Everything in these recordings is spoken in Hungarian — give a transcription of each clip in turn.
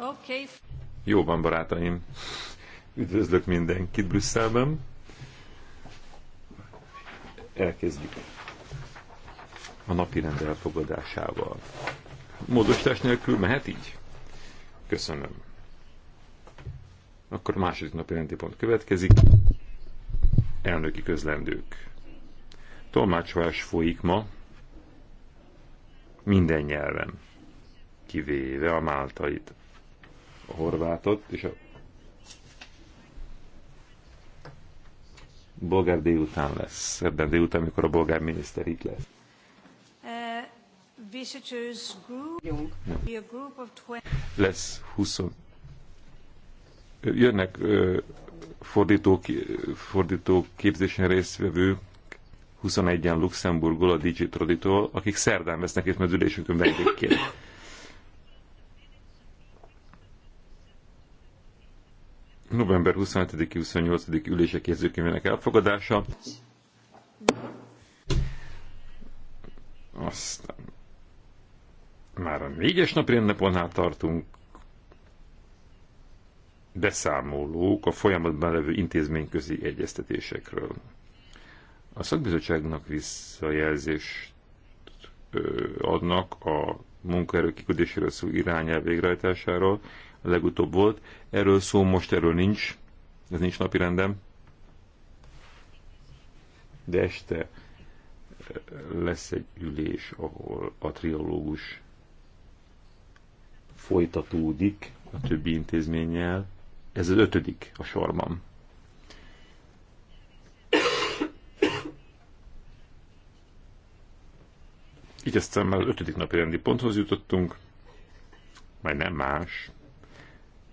Okay. Jó van, barátaim. Üdvözlök mindenkit Brüsszelben. Elkezdjük a napi rend elfogadásával. Módosítás nélkül mehet így? Köszönöm. Akkor a második napi rendi pont következik. Elnöki közlendők. Tolmácsolás folyik ma minden nyelven, kivéve a máltait a horvátot és a bolgár délután lesz, szerdán délután, mikor a bolgár miniszter itt lesz. Uh, group, lesz 20. Jönnek fordítók, fordító, fordító képzésen résztvevő 21-en Luxemburgból a Digitroditól, akik szerdán vesznek itt, mert az ülésünkön vendégként. november 25 28 ülések jegyzőkönyvének elfogadása. Aztán már a négyes napi rendnapon tartunk. Beszámolók a folyamatban levő intézményközi egyeztetésekről. A szakbizottságnak visszajelzést adnak a munkaerő kiküldéséről szó irányelv végrehajtásáról, legutóbb volt. Erről szó most erről nincs, ez nincs napi rendem. De este eh, lesz egy ülés, ahol a triológus folytatódik a többi intézménnyel. Ez az ötödik a sorban. Így aztán már az ötödik napi rendi ponthoz jutottunk, majd nem más,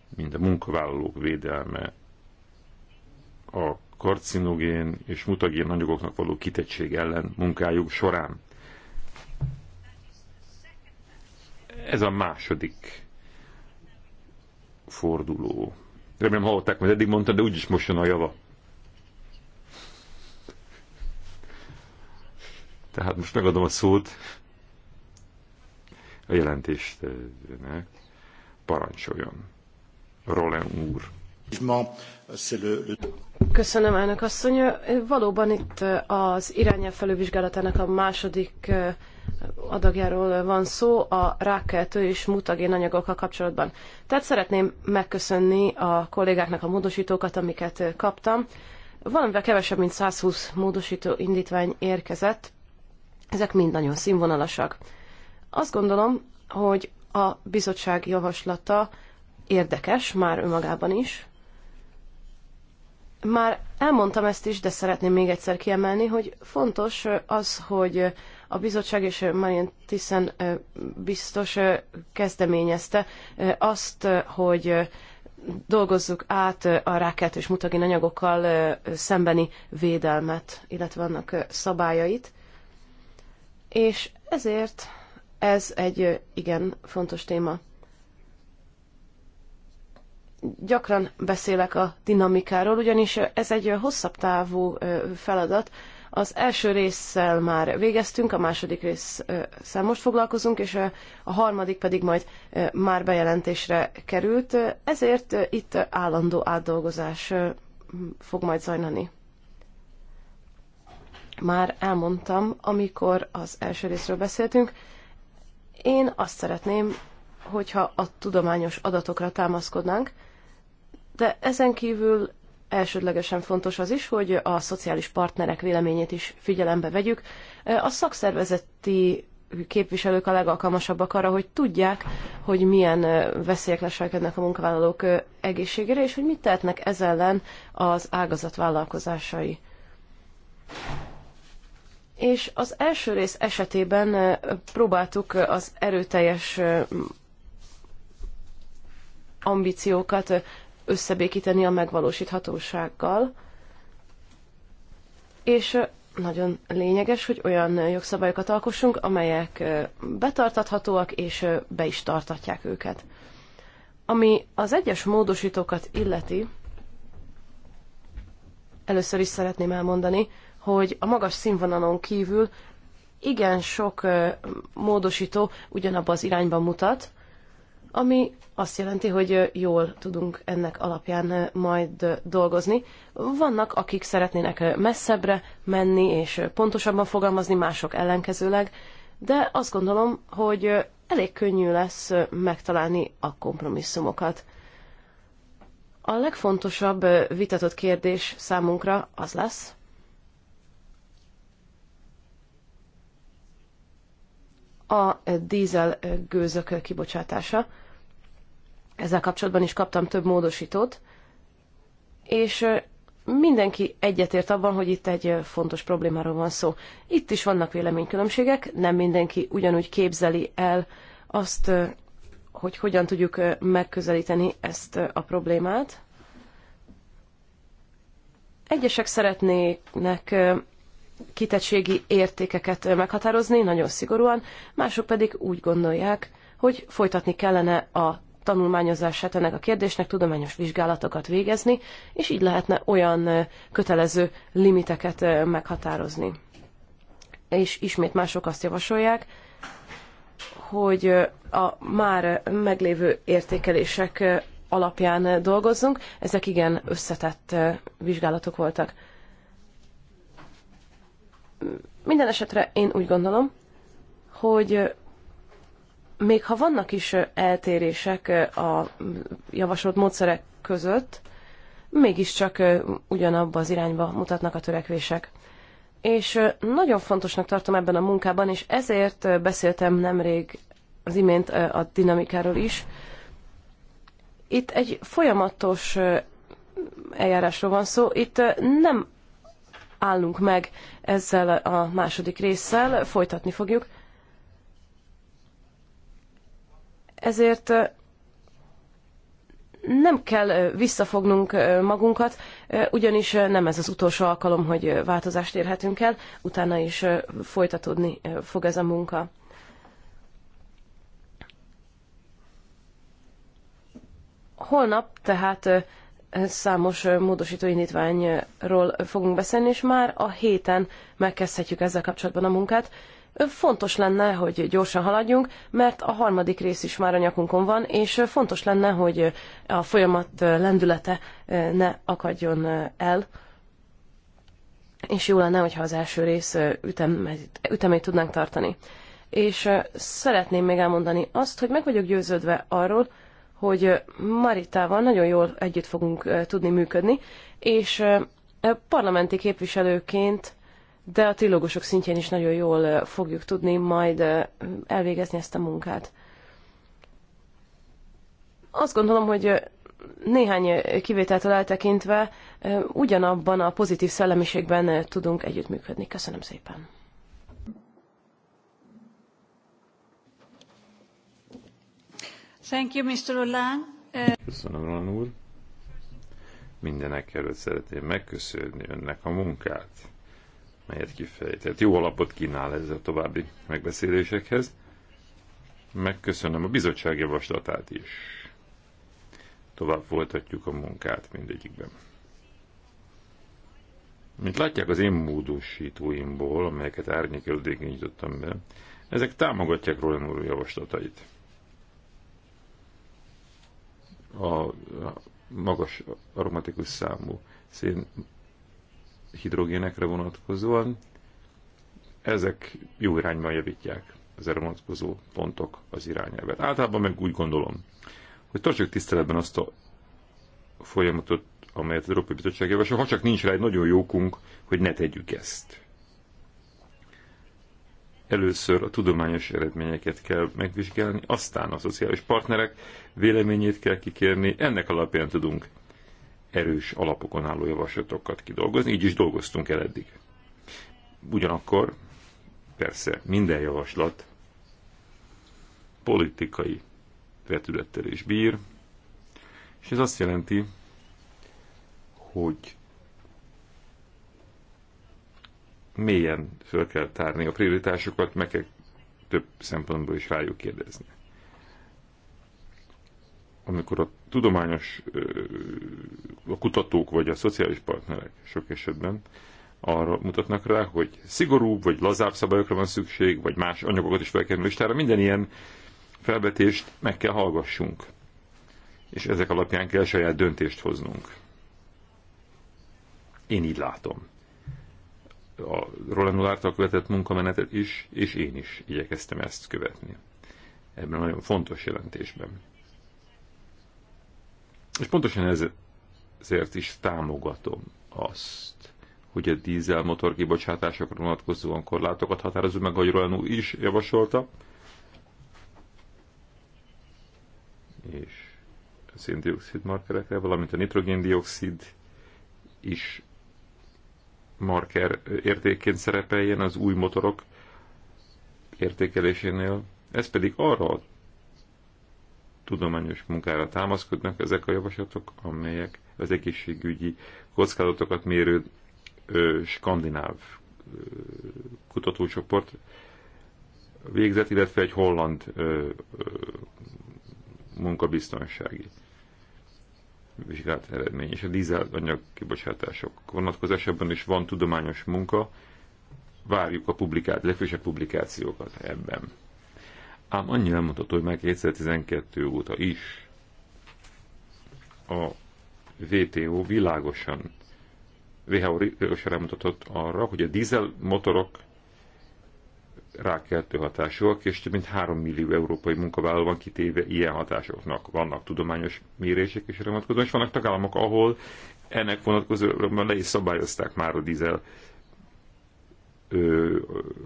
mint a munkavállalók védelme, a karcinogén és mutagén anyagoknak való kitettség ellen munkájuk során. Ez a második forduló. Remélem hallották, mert eddig mondtam, de úgyis most jön a java. Tehát most megadom a szót a jelentéstevőnek. Eh, Parancsoljon! Roland úr. Köszönöm, elnök asszony. Valóban itt az irányelv felülvizsgálatának a második adagjáról van szó a rákkeltő és mutagén anyagokkal kapcsolatban. Tehát szeretném megköszönni a kollégáknak a módosítókat, amiket kaptam. Valamivel kevesebb, mint 120 módosító indítvány érkezett. Ezek mind nagyon színvonalasak. Azt gondolom, hogy a bizottság javaslata érdekes, már önmagában is. Már elmondtam ezt is, de szeretném még egyszer kiemelni, hogy fontos az, hogy a bizottság és Marian Tiszen biztos kezdeményezte azt, hogy dolgozzuk át a és mutagén anyagokkal szembeni védelmet, illetve annak szabályait. És ezért ez egy igen fontos téma gyakran beszélek a dinamikáról, ugyanis ez egy hosszabb távú feladat. Az első résszel már végeztünk, a második résszel most foglalkozunk, és a harmadik pedig majd már bejelentésre került, ezért itt állandó átdolgozás fog majd zajlani. Már elmondtam, amikor az első részről beszéltünk, én azt szeretném, hogyha a tudományos adatokra támaszkodnánk, de ezen kívül elsődlegesen fontos az is, hogy a szociális partnerek véleményét is figyelembe vegyük. A szakszervezeti képviselők a legalkalmasabbak arra, hogy tudják, hogy milyen veszélyek leselkednek a munkavállalók egészségére, és hogy mit tehetnek ez ellen az ágazat vállalkozásai. És az első rész esetében próbáltuk az erőteljes ambíciókat összebékíteni a megvalósíthatósággal. És nagyon lényeges, hogy olyan jogszabályokat alkossunk, amelyek betartathatóak és be is tartatják őket. Ami az egyes módosítókat illeti, először is szeretném elmondani, hogy a magas színvonalon kívül igen sok módosító ugyanabba az irányba mutat, ami azt jelenti, hogy jól tudunk ennek alapján majd dolgozni. Vannak, akik szeretnének messzebbre menni és pontosabban fogalmazni, mások ellenkezőleg, de azt gondolom, hogy elég könnyű lesz megtalálni a kompromisszumokat. A legfontosabb vitatott kérdés számunkra az lesz, a dízel gőzök kibocsátása ezzel kapcsolatban is kaptam több módosítót, és mindenki egyetért abban, hogy itt egy fontos problémáról van szó. Itt is vannak véleménykülönbségek, nem mindenki ugyanúgy képzeli el azt, hogy hogyan tudjuk megközelíteni ezt a problémát. Egyesek szeretnének kitettségi értékeket meghatározni nagyon szigorúan, mások pedig úgy gondolják, hogy folytatni kellene a tanulmányozását ennek a kérdésnek, tudományos vizsgálatokat végezni, és így lehetne olyan kötelező limiteket meghatározni. És ismét mások azt javasolják, hogy a már meglévő értékelések alapján dolgozzunk. Ezek igen összetett vizsgálatok voltak. Minden esetre én úgy gondolom, hogy még ha vannak is eltérések a javasolt módszerek között, mégiscsak ugyanabba az irányba mutatnak a törekvések. És nagyon fontosnak tartom ebben a munkában, és ezért beszéltem nemrég az imént a dinamikáról is. Itt egy folyamatos eljárásról van szó, itt nem állunk meg ezzel a második résszel, folytatni fogjuk, ezért nem kell visszafognunk magunkat, ugyanis nem ez az utolsó alkalom, hogy változást érhetünk el, utána is folytatódni fog ez a munka. Holnap tehát számos módosító indítványról fogunk beszélni, és már a héten megkezdhetjük ezzel kapcsolatban a munkát. Fontos lenne, hogy gyorsan haladjunk, mert a harmadik rész is már a nyakunkon van, és fontos lenne, hogy a folyamat lendülete eh, ne akadjon eh, el, és jó lenne, hogyha az első rész eh, ütemét, ütemét tudnánk tartani. És szeretném még elmondani azt, hogy meg vagyok győződve arról, hogy Maritával nagyon jól együtt fogunk tudni működni, és parlamenti képviselőként de a trilógusok szintjén is nagyon jól fogjuk tudni majd elvégezni ezt a munkát. Azt gondolom, hogy néhány kivételtől eltekintve ugyanabban a pozitív szellemiségben tudunk együttműködni. Köszönöm szépen! Thank you, Mr. Roland. Köszönöm, Roland úr. Mindenek előtt szeretném megköszönni önnek a munkát melyet kifejtett. Jó alapot kínál ez a további megbeszélésekhez. Megköszönöm a bizottság javaslatát is. Tovább folytatjuk a munkát mindegyikben. Mint látják az én módosítóimból, amelyeket árnyékelődékén nyitottam be, ezek támogatják Roland úr javaslatait. A magas aromatikus számú szén hidrogénekre vonatkozóan, ezek jó irányban javítják az erre vonatkozó pontok az irányelvet. Általában meg úgy gondolom, hogy tartsuk tiszteletben azt a folyamatot, amelyet az Európai Bizottság javasol, ha csak nincs rá egy nagyon jókunk, hogy ne tegyük ezt. Először a tudományos eredményeket kell megvizsgálni, aztán a szociális partnerek véleményét kell kikérni, ennek alapján tudunk erős alapokon álló javaslatokat kidolgozni, így is dolgoztunk el eddig. Ugyanakkor persze minden javaslat politikai vetülettel is bír, és ez azt jelenti, hogy mélyen föl kell tárni a prioritásokat, meg kell több szempontból is rájuk kérdezni amikor a tudományos a kutatók vagy a szociális partnerek sok esetben arra mutatnak rá, hogy szigorúbb vagy lazább szabályokra van szükség, vagy más anyagokat is fel kell listára, minden ilyen felvetést meg kell hallgassunk. És ezek alapján kell saját döntést hoznunk. Én így látom. A Roland Lártal követett munkamenetet is, és én is igyekeztem ezt követni. Ebben a nagyon fontos jelentésben. És pontosan ezért is támogatom azt, hogy a dízelmotor kibocsátásokra vonatkozóan korlátokat határozó meg, ahogy Roland is javasolta. És a széndiokszid markerekre, valamint a nitrogéndiokszid is marker értékként szerepeljen az új motorok értékelésénél. Ez pedig arra tudományos munkára támaszkodnak ezek a javaslatok, amelyek az egészségügyi kockázatokat mérő ö, skandináv ö, kutatócsoport végzett, illetve egy holland ö, ö, munkabiztonsági vizsgált eredmény, és a dízel anyag kibocsátások vonatkozásában is van tudományos munka, várjuk a publikát, legfősebb publikációkat ebben. Ám annyi mondható, hogy már 2012 óta is a VTO világosan WHO világosan elmutatott arra, hogy a dízel motorok rákeltő hatásúak, és több mint 3 millió európai munkavállaló van kitéve ilyen hatásoknak. Vannak tudományos mérések is erre vonatkozóan, és vannak tagállamok, ahol ennek vonatkozóan le is szabályozták már a dízel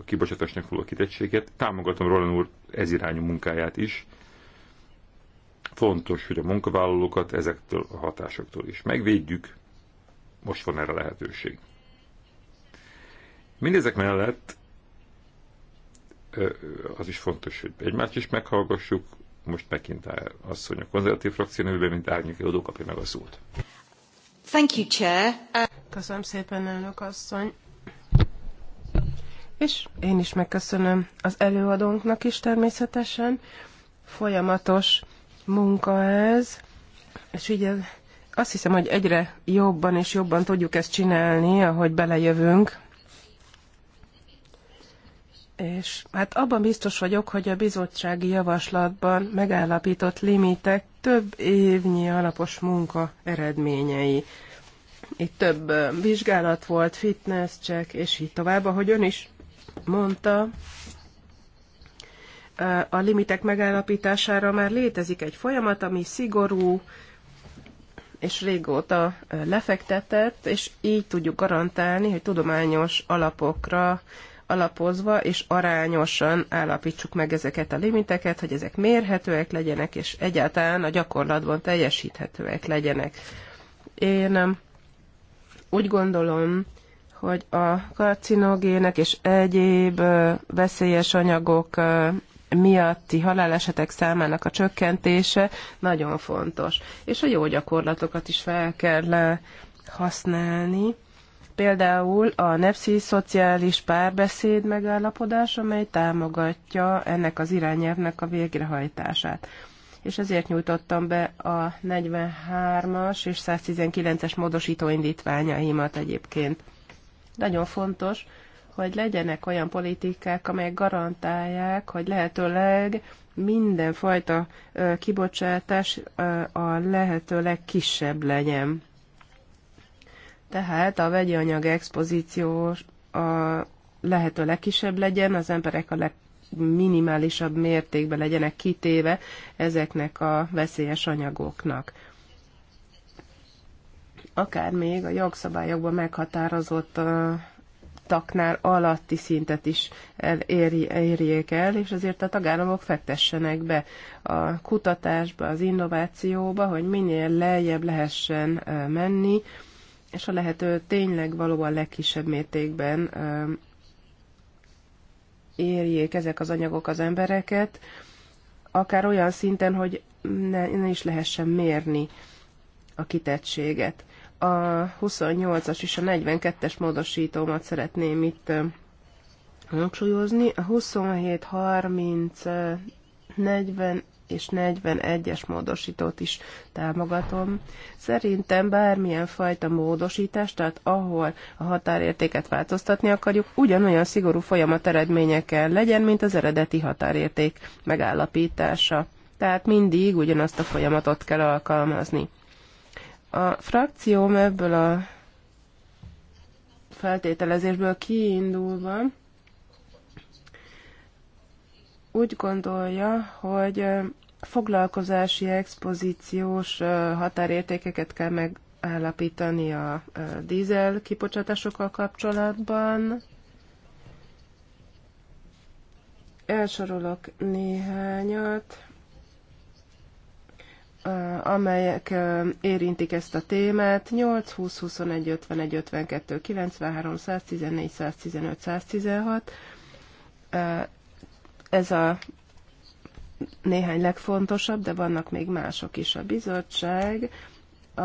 kibocsátásnak való kitettséget. Támogatom Roland úr ez irányú munkáját is. Fontos, hogy a munkavállalókat ezektől a hatásoktól is megvédjük. Most van erre lehetőség. Mindezek mellett az is fontos, hogy egymást is meghallgassuk, most az, hogy a konzervatív frakció nevében, mint árnyékelődó kapja meg a szót. Thank you, Chair. Köszönöm szépen, elnök asszony. És én is megköszönöm az előadónknak is természetesen. Folyamatos munka ez, és így azt hiszem, hogy egyre jobban és jobban tudjuk ezt csinálni, ahogy belejövünk. És hát abban biztos vagyok, hogy a bizottsági javaslatban megállapított limitek több évnyi alapos munka eredményei. Itt több vizsgálat volt, fitness check, és így tovább, ahogy ön is mondta, a limitek megállapítására már létezik egy folyamat, ami szigorú és régóta lefektetett, és így tudjuk garantálni, hogy tudományos alapokra alapozva és arányosan állapítsuk meg ezeket a limiteket, hogy ezek mérhetőek legyenek, és egyáltalán a gyakorlatban teljesíthetőek legyenek. Én úgy gondolom, hogy a karcinogének és egyéb veszélyes anyagok miatti halálesetek számának a csökkentése nagyon fontos. És a jó gyakorlatokat is fel kell használni. Például a NEPSZI szociális párbeszéd megállapodás, amely támogatja ennek az irányelvnek a végrehajtását. És ezért nyújtottam be a 43-as és 119-es módosító indítványaimat egyébként. Nagyon fontos, hogy legyenek olyan politikák, amelyek garantálják, hogy lehetőleg mindenfajta kibocsátás a lehető legkisebb legyen. Tehát a vegyi anyag expozíció a lehető legkisebb legyen, az emberek a legminimálisabb mértékben legyenek kitéve ezeknek a veszélyes anyagoknak akár még a jogszabályokban meghatározott taknál alatti szintet is eléri, érjék el, és azért a tagállamok fektessenek be a kutatásba, az innovációba, hogy minél lejjebb lehessen menni, és a lehető tényleg valóban legkisebb mértékben érjék ezek az anyagok az embereket, akár olyan szinten, hogy ne, ne is lehessen mérni a kitettséget a 28-as és a 42-es módosítómat szeretném itt hangsúlyozni. A 27, 30, 40 és 41-es módosítót is támogatom. Szerintem bármilyen fajta módosítás, tehát ahol a határértéket változtatni akarjuk, ugyanolyan szigorú folyamat eredményekkel legyen, mint az eredeti határérték megállapítása. Tehát mindig ugyanazt a folyamatot kell alkalmazni. A frakcióm ebből a feltételezésből kiindulva úgy gondolja, hogy foglalkozási expozíciós határértékeket kell megállapítani a dízel kipocsátásokkal kapcsolatban. Elsorolok néhányat amelyek érintik ezt a témát. 8, 20, 21, 51, 52, 93, 114, 115, 116. Ez a néhány legfontosabb, de vannak még mások is. A bizottság a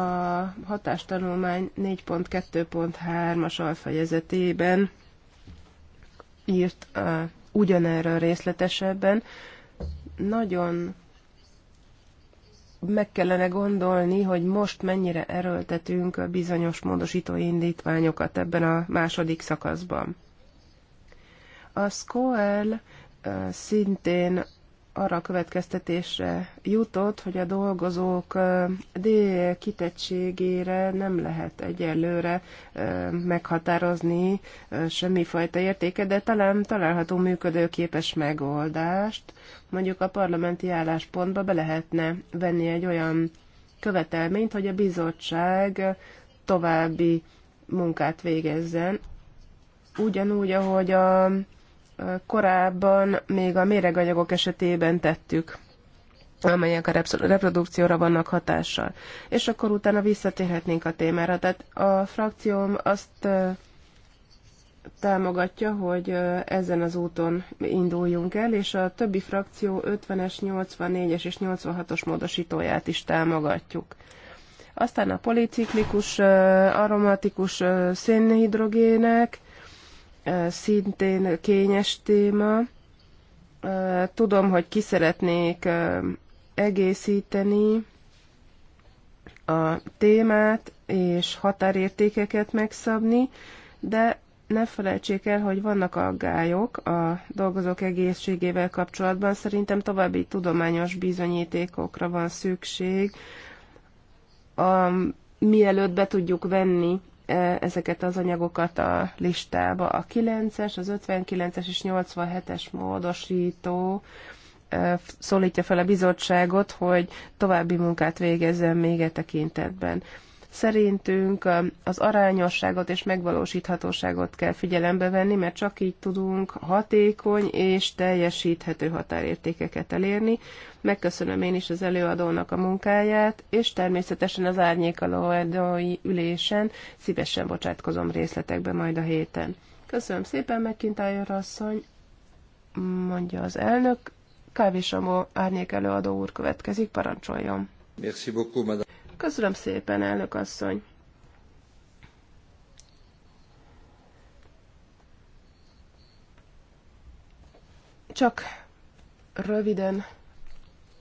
hatástanulmány 4.2.3-as alfejezetében írt uh, ugyanerről részletesebben. Nagyon meg kellene gondolni, hogy most mennyire erőltetünk a bizonyos módosító indítványokat ebben a második szakaszban. A SCOEL szintén arra a következtetésre jutott, hogy a dolgozók D kitettségére nem lehet egyelőre meghatározni semmifajta értéket, de talán található működőképes megoldást. Mondjuk a parlamenti álláspontba be lehetne venni egy olyan követelményt, hogy a bizottság további munkát végezzen, ugyanúgy, ahogy a korábban még a méreganyagok esetében tettük amelyek a reprodukcióra vannak hatással. És akkor utána visszatérhetnénk a témára. Tehát a frakcióm azt támogatja, hogy ezen az úton induljunk el, és a többi frakció 50-es, 84-es és 86-os módosítóját is támogatjuk. Aztán a policiklikus, aromatikus szénhidrogének, szintén kényes téma. Tudom, hogy ki szeretnék egészíteni a témát és határértékeket megszabni, de ne felejtsék el, hogy vannak aggályok a dolgozók egészségével kapcsolatban. Szerintem további tudományos bizonyítékokra van szükség, a, mielőtt be tudjuk venni E, ezeket az anyagokat a listába. A 9-es, az 59-es és 87-es módosító e, szólítja fel a bizottságot, hogy további munkát végezzen még e tekintetben. Szerintünk az arányosságot és megvalósíthatóságot kell figyelembe venni, mert csak így tudunk hatékony és teljesíthető határértékeket elérni. Megköszönöm én is az előadónak a munkáját, és természetesen az árnyékalóadói ülésen szívesen bocsátkozom részletekbe majd a héten. Köszönöm szépen, McIntyre asszony, mondja az elnök. Kávésamó árnyék előadó úr következik, parancsoljon. Merci beaucoup, madame. Köszönöm szépen, elnök asszony. Csak röviden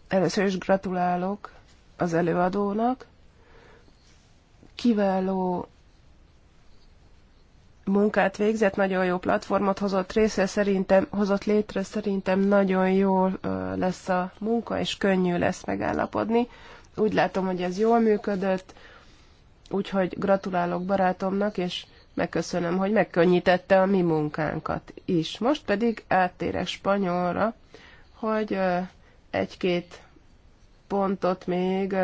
először is gratulálok az előadónak. Kiváló munkát végzett, nagyon jó platformot hozott része, szerintem hozott létre, szerintem nagyon jól lesz a munka, és könnyű lesz megállapodni. Úgy látom, hogy ez jól működött, úgyhogy gratulálok barátomnak, és megköszönöm, hogy megkönnyítette a mi munkánkat is. Most pedig áttérek spanyolra, hogy egy-két pontot még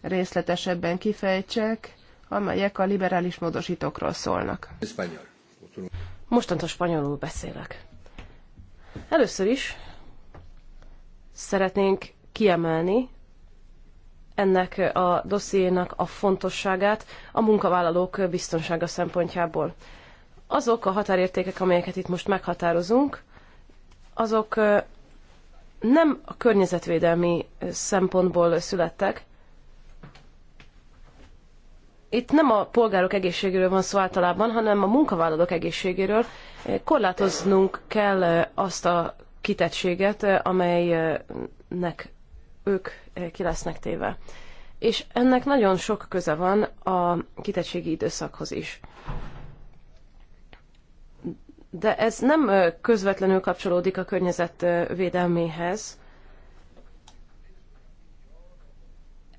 részletesebben kifejtsek, amelyek a liberális módosítókról szólnak. a spanyolul beszélek. Először is szeretnénk kiemelni, ennek a dossziénak a fontosságát a munkavállalók biztonsága szempontjából. Azok a határértékek, amelyeket itt most meghatározunk, azok nem a környezetvédelmi szempontból születtek. Itt nem a polgárok egészségéről van szó általában, hanem a munkavállalók egészségéről. Korlátoznunk kell azt a kitettséget, amelynek ők eh, ki lesznek téve. És ennek nagyon sok köze van a kitettségi időszakhoz is. De ez nem közvetlenül kapcsolódik a környezetvédelméhez, védelméhez,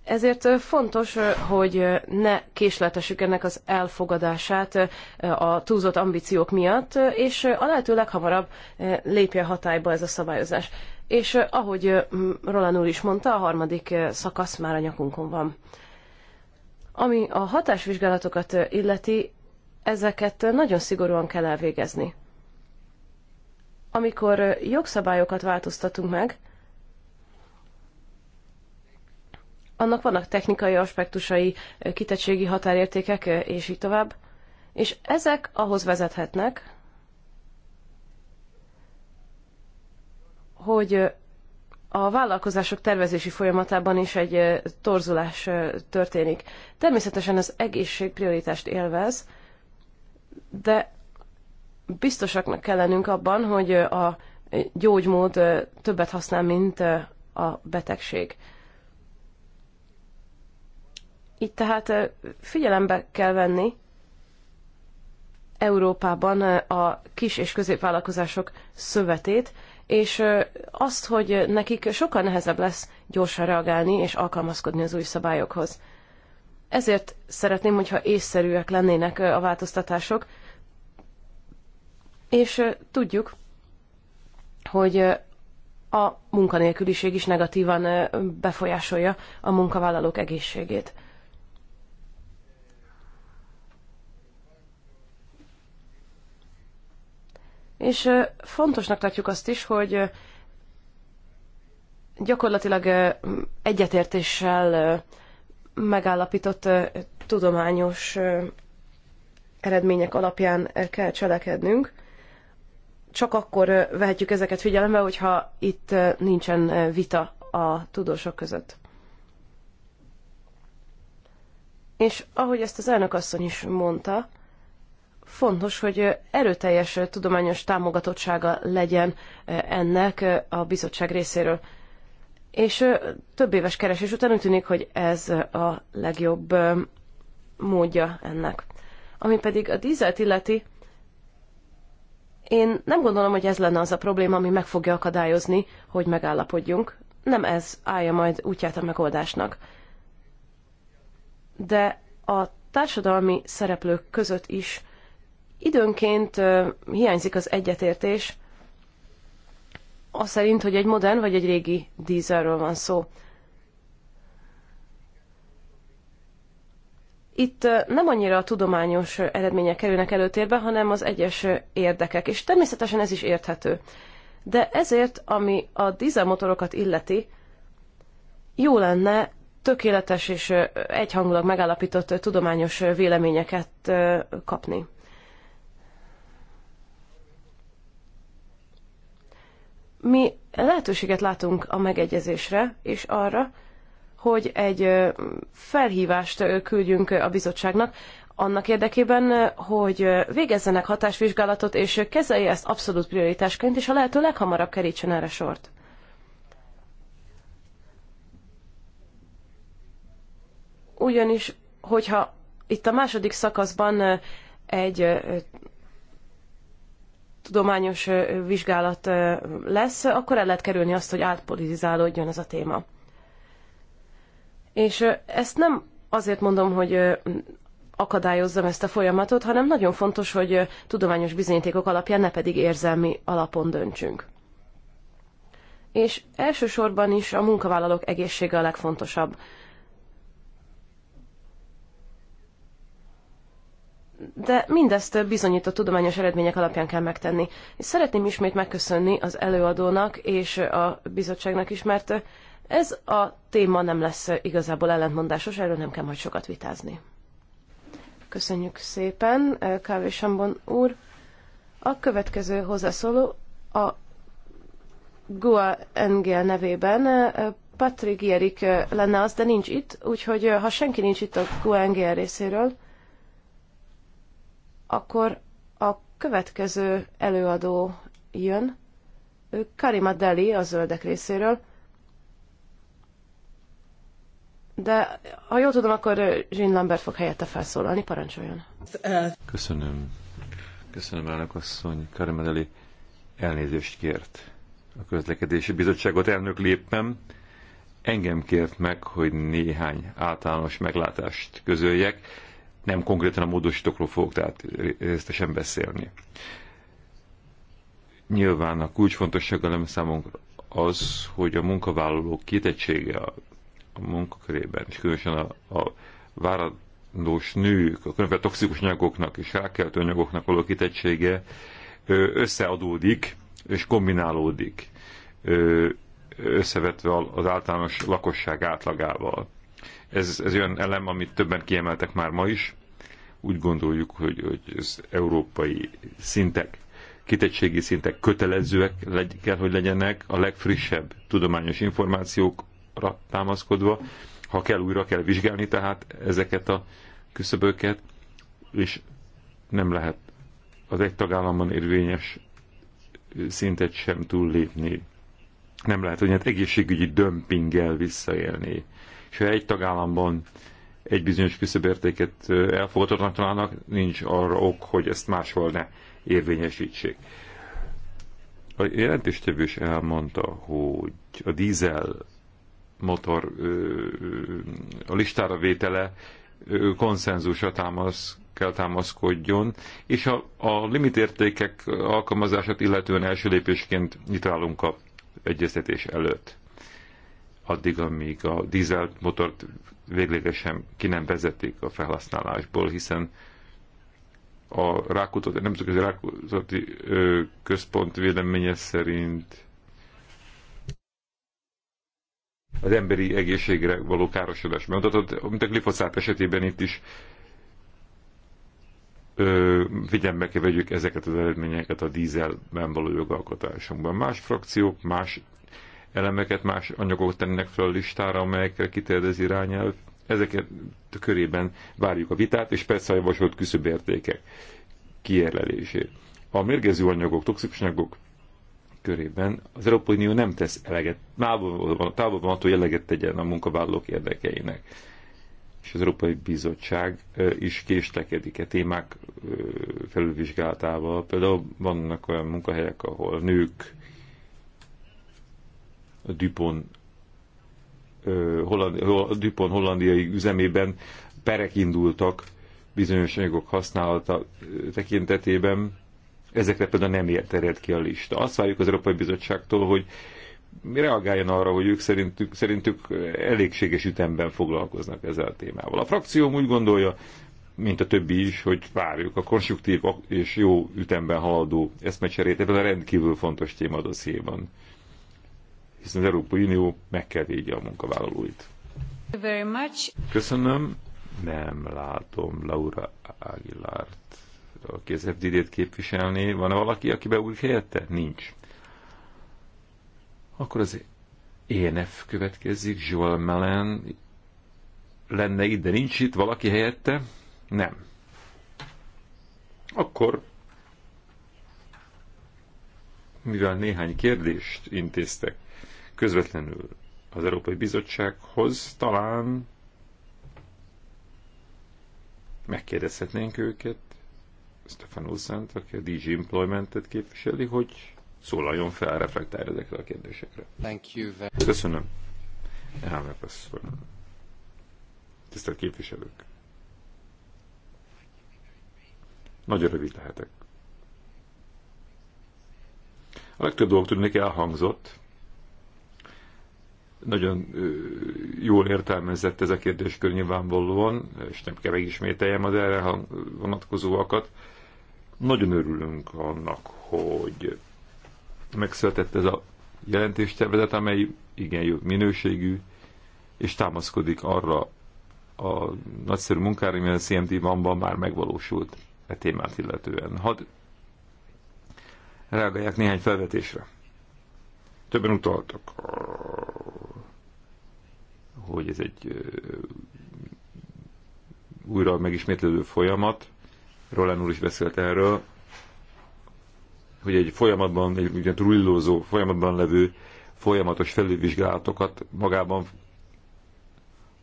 Ezért fontos, hogy ne késletesük ennek az elfogadását a túlzott ambíciók miatt, és a lehető leghamarabb lépje hatályba ez a szabályozás. És ahogy Roland úr is mondta, a harmadik szakasz már a nyakunkon van. Ami a hatásvizsgálatokat illeti, ezeket nagyon szigorúan kell elvégezni. Amikor jogszabályokat változtatunk meg, annak vannak technikai aspektusai, kitettségi határértékek, és így tovább. És ezek ahhoz vezethetnek, hogy a vállalkozások tervezési folyamatában is egy torzulás történik. Természetesen az egészség prioritást élvez, de biztosaknak kell lennünk abban, hogy a gyógymód többet használ, mint a betegség. Itt tehát figyelembe kell venni Európában a kis és középvállalkozások szövetét, és azt, hogy nekik sokkal nehezebb lesz gyorsan reagálni és alkalmazkodni az új szabályokhoz. Ezért szeretném, hogyha észszerűek lennének a változtatások, és tudjuk, hogy a munkanélküliség is negatívan befolyásolja a munkavállalók egészségét. És fontosnak tartjuk azt is, hogy gyakorlatilag egyetértéssel megállapított tudományos eredmények alapján kell cselekednünk. Csak akkor vehetjük ezeket figyelembe, hogyha itt nincsen vita a tudósok között. És ahogy ezt az elnök asszony is mondta, fontos, hogy erőteljes tudományos támogatottsága legyen eh, ennek eh, a bizottság részéről. És eh, több éves keresés után úgy tűnik, hogy ez a legjobb módja ennek. Ami pedig a dízelt illeti, én nem gondolom, hogy ez lenne az a probléma, ami meg fogja akadályozni, hogy megállapodjunk. Nem ez állja majd útját a megoldásnak. De a társadalmi szereplők között is Időnként hiányzik az egyetértés, az szerint, hogy egy modern vagy egy régi dízelről van szó. Itt nem annyira a tudományos eredmények kerülnek előtérbe, hanem az egyes érdekek, és természetesen ez is érthető. De ezért, ami a dízelmotorokat illeti, jó lenne tökéletes és egyhangulag megállapított tudományos véleményeket kapni. mi lehetőséget látunk a megegyezésre, és arra, hogy egy felhívást küldjünk a bizottságnak, annak érdekében, hogy végezzenek hatásvizsgálatot, és kezelje ezt abszolút prioritásként, és a lehető leghamarabb kerítsen erre sort. Ugyanis, hogyha itt a második szakaszban egy tudományos vizsgálat lesz, akkor el lehet kerülni azt, hogy átpolitizálódjon ez a téma. És ezt nem azért mondom, hogy akadályozzam ezt a folyamatot, hanem nagyon fontos, hogy tudományos bizonyítékok alapján, ne pedig érzelmi alapon döntsünk. És elsősorban is a munkavállalók egészsége a legfontosabb. de mindezt bizonyított tudományos eredmények alapján kell megtenni. És szeretném ismét megköszönni az előadónak és a bizottságnak is, mert ez a téma nem lesz igazából ellentmondásos, erről nem kell majd sokat vitázni. Köszönjük szépen, Kávé Sambon úr. A következő hozzászóló a Gua Engel nevében Patrick Jerik lenne az, de nincs itt, úgyhogy ha senki nincs itt a Gua Engel részéről, akkor a következő előadó jön, ő Karima Deli a zöldek részéről, de ha jól tudom, akkor Jean Lambert fog helyette felszólalni, parancsoljon. Köszönöm. Köszönöm, elnök asszony. Karima Deli elnézést kért. A közlekedési bizottságot elnök lépem. Engem kért meg, hogy néhány általános meglátást közöljek nem konkrétan a módosítókról fogok tehát részletesen beszélni. Nyilván a kulcsfontosság a számunkra az, hogy a munkavállalók kitettsége a, a munkakörében, és különösen a, a várandós nők, a különböző toxikus anyagoknak és rákeltő anyagoknak való kitettsége összeadódik és kombinálódik összevetve az általános lakosság átlagával. Ez, ez olyan elem, amit többen kiemeltek már ma is. Úgy gondoljuk, hogy, hogy az európai szintek, kitettségi szintek kötelezőek legy, kell, hogy legyenek a legfrissebb tudományos információkra támaszkodva. Ha kell, újra kell vizsgálni tehát ezeket a küszöböket, és nem lehet az egy tagállamban érvényes szintet sem túllépni. Nem lehet, hogy hát egészségügyi dömpinggel visszaélni hogyha egy tagállamban egy bizonyos küszöbértéket elfogadhatnak találnak, nincs arra ok, hogy ezt máshol ne érvényesítsék. A jelentéstevő is elmondta, hogy a dízel motor a listára vétele konszenzusra támasz, kell támaszkodjon, és a, a limitértékek alkalmazását illetően első lépésként nyitálunk a egyeztetés előtt addig, amíg a dízel motort véglegesen ki nem vezetik a felhasználásból, hiszen a Rákutat, a Rákutati Központ véleménye szerint az emberi egészségre való károsodás megmutatott, mint a glifoszát esetében itt is ö, figyelme kell vegyük ezeket az eredményeket a dízelben való jogalkotásunkban. Más frakciók más elemeket, más anyagok tennek fel a listára, amelyekkel kitér az irányelv. Ezeket körében várjuk a vitát, és persze a javasolt küszöbértékek kijelölését. A mérgező anyagok, toxikus anyagok körében az Európai Unió nem tesz eleget, távol van attól, hogy eleget tegyen a munkavállalók érdekeinek. És az Európai Bizottság is késlekedik a e témák felülvizsgálatával. Például vannak olyan munkahelyek, ahol nők a Dupont, Holland, Dupont hollandiai üzemében perek indultak bizonyos anyagok használata tekintetében. Ezekre például nem terjed ki a lista. Azt várjuk az Európai Bizottságtól, hogy reagáljon arra, hogy ők szerintük, szerintük elégséges ütemben foglalkoznak ezzel a témával. A frakcióm úgy gondolja, mint a többi is, hogy várjuk a konstruktív és jó ütemben haladó eszmecserét ebben a rendkívül fontos téma dossziéban hiszen az Európai Unió meg kell védje a munkavállalóit. Köszönöm. Nem látom Laura Aguilárt, aki az FDD-t képviselné. van -e valaki, aki beújt helyette? Nincs. Akkor az ENF következik, Joel Mellen lenne itt, de nincs itt valaki helyette? Nem. Akkor, mivel néhány kérdést intéztek közvetlenül az Európai Bizottsághoz, talán megkérdezhetnénk őket, Stefan Uszent, aki a DG Employment-et képviseli, hogy szólaljon fel, reflektálj ezekre a kérdésekre. Thank you very Köszönöm. Elnök asszony. Tisztelt képviselők. Nagyon rövid lehetek. A legtöbb dolog tűnik elhangzott, nagyon jól értelmezett ez a kérdéskör nyilvánvalóan, és nem kell megismételjem az erre vonatkozóakat. Nagyon örülünk annak, hogy megszületett ez a jelentéstervezet, amely igen jó minőségű, és támaszkodik arra a nagyszerű munkára, ami a CMD vanban már megvalósult e témát illetően. Hadd reagálják néhány felvetésre. Többen utaltak hogy ez egy újra megismétlődő folyamat. Roland úr is beszélt erről, hogy egy folyamatban, egy ugyan rullózó folyamatban levő folyamatos felülvizsgálatokat magában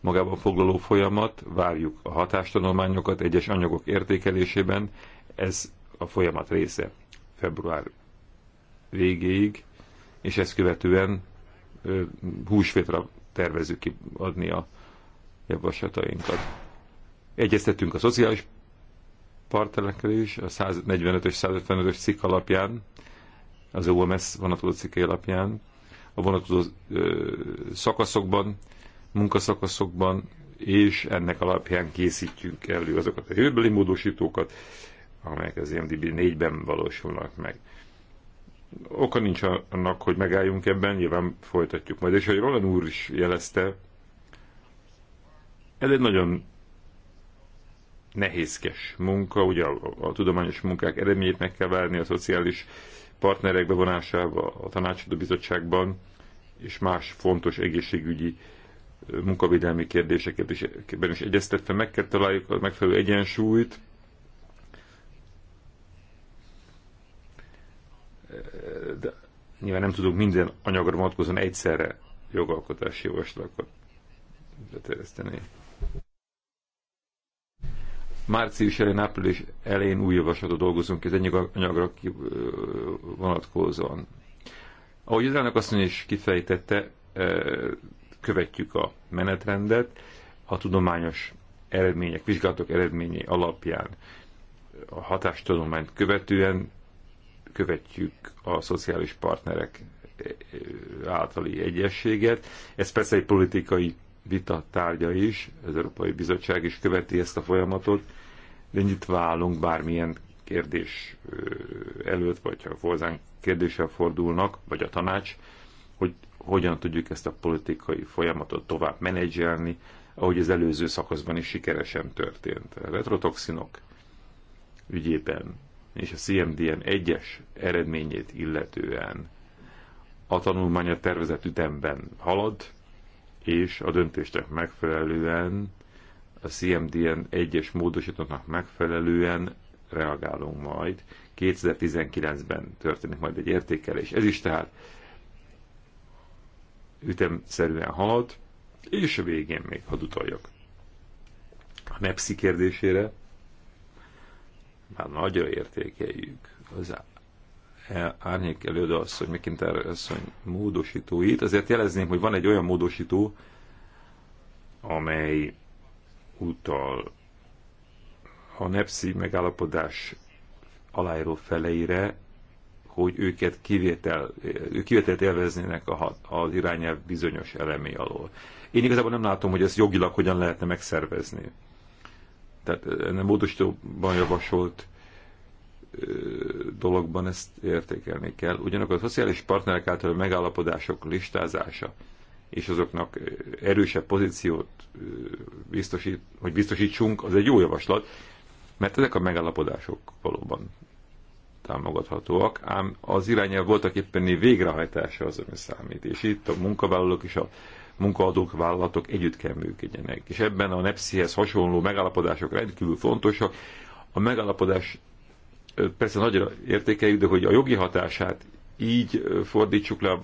magában foglaló folyamat, várjuk a hatástanulmányokat egyes anyagok értékelésében, ez a folyamat része február végéig, és ezt követően húsvétra tervezünk adni a javaslatainkat. Egyeztettünk a szociális partnerekkel is, a 145-ös, 155-ös cikk alapján, az OMS e vonatkozó cikk alapján, a vonatkozó szakaszokban, munkaszakaszokban, és ennek alapján készítjük elő azokat a jövőbeli módosítókat, amelyek az MDB 4-ben valósulnak meg oka nincs annak, hogy megálljunk ebben, nyilván folytatjuk majd. És hogy Roland úr is jelezte, ez egy nagyon nehézkes munka, ugye a, a tudományos munkák eredményét meg kell várni a szociális partnerek bevonásával, a tanácsadó bizottságban, és más fontos egészségügyi munkavédelmi kérdéseket is, is egyeztetve meg kell találjuk a megfelelő egyensúlyt, de nyilván nem tudunk minden anyagra vonatkozóan egyszerre jogalkotási javaslatokat beterjeszteni. Március elején, április elején új javaslatot dolgozunk ez egyik anyagra vonatkozóan. Ahogy az elnök asszony is kifejtette, követjük a menetrendet, a tudományos eredmények, vizsgálatok eredményei alapján a hatástudományt követően követjük a szociális partnerek eh, eh, általi egyességet. Ez persze egy politikai vita tárgya is, az Európai Bizottság is követi ezt a folyamatot, de nyitva állunk bármilyen kérdés eh, előtt, vagy ha hozzánk kérdéssel fordulnak, vagy a tanács, hogy hogyan tudjuk ezt a politikai folyamatot tovább menedzselni, ahogy az előző szakaszban is sikeresen történt. A retrotoxinok ügyében és a CMDN 1-es eredményét illetően a tanulmány a tervezett ütemben halad, és a döntéstek megfelelően, a CMDN 1-es módosítónak megfelelően reagálunk majd. 2019-ben történik majd egy értékelés. Ez is tehát ütemszerűen halad, és a végén még hadd utaljak. A NEPSZI kérdésére már nagyra értékeljük az árnyék előadó asszony, McIntyre asszony módosítóit. Azért jelezném, hogy van egy olyan módosító, amely utal a NEPSZI megállapodás aláíró feleire, hogy őket kivétel, ők kivételt élveznének a, az irányelv bizonyos elemé alól. Én igazából nem látom, hogy ezt jogilag hogyan lehetne megszervezni tehát a módosítóban javasolt dologban ezt értékelni kell. Ugyanakkor a szociális partnerek által a megállapodások listázása és azoknak erősebb pozíciót biztosít, hogy biztosítsunk, az egy jó javaslat, mert ezek a megállapodások valóban támogathatóak, ám az irányel voltak éppen végrehajtása az, ami számít. És itt a munkavállalók és a munkaadók, vállalatok együtt kell működjenek. És ebben a NEPSZI-hez hasonló megállapodások rendkívül fontosak. A megállapodás persze nagyra értékeljük, de hogy a jogi hatását így fordítsuk le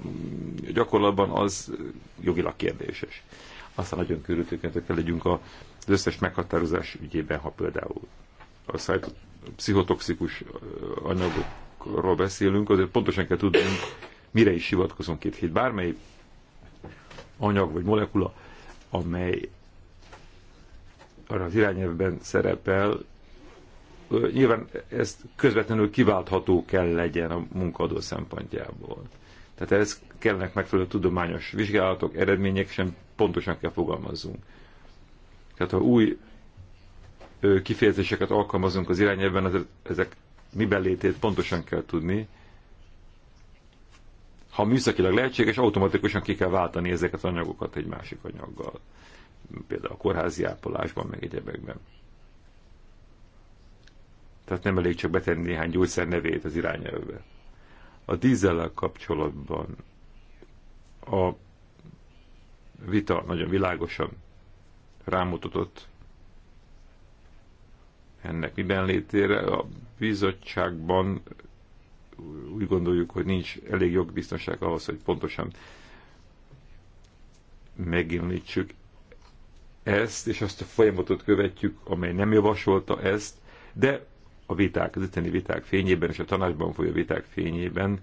gyakorlatban, az jogilag kérdéses. Aztán nagyon körültökentek legyünk az összes meghatározás ügyében, ha például a pszichotoxikus anyagokról beszélünk, azért pontosan kell tudnunk, mire is hivatkozunk két hét. Bármely anyag vagy molekula, amely arra az irányelvben szerepel, nyilván ezt közvetlenül kiváltható kell legyen a munkadó szempontjából. Tehát ez kellnek megfelelő tudományos vizsgálatok, eredmények, sem pontosan kell fogalmazzunk. Tehát ha új kifejezéseket alkalmazunk az irányelvben, ezek miben létét pontosan kell tudni, ha műszakilag lehetséges, automatikusan ki kell váltani ezeket az anyagokat egy másik anyaggal. Például a kórházi ápolásban, meg egyebekben. Tehát nem elég csak betenni néhány gyógyszer nevét az irányelvbe. A dízzel kapcsolatban a vita nagyon világosan rámutatott ennek miben létére. A bizottságban úgy gondoljuk, hogy nincs elég jogbiztonság ahhoz, hogy pontosan megimlítsük ezt, és azt a folyamatot követjük, amely nem javasolta ezt, de a viták, az itteni viták fényében és a tanácsban folyó viták fényében,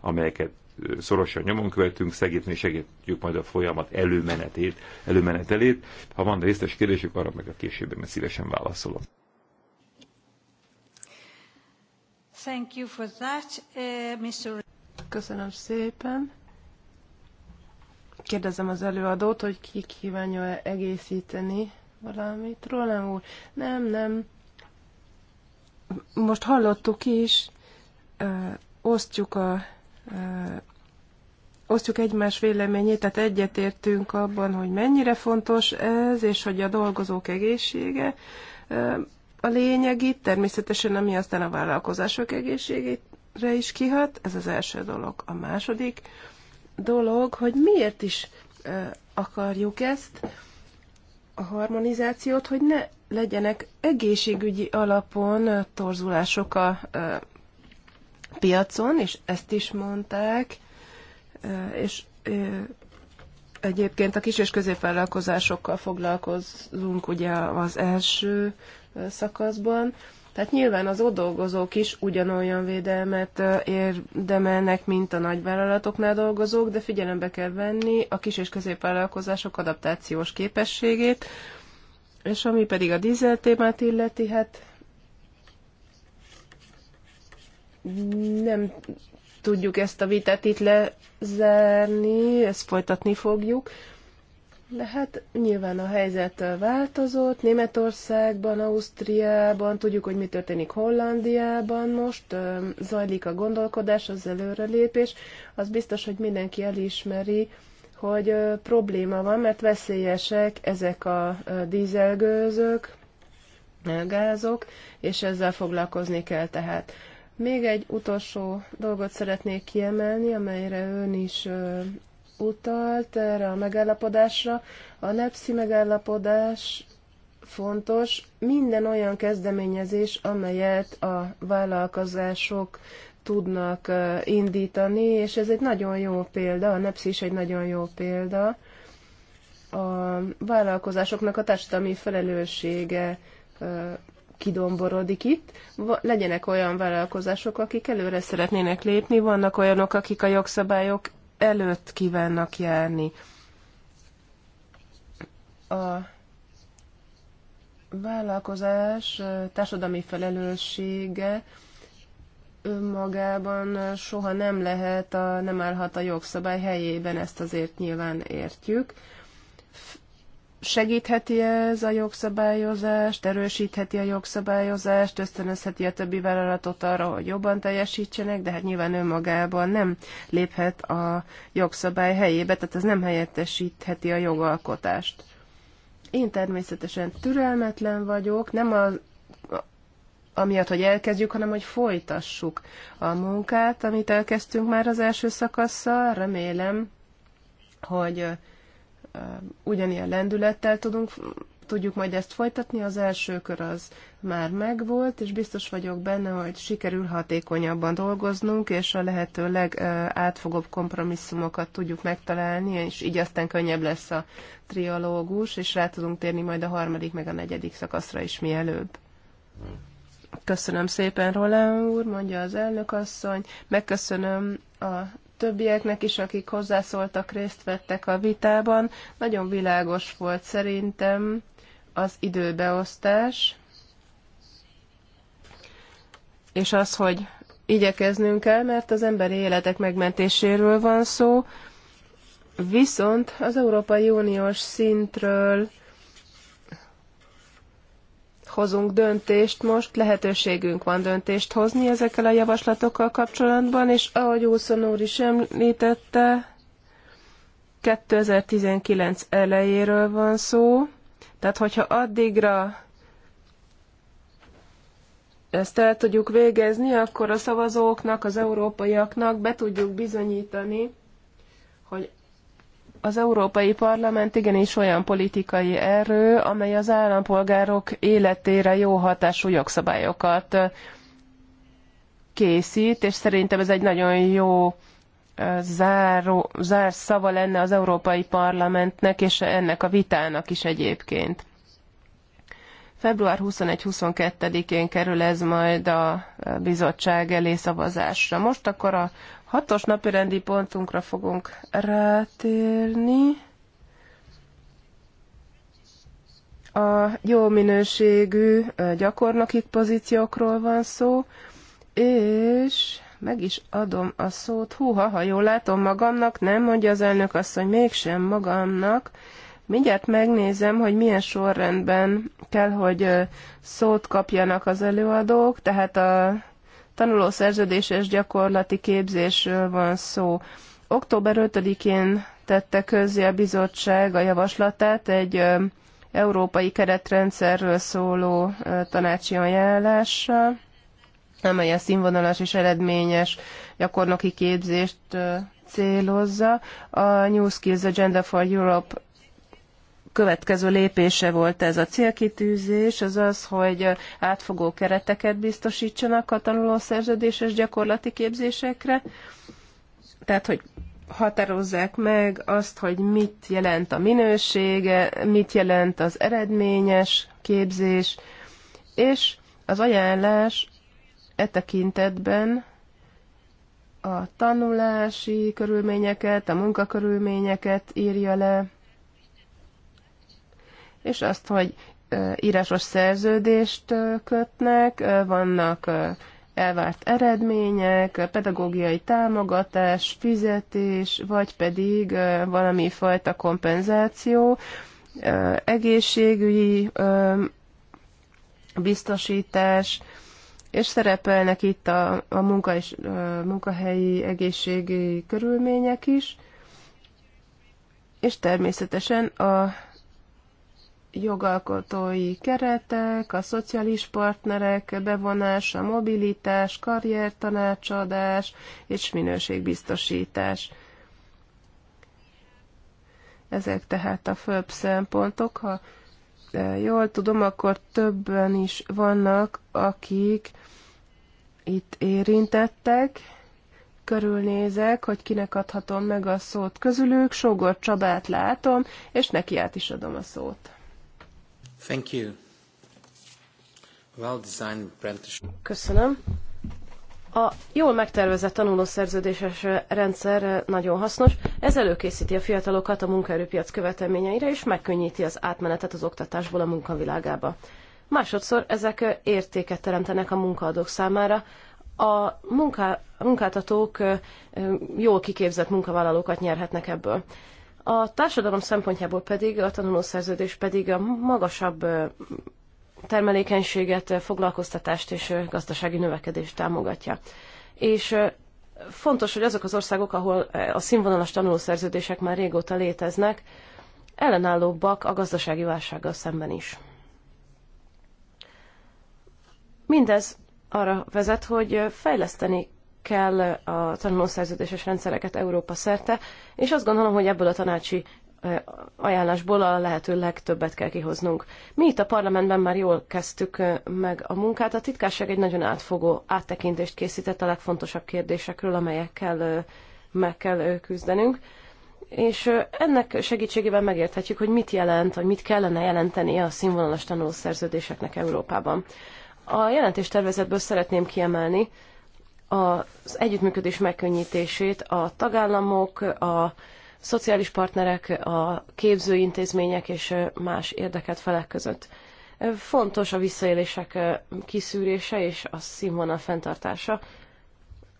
amelyeket szorosan nyomon követünk, segíteni segítjük majd a folyamat előmenetét, előmenetelét. Ha van részes kérdésük, arra meg a későbben szívesen válaszolok. Thank you for that, uh, Mr. Köszönöm szépen. Kérdezem az előadót, hogy ki kívánja-e egészíteni valamit. Rólam úr, nem, nem. Most hallottuk is, osztjuk a osztjuk egymás véleményét, tehát egyetértünk abban, hogy mennyire fontos ez, és hogy a dolgozók egészsége a lényeg itt, természetesen ami aztán a vállalkozások egészségére is kihat, ez az első dolog. A második dolog, hogy miért is akarjuk ezt, a harmonizációt, hogy ne legyenek egészségügyi alapon torzulások a piacon, és ezt is mondták, és egyébként a kis és középvállalkozásokkal foglalkozunk, ugye az első szakaszban. Tehát nyilván az ott dolgozók is ugyanolyan védelmet érdemelnek, mint a nagyvállalatoknál dolgozók, de figyelembe kell venni a kis és középvállalkozások adaptációs képességét, és ami pedig a dízel témát illeti, hát nem tudjuk ezt a vitát itt lezárni, ezt folytatni fogjuk. De hát nyilván a helyzet változott. Németországban, Ausztriában, tudjuk, hogy mi történik Hollandiában most, zajlik a gondolkodás, az előrelépés. Az biztos, hogy mindenki elismeri, hogy probléma van, mert veszélyesek ezek a dízelgőzök, gázok, és ezzel foglalkozni kell tehát. Még egy utolsó dolgot szeretnék kiemelni, amelyre ön is utalt erre a megállapodásra. A NEPSZI megállapodás fontos minden olyan kezdeményezés, amelyet a vállalkozások tudnak indítani, és ez egy nagyon jó példa, a NEPSZI is egy nagyon jó példa. A vállalkozásoknak a társadalmi felelőssége kidomborodik itt. Legyenek olyan vállalkozások, akik előre szeretnének lépni, vannak olyanok, akik a jogszabályok előtt kívánnak járni. A vállalkozás társadalmi felelőssége önmagában soha nem lehet, a, nem állhat a jogszabály helyében, ezt azért nyilván értjük segítheti ez a jogszabályozást, erősítheti a jogszabályozást, ösztönözheti a többi vállalatot arra, hogy jobban teljesítsenek, de hát nyilván önmagában nem léphet a jogszabály helyébe, tehát ez nem helyettesítheti a jogalkotást. Én természetesen türelmetlen vagyok, nem a, amiatt, hogy elkezdjük, hanem hogy folytassuk a munkát, amit elkezdtünk már az első szakasszal. Remélem, hogy ugyanilyen lendülettel tudunk, tudjuk majd ezt folytatni. Az első kör az már megvolt, és biztos vagyok benne, hogy sikerül hatékonyabban dolgoznunk, és a lehető legátfogóbb kompromisszumokat tudjuk megtalálni, és így aztán könnyebb lesz a trialógus, és rá tudunk térni majd a harmadik, meg a negyedik szakaszra is mielőbb. Köszönöm szépen, Roland úr, mondja az elnök asszony. Megköszönöm a többieknek is, akik hozzászóltak, részt vettek a vitában. Nagyon világos volt szerintem az időbeosztás, és az, hogy igyekeznünk kell, mert az emberi életek megmentéséről van szó, viszont az Európai Uniós szintről hozunk döntést most, lehetőségünk van döntést hozni ezekkel a javaslatokkal kapcsolatban, és ahogy Úszon úr is említette, 2019 elejéről van szó, tehát hogyha addigra ezt el tudjuk végezni, akkor a szavazóknak, az európaiaknak be tudjuk bizonyítani, hogy az Európai Parlament igenis olyan politikai erő, amely az állampolgárok életére jó hatású jogszabályokat készít, és szerintem ez egy nagyon jó záró, zárszava lenne az Európai Parlamentnek, és ennek a vitának is egyébként. Február 21-22-én kerül ez majd a bizottság elé szavazásra. Most akkor a Hatos napi rendi pontunkra fogunk rátérni. A jó minőségű gyakornoki pozíciókról van szó, és meg is adom a szót. Húha, ha jól látom magamnak, nem mondja az elnök azt, hogy mégsem magamnak. Mindjárt megnézem, hogy milyen sorrendben kell, hogy szót kapjanak az előadók, tehát a tanuló és gyakorlati képzésről van szó. Október 5-én tette közzé a bizottság a javaslatát egy európai keretrendszerről szóló tanácsi ajánlással, amely a színvonalas és eredményes gyakornoki képzést célozza. A New Skills Agenda for Europe következő lépése volt ez a célkitűzés, az az, hogy átfogó kereteket biztosítsanak a tanulószerződéses gyakorlati képzésekre, tehát hogy határozzák meg azt, hogy mit jelent a minősége, mit jelent az eredményes képzés, és az ajánlás e tekintetben a tanulási körülményeket, a munkakörülményeket írja le, és azt, hogy írásos szerződést kötnek, vannak elvárt eredmények, pedagógiai támogatás, fizetés, vagy pedig valami fajta kompenzáció, egészségügyi biztosítás, és szerepelnek itt a, a munka és, munkahelyi egészségi körülmények is, és természetesen a jogalkotói keretek, a szociális partnerek bevonása, mobilitás, karriertanácsadás és minőségbiztosítás. Ezek tehát a főbb szempontok. Ha e, jól tudom, akkor többen is vannak, akik itt érintettek. Körülnézek, hogy kinek adhatom meg a szót közülük. Sógor Csabát látom, és neki át is adom a szót. Thank you. Well Köszönöm. A jól megtervezett tanulószerződéses rendszer nagyon hasznos. Ez előkészíti a fiatalokat a munkaerőpiac követelményeire, és megkönnyíti az átmenetet az oktatásból a munkavilágába. Másodszor ezek értéket teremtenek a munkaadók számára. A munká, munkáltatók jól kiképzett munkavállalókat nyerhetnek ebből. A társadalom szempontjából pedig, a tanulószerződés pedig a magasabb termelékenységet, foglalkoztatást és gazdasági növekedést támogatja. És fontos, hogy azok az országok, ahol a színvonalas tanulószerződések már régóta léteznek, ellenállóbbak a gazdasági válsággal szemben is. Mindez arra vezet, hogy fejleszteni kell a tanulószerződéses rendszereket Európa szerte, és azt gondolom, hogy ebből a tanácsi ajánlásból a lehető legtöbbet kell kihoznunk. Mi itt a parlamentben már jól kezdtük meg a munkát. A titkárság egy nagyon átfogó áttekintést készített a legfontosabb kérdésekről, amelyekkel meg kell küzdenünk. És ennek segítségével megérthetjük, hogy mit jelent, vagy mit kellene jelenteni a színvonalas tanulószerződéseknek Európában. A jelentéstervezetből szeretném kiemelni, az együttműködés megkönnyítését a tagállamok, a szociális partnerek, a képzőintézmények és más érdekelt felek között. Fontos a visszaélések kiszűrése és a színvonal fenntartása,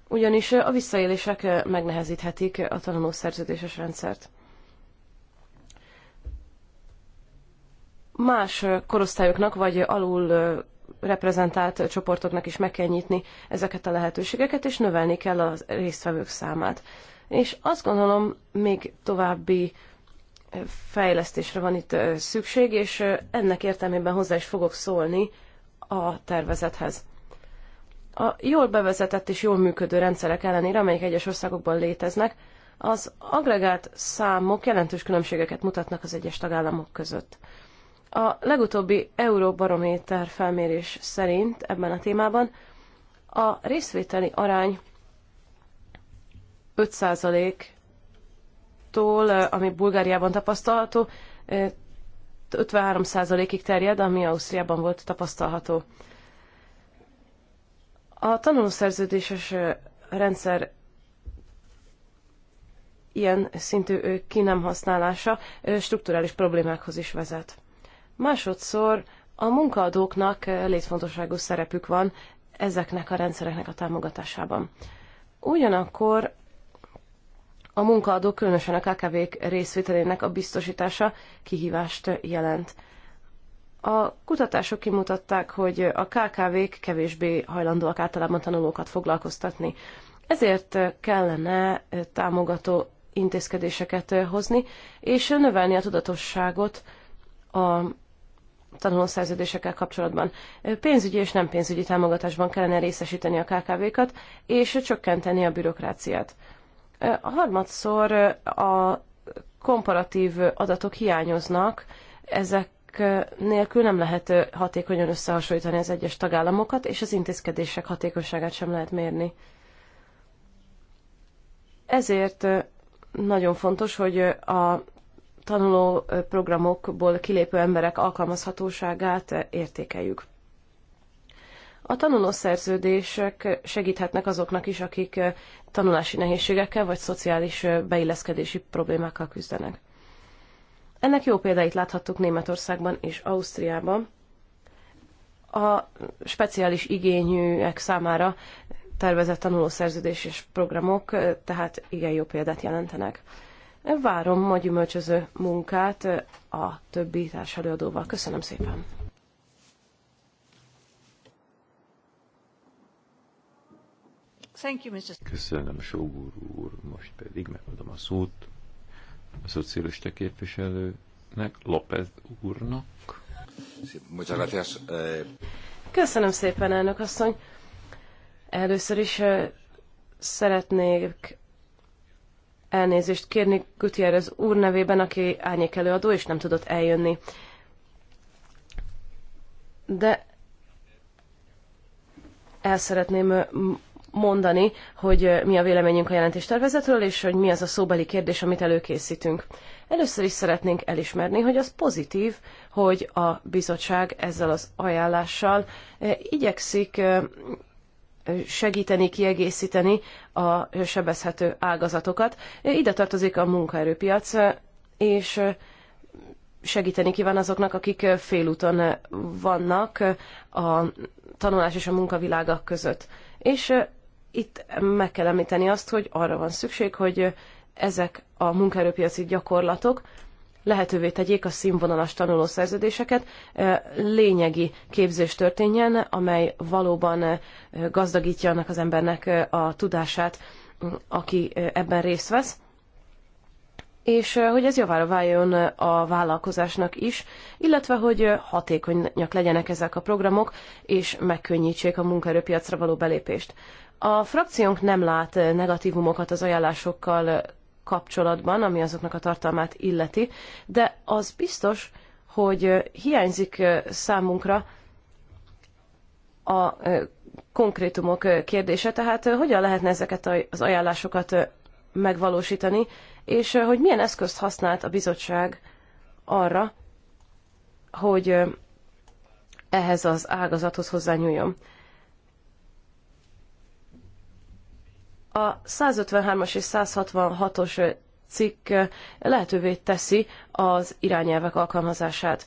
ugyanis a visszaélések megnehezíthetik a tanulószerződéses rendszert. Más korosztályoknak vagy alul reprezentált csoportoknak is meg kell nyitni ezeket a lehetőségeket, és növelni kell a résztvevők számát. És azt gondolom, még további fejlesztésre van itt szükség, és ennek értelmében hozzá is fogok szólni a tervezethez. A jól bevezetett és jól működő rendszerek ellenére, amelyek egyes országokban léteznek, az agregált számok jelentős különbségeket mutatnak az egyes tagállamok között. A legutóbbi Euróbarométer felmérés szerint ebben a témában a részvételi arány 5%-tól, eh, ami Bulgáriában tapasztalható, 53%-ig eh, terjed, ami Ausztriában volt tapasztalható. A tanulószerződéses eh, rendszer ilyen szintű ki nem használása strukturális problémákhoz is vezet. Másodszor a munkaadóknak létfontosságú szerepük van ezeknek a rendszereknek a támogatásában. Ugyanakkor a munkaadók, különösen a KKV-k részvételének a biztosítása kihívást jelent. A kutatások kimutatták, hogy a KKV-k kevésbé hajlandóak általában tanulókat foglalkoztatni. Ezért kellene támogató intézkedéseket hozni, és növelni a tudatosságot a tanulószerződésekkel kapcsolatban. Pénzügyi és nem pénzügyi támogatásban kellene részesíteni a KKV-kat, és csökkenteni a bürokráciát. A harmadszor a komparatív adatok hiányoznak, ezek nélkül nem lehet hatékonyan összehasonlítani az egyes tagállamokat, és az intézkedések hatékonyságát sem lehet mérni. Ezért nagyon fontos, hogy a tanuló programokból kilépő emberek alkalmazhatóságát értékeljük. A tanulószerződések segíthetnek azoknak is, akik tanulási nehézségekkel vagy szociális beilleszkedési problémákkal küzdenek. Ennek jó példáit láthattuk Németországban és Ausztriában. A speciális igényűek számára tervezett tanulószerződéses programok tehát igen jó példát jelentenek. Várom a gyümölcsöző munkát a többi társadalmadóval. Köszönöm szépen! Köszönöm, Sógúr úr. Most pedig megadom a szót a szocialista képviselőnek, López úrnak. Eh. Köszönöm szépen, elnök asszony. Először is eh, szeretnék elnézést kérni Gutierrez úr nevében, aki árnyék előadó, és nem tudott eljönni. De el szeretném mondani, hogy mi a véleményünk a jelentéstervezetről, és hogy mi az a szóbeli kérdés, amit előkészítünk. Először is szeretnénk elismerni, hogy az pozitív, hogy a bizottság ezzel az ajánlással igyekszik segíteni, kiegészíteni a sebezhető ágazatokat. Ide tartozik a munkaerőpiac, és segíteni kíván azoknak, akik félúton vannak a tanulás és a munkavilágak között. És itt meg kell említeni azt, hogy arra van szükség, hogy ezek a munkaerőpiaci gyakorlatok lehetővé tegyék a színvonalas tanulószerződéseket, lényegi képzés történjen, amely valóban gazdagítja annak az embernek a tudását, aki ebben részt vesz, és hogy ez javára váljon a vállalkozásnak is, illetve hogy hatékonyak legyenek ezek a programok, és megkönnyítsék a munkaerőpiacra való belépést. A frakciónk nem lát negatívumokat az ajánlásokkal kapcsolatban, ami azoknak a tartalmát illeti, de az biztos, hogy hiányzik számunkra a konkrétumok kérdése, tehát hogyan lehetne ezeket az ajánlásokat megvalósítani, és hogy milyen eszközt használt a bizottság arra, hogy ehhez az ágazathoz hozzányúljon. A 153-as és 166-os cikk lehetővé teszi az irányelvek alkalmazását.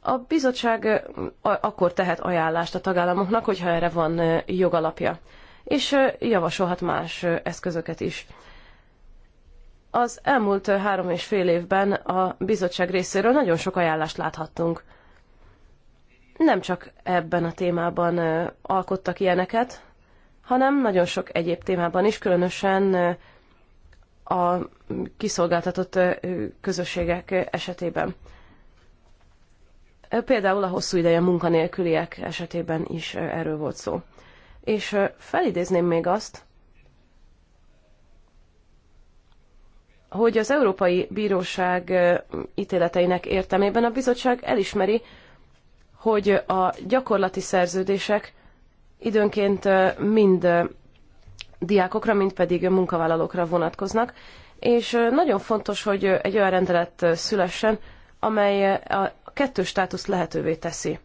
A bizottság akkor tehet ajánlást a tagállamoknak, hogyha erre van jogalapja, és javasolhat más eszközöket is. Az elmúlt három és fél évben a bizottság részéről nagyon sok ajánlást láthattunk. Nem csak ebben a témában alkottak ilyeneket, hanem nagyon sok egyéb témában is, különösen a kiszolgáltatott közösségek esetében. Például a hosszú ideje munkanélküliek esetében is erről volt szó. És felidézném még azt, hogy az Európai Bíróság ítéleteinek értelmében a bizottság elismeri, hogy a gyakorlati szerződések időnként mind diákokra, mind pedig munkavállalókra vonatkoznak, és nagyon fontos, hogy egy olyan rendelet szülessen, amely a kettős státuszt lehetővé teszi.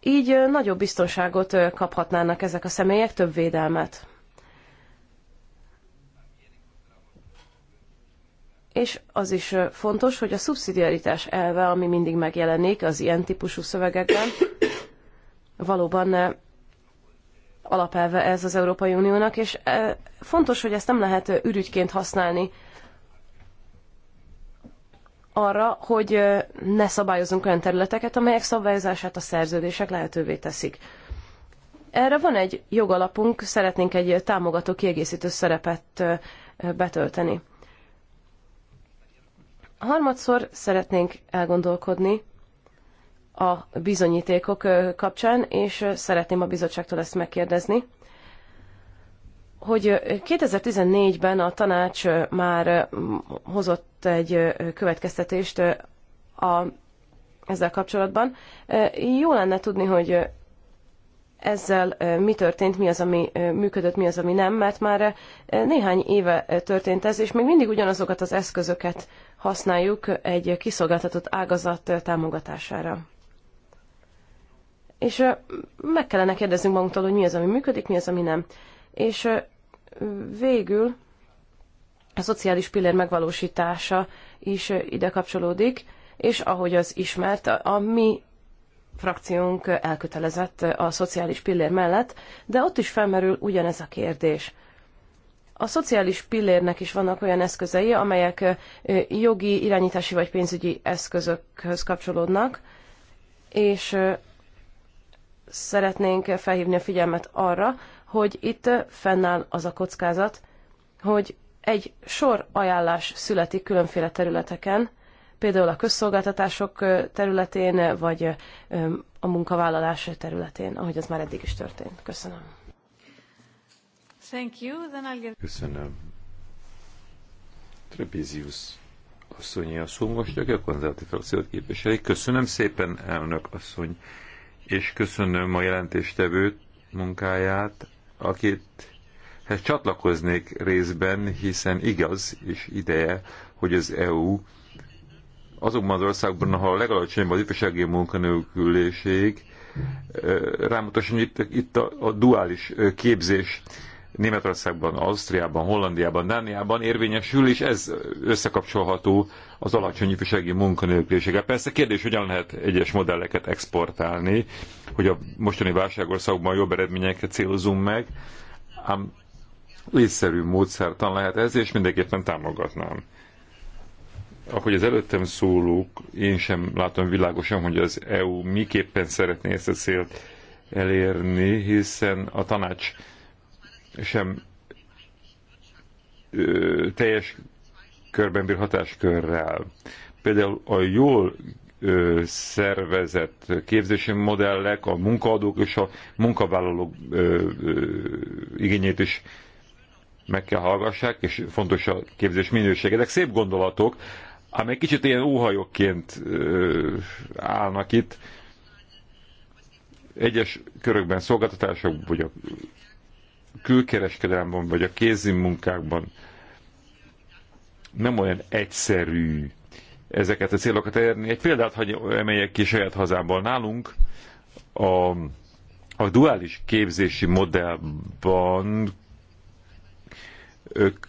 Így nagyobb biztonságot kaphatnának ezek a személyek, több védelmet. És az is fontos, hogy a szubszidiaritás elve, ami mindig megjelenik az ilyen típusú szövegekben, valóban eh, alapelve ez az Európai Uniónak, és eh, fontos, hogy ezt nem lehet eh, ürügyként használni arra, hogy ne szabályozunk olyan területeket, amelyek szabályozását a szerződések lehetővé teszik. Erre van egy jogalapunk, szeretnénk egy támogató kiegészítő szerepet betölteni. Harmadszor szeretnénk elgondolkodni a bizonyítékok kapcsán, és szeretném a bizottságtól ezt megkérdezni, hogy 2014-ben a tanács már hozott egy következtetést a, ezzel kapcsolatban. Jó lenne tudni, hogy ezzel mi történt, mi az, ami működött, mi az, ami nem, mert már néhány éve történt ez, és még mindig ugyanazokat az eszközöket használjuk egy kiszolgáltatott ágazat támogatására. És meg kellene kérdeznünk magunktól, hogy mi az, ami működik, mi az, ami nem. És végül a szociális pillér megvalósítása is ide kapcsolódik, és ahogy az ismert, a mi frakciónk elkötelezett a szociális pillér mellett, de ott is felmerül ugyanez a kérdés. A szociális pillérnek is vannak olyan eszközei, amelyek jogi, irányítási vagy pénzügyi eszközökhöz kapcsolódnak, és szeretnénk felhívni a figyelmet arra, hogy itt fennáll az a kockázat, hogy egy sor ajánlás születik különféle területeken, például a közszolgáltatások területén, vagy a munkavállalás területén, ahogy az már eddig is történt. Köszönöm. Thank you. Then I'll get... Köszönöm. Trebizius asszonyi a most, a konzervatív frakciót képviseli. Köszönöm szépen, elnök asszony és köszönöm a jelentéstevőt munkáját, akit hát csatlakoznék részben, hiszen igaz és ideje, hogy az EU azokban az országokban, ahol a legalacsonyabb az ifjúsági munkanélküliség, rámutasson, itt, itt a, a duális képzés Németországban, Ausztriában, Hollandiában, Dániában érvényesül, és ez összekapcsolható az alacsony ifjúsági munkanélküliséggel. Persze kérdés, hogyan lehet egyes modelleket exportálni, hogy a mostani válságországokban jobb eredményeket célozunk meg, ám észszerű módszertan lehet ez, és mindenképpen támogatnám. Ahogy az előttem szólók, én sem látom világosan, hogy az EU miképpen szeretné ezt a célt elérni, hiszen a tanács sem ö, teljes körben bír hatáskörrel. Például a jól ö, szervezett képzési modellek, a munkaadók és a munkavállalók ö, ö, igényét is meg kell hallgassák, és fontos a képzés minősége. Ezek szép gondolatok, amelyek kicsit ilyen óhajokként ö, állnak itt. Egyes körökben, szolgáltatások, vagy a külkereskedelemben vagy a kézimunkákban nem olyan egyszerű ezeket a célokat elérni. Egy példát hogy emeljek ki saját hazából nálunk. A, a duális képzési modellban ők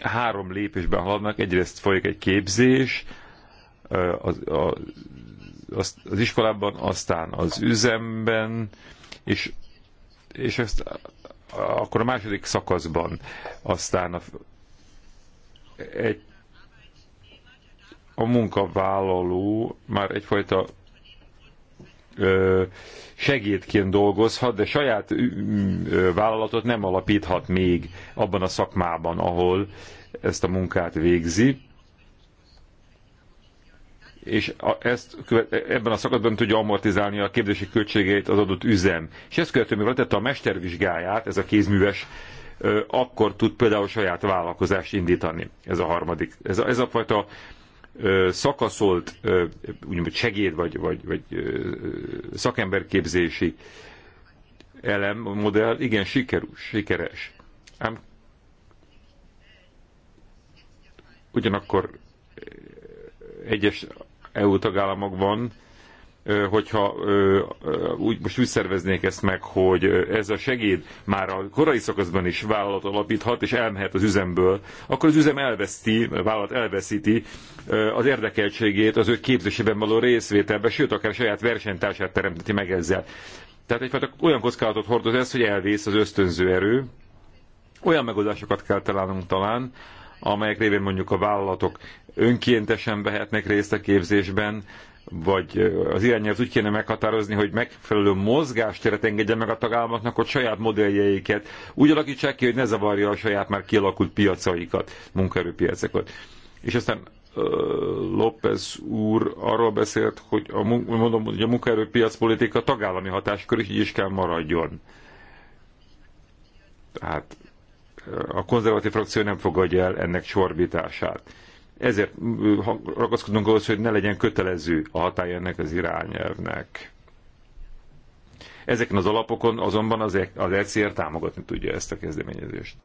három lépésben haladnak. Egyrészt folyik egy képzés az, a, az, az iskolában, aztán az üzemben, és, és ezt akkor a második szakaszban aztán a, egy, a munkavállaló már egyfajta ö, segédként dolgozhat, de saját vállalatot nem alapíthat még abban a szakmában, ahol ezt a munkát végzi és ezt ebben a szakadban tudja amortizálni a képzési költségeit az adott üzem. És ezt követően, mivel tette a mestervizsgáját, ez a kézműves, akkor tud például saját vállalkozást indítani. Ez a harmadik. Ez a, ez a fajta szakaszolt úgymond segéd vagy, vagy, vagy szakemberképzési elem, modell igen sikerus, sikeres. Ám ugyanakkor egyes EU tagállamokban, hogyha úgy, most úgy szerveznék ezt meg, hogy ez a segéd már a korai szakaszban is vállalat alapíthat, és elmehet az üzemből, akkor az üzem elveszti, a vállalat elveszíti az érdekeltségét az ő képzésében való részvételbe, sőt, akár saját versenytársát teremteti meg ezzel. Tehát egyfajta olyan kockázatot hordoz ez, hogy elvész az ösztönző erő. Olyan megoldásokat kell találnunk talán, amelyek révén mondjuk a vállalatok önkéntesen vehetnek részt a képzésben, vagy az irányelv úgy kéne meghatározni, hogy megfelelő mozgásteret engedje meg a tagállamoknak, hogy saját modelljeiket úgy alakítsák ki, hogy ne zavarja a saját már kialakult piacaikat, munkaerőpiacokat. És aztán López úr arról beszélt, hogy a, mondom, hogy a politika tagállami hatáskör is így is kell maradjon. Tehát a konzervatív frakció nem fogadja el ennek csorbítását ezért ragaszkodunk ahhoz, hogy ne legyen kötelező a hatály ennek az irányelvnek. Ezeken az alapokon azonban az ECR e támogatni tudja ezt a kezdeményezést.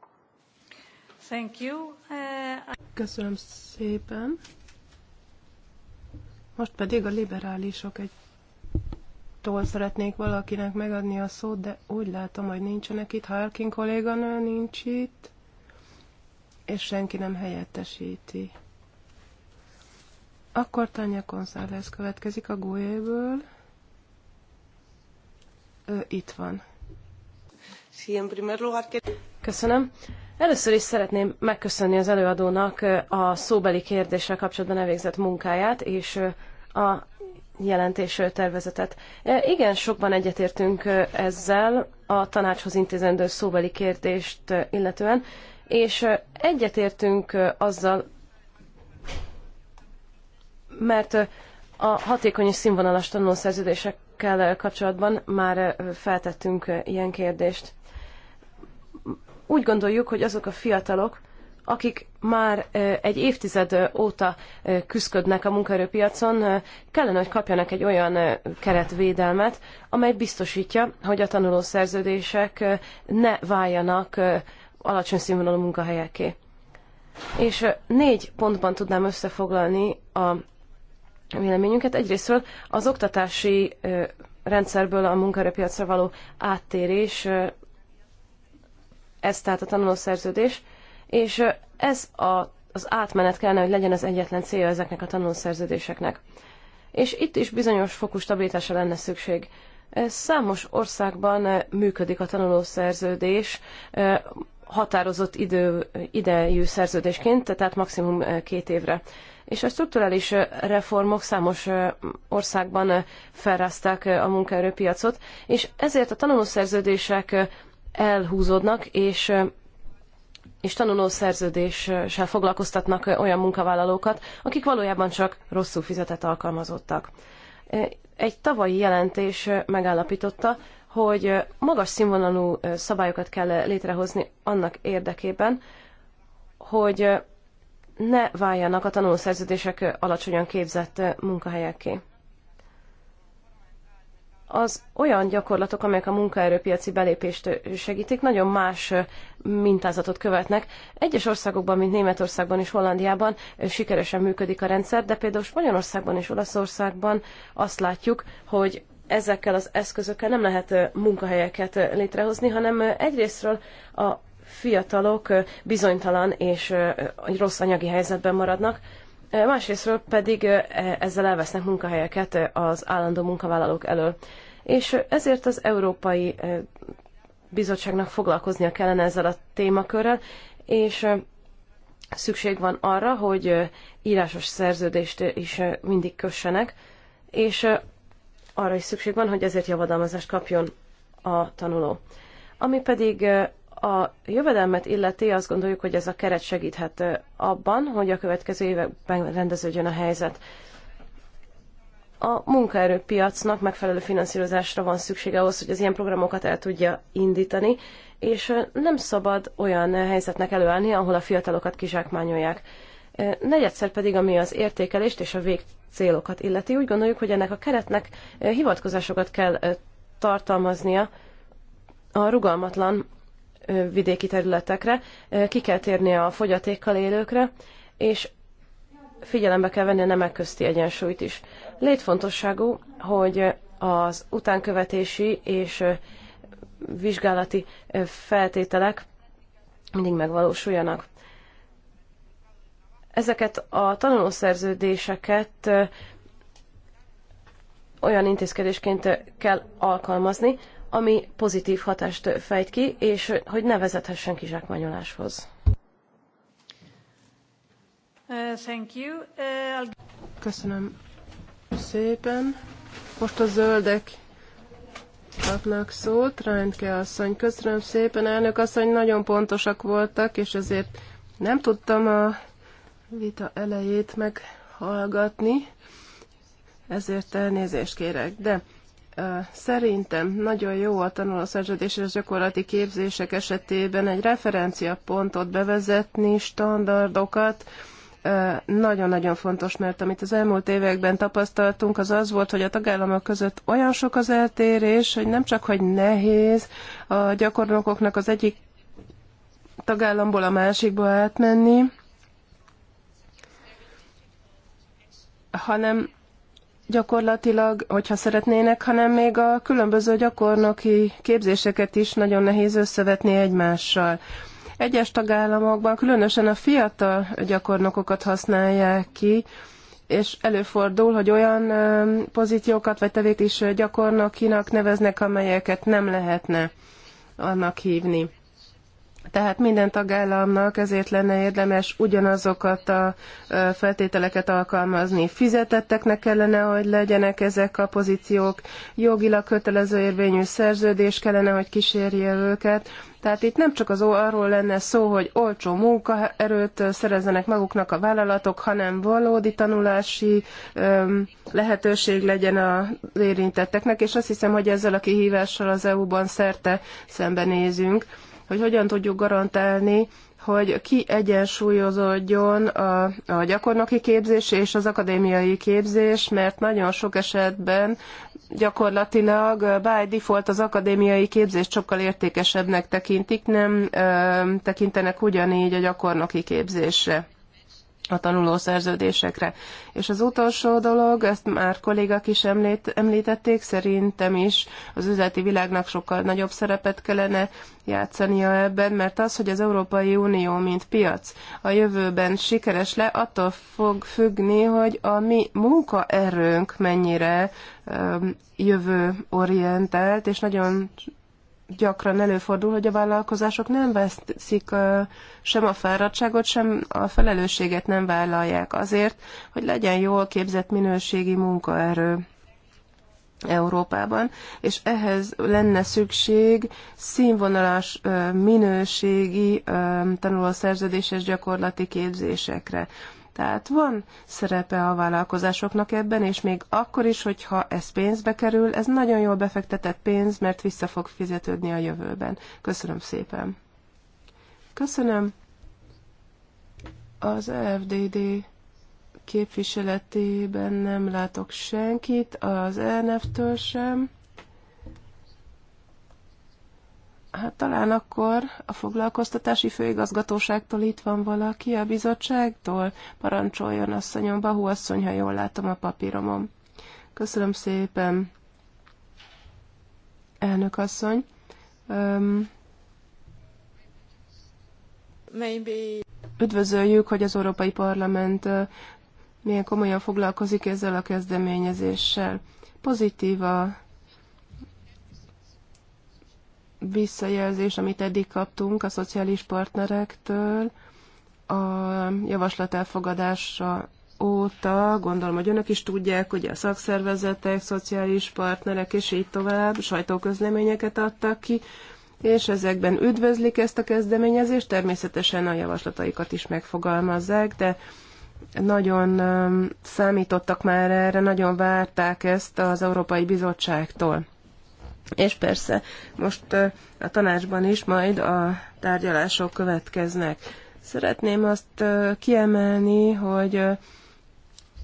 Thank you. Uh, Köszönöm szépen. Most pedig a liberálisok egy tól szeretnék valakinek megadni a szót, de úgy látom, hogy nincsenek itt. Harkin kolléganő nincs itt, és senki nem helyettesíti. Akkor Tanya González következik a Gólyéből. Ő itt van. Köszönöm. Először is szeretném megköszönni az előadónak a szóbeli kérdéssel kapcsolatban elvégzett munkáját és a jelentés tervezetet. Igen, sokban egyetértünk ezzel a tanácshoz intézendő szóbeli kérdést illetően, és egyetértünk azzal mert a hatékony és színvonalas tanulszerződésekkel kapcsolatban már feltettünk ilyen kérdést. Úgy gondoljuk, hogy azok a fiatalok, akik már egy évtized óta küzdködnek a munkaerőpiacon, kellene, hogy kapjanak egy olyan keretvédelmet, amely biztosítja, hogy a tanulószerződések ne váljanak alacsony színvonalú munkahelyeké. És négy pontban tudnám összefoglalni a véleményünket. Egyrésztről az oktatási rendszerből a munkaerőpiacra való áttérés, ez tehát a tanulószerződés, és ez a, az átmenet kellene, hogy legyen az egyetlen célja ezeknek a tanulószerződéseknek. És itt is bizonyos fokú stabilitásra lenne szükség. Számos országban működik a tanulószerződés határozott idő, idejű szerződésként, tehát maximum két évre és a strukturális reformok számos országban felrázták a munkaerőpiacot, és ezért a tanulószerződések elhúzódnak, és és tanulószerződéssel foglalkoztatnak olyan munkavállalókat, akik valójában csak rosszul fizetett alkalmazottak. Egy tavalyi jelentés megállapította, hogy magas színvonalú szabályokat kell létrehozni annak érdekében, hogy ne váljanak a tanulószerződések alacsonyan képzett munkahelyeké. Az olyan gyakorlatok, amelyek a munkaerőpiaci belépést segítik, nagyon más mintázatot követnek. Egyes országokban, mint Németországban és Hollandiában sikeresen működik a rendszer, de például Spanyolországban és Olaszországban azt látjuk, hogy ezekkel az eszközökkel nem lehet munkahelyeket létrehozni, hanem egyrésztről a fiatalok bizonytalan és rossz anyagi helyzetben maradnak, másrésztről pedig e, ezzel elvesznek munkahelyeket az állandó munkavállalók elől. És ezért az Európai Bizottságnak foglalkoznia kellene ezzel a témakörrel, és szükség van arra, hogy írásos szerződést is mindig kössenek, és arra is szükség van, hogy ezért javadalmazást kapjon a tanuló. Ami pedig a jövedelmet illeti, azt gondoljuk, hogy ez a keret segíthet abban, hogy a következő években rendeződjön a helyzet. A munkaerőpiacnak megfelelő finanszírozásra van szüksége ahhoz, hogy az ilyen programokat el tudja indítani, és nem szabad olyan helyzetnek előállni, ahol a fiatalokat kizsákmányolják. Negyedszer pedig, ami az értékelést és a végcélokat illeti, úgy gondoljuk, hogy ennek a keretnek hivatkozásokat kell tartalmaznia a rugalmatlan vidéki területekre, ki kell térni a fogyatékkal élőkre, és figyelembe kell venni a nemek közti egyensúlyt is. Létfontosságú, hogy az utánkövetési és vizsgálati feltételek mindig megvalósuljanak. Ezeket a tanulószerződéseket olyan intézkedésként kell alkalmazni, ami pozitív hatást fejt ki, és hogy ne vezethessen kizsákmányoláshoz. Uh, uh, köszönöm szépen. Most a zöldek kapnak szót. Reintke asszony, köszönöm szépen. Elnök asszony, nagyon pontosak voltak, és ezért nem tudtam a vita elejét meghallgatni, ezért elnézést kérek. De Szerintem nagyon jó a tanulószerződés és gyakorlati képzések esetében egy referenciapontot bevezetni, standardokat, nagyon-nagyon fontos, mert amit az elmúlt években tapasztaltunk, az az volt, hogy a tagállamok között olyan sok az eltérés, hogy nem csak, hogy nehéz a gyakornokoknak az egyik tagállamból a másikba átmenni, hanem gyakorlatilag, hogyha szeretnének, hanem még a különböző gyakornoki képzéseket is nagyon nehéz összevetni egymással. Egyes tagállamokban különösen a fiatal gyakornokokat használják ki, és előfordul, hogy olyan pozíciókat vagy tevét is gyakornokinak neveznek, amelyeket nem lehetne annak hívni. Tehát minden tagállamnak ezért lenne érdemes ugyanazokat a feltételeket alkalmazni. Fizetetteknek kellene, hogy legyenek ezek a pozíciók, jogilag kötelező érvényű szerződés kellene, hogy kísérje őket. Tehát itt nem csak az arról lenne szó, hogy olcsó munkaerőt szerezzenek maguknak a vállalatok, hanem valódi tanulási lehetőség legyen az érintetteknek, és azt hiszem, hogy ezzel a kihívással az EU-ban szerte szembenézünk hogy hogyan tudjuk garantálni, hogy ki egyensúlyozódjon a, a gyakornoki képzés és az akadémiai képzés, mert nagyon sok esetben gyakorlatilag by default az akadémiai képzés, sokkal értékesebbnek tekintik, nem ö, tekintenek ugyanígy a gyakornoki képzésre a tanulószerződésekre. És az utolsó dolog, ezt már kollégák is említ, említették, szerintem is az üzleti világnak sokkal nagyobb szerepet kellene játszania ebben, mert az, hogy az Európai Unió, mint piac a jövőben sikeres le, attól fog függni, hogy a mi munkaerőnk mennyire jövőorientált, és nagyon gyakran előfordul, hogy a vállalkozások nem veszik sem a fáradtságot, sem a felelősséget nem vállalják azért, hogy legyen jól képzett minőségi munkaerő. Európában, és ehhez lenne szükség színvonalas minőségi tanulószerződéses gyakorlati képzésekre. Tehát van szerepe a vállalkozásoknak ebben, és még akkor is, hogyha ez pénzbe kerül, ez nagyon jól befektetett pénz, mert vissza fog fizetődni a jövőben. Köszönöm szépen. Köszönöm. Az FDD képviseletében nem látok senkit, az ENF-től sem. Hát talán akkor a foglalkoztatási főigazgatóságtól itt van valaki, a bizottságtól. Parancsoljon asszonyom, Bahu asszony, ha jól látom a papíromom. Köszönöm szépen, elnök asszony. Um, Maybe. Üdvözöljük, hogy az Európai Parlament milyen komolyan foglalkozik ezzel a kezdeményezéssel. Pozitív a visszajelzés, amit eddig kaptunk a szociális partnerektől, a javaslat elfogadása óta, gondolom, hogy önök is tudják, hogy a szakszervezetek, szociális partnerek és így tovább sajtóközleményeket adtak ki, és ezekben üdvözlik ezt a kezdeményezést, természetesen a javaslataikat is megfogalmazzák, de nagyon um, számítottak már erre, nagyon várták ezt az Európai Bizottságtól. És persze most a tanácsban is majd a tárgyalások következnek. Szeretném azt kiemelni, hogy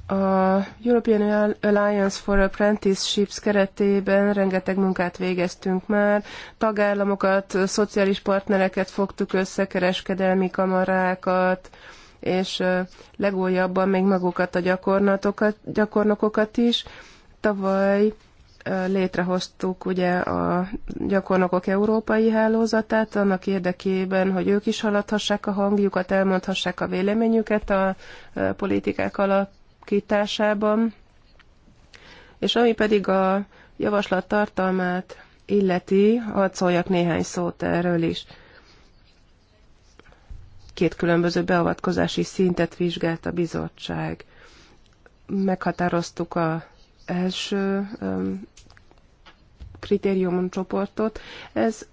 a European Alliance for Apprenticeships keretében rengeteg munkát végeztünk már, tagállamokat, szociális partnereket fogtuk össze, kereskedelmi kamarákat, és legújabban még magukat a gyakornatokat, gyakornokokat is. Tavaly létrehoztuk ugye a gyakornokok európai hálózatát, annak érdekében, hogy ők is haladhassák a hangjukat, elmondhassák a véleményüket a politikák alakításában. És ami pedig a javaslat tartalmát illeti, hadd szóljak néhány szót erről is. Két különböző beavatkozási szintet vizsgált a bizottság. Meghatároztuk a első kritériumon csoportot. Ez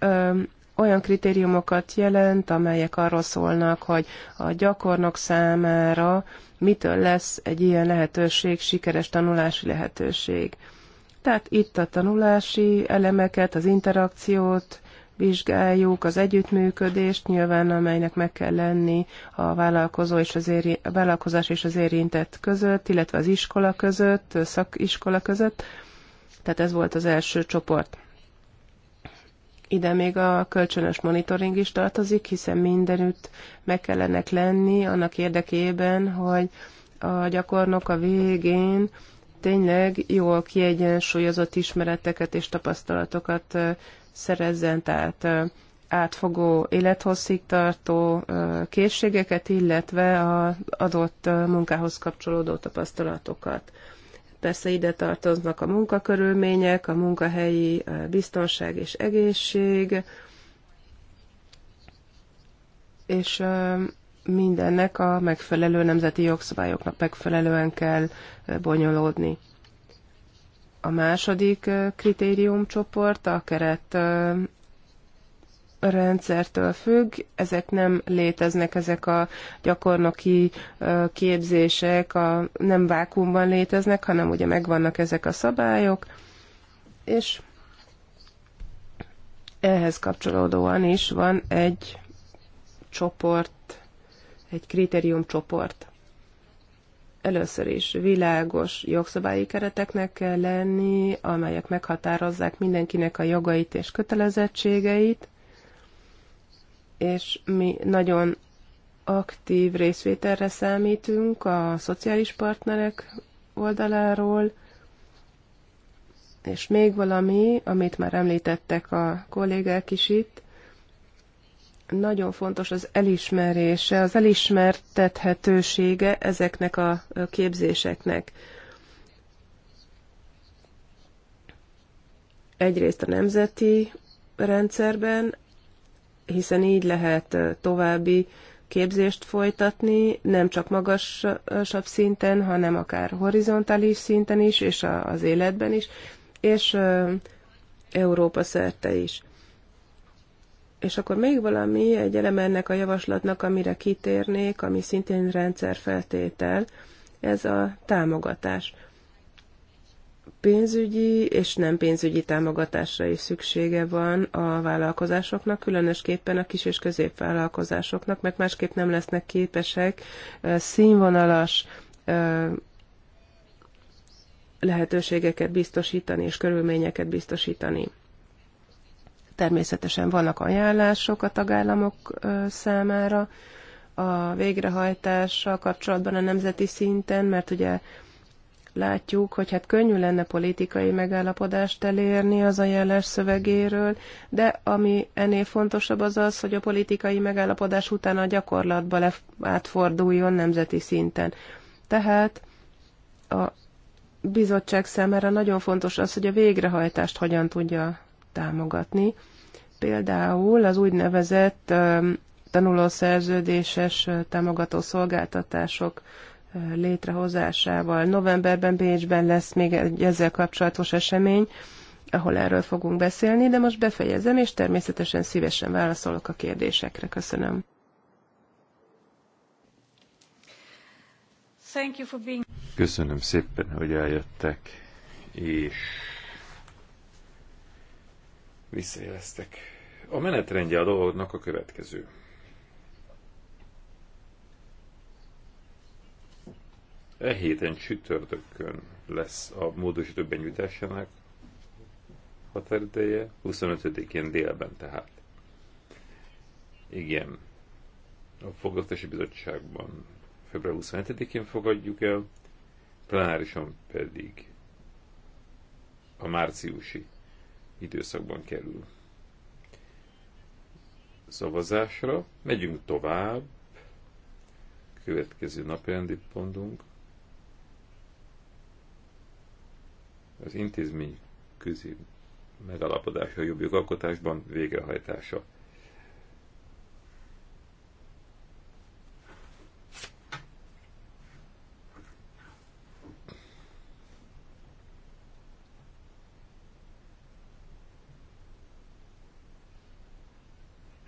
olyan kritériumokat jelent, amelyek arról szólnak, hogy a gyakornok számára mitől lesz egy ilyen lehetőség sikeres tanulási lehetőség. Tehát itt a tanulási elemeket, az interakciót, vizsgáljuk az együttműködést, nyilván amelynek meg kell lenni a, vállalkozó és az éri, a vállalkozás és az érintett között, illetve az iskola között, szakiskola között. Tehát ez volt az első csoport. Ide még a kölcsönös monitoring is tartozik, hiszen mindenütt meg kellenek lenni annak érdekében, hogy a gyakornok a végén tényleg jól kiegyensúlyozott ismereteket és tapasztalatokat szerezzen, tehát átfogó élethosszígtartó készségeket, illetve az adott munkához kapcsolódó tapasztalatokat. Persze ide tartoznak a munkakörülmények, a munkahelyi biztonság és egészség, és mindennek a megfelelő nemzeti jogszabályoknak megfelelően kell eh, bonyolódni. A második eh, kritériumcsoport a keret eh, rendszertől függ, ezek nem léteznek, ezek a gyakornoki képzések a, nem vákumban léteznek, hanem ugye megvannak ezek a szabályok, és ehhez kapcsolódóan is van egy csoport egy kritériumcsoport. Először is világos jogszabályi kereteknek kell lenni, amelyek meghatározzák mindenkinek a jogait és kötelezettségeit, és mi nagyon aktív részvételre számítunk a szociális partnerek oldaláról, és még valami, amit már említettek a kollégák is itt, nagyon fontos az elismerése, az elismertethetősége ezeknek a képzéseknek. Egyrészt a nemzeti rendszerben, hiszen így lehet további képzést folytatni, nem csak magasabb szinten, hanem akár horizontális szinten is, és az életben is, és Európa szerte is. És akkor még valami, egy eleme ennek a javaslatnak, amire kitérnék, ami szintén rendszerfeltétel, ez a támogatás. Pénzügyi és nem pénzügyi támogatásra is szüksége van a vállalkozásoknak, különösképpen a kis és középvállalkozásoknak, mert másképp nem lesznek képesek színvonalas lehetőségeket biztosítani és körülményeket biztosítani. Természetesen vannak ajánlások a tagállamok számára a végrehajtással kapcsolatban a nemzeti szinten, mert ugye látjuk, hogy hát könnyű lenne politikai megállapodást elérni az ajánlás szövegéről, de ami ennél fontosabb az az, hogy a politikai megállapodás után a gyakorlatba le, átforduljon nemzeti szinten. Tehát a bizottság számára nagyon fontos az, hogy a végrehajtást hogyan tudja támogatni. Például az úgynevezett tanulószerződéses támogató szolgáltatások létrehozásával. Novemberben Bécsben lesz még egy ezzel kapcsolatos esemény, ahol erről fogunk beszélni, de most befejezem, és természetesen szívesen válaszolok a kérdésekre. Köszönöm. Köszönöm szépen, hogy eljöttek, és visszajeleztek. A menetrendje a dolognak a következő. E héten csütörtökön lesz a módosító benyújtásának határideje, 25-én délben tehát. Igen. A fogadási Bizottságban február 27-én fogadjuk el, plenárisan pedig a márciusi időszakban kerül szavazásra. Megyünk tovább. Következő napirendi pontunk. Az intézmény közé megalapodása a jobb jogalkotásban végrehajtása.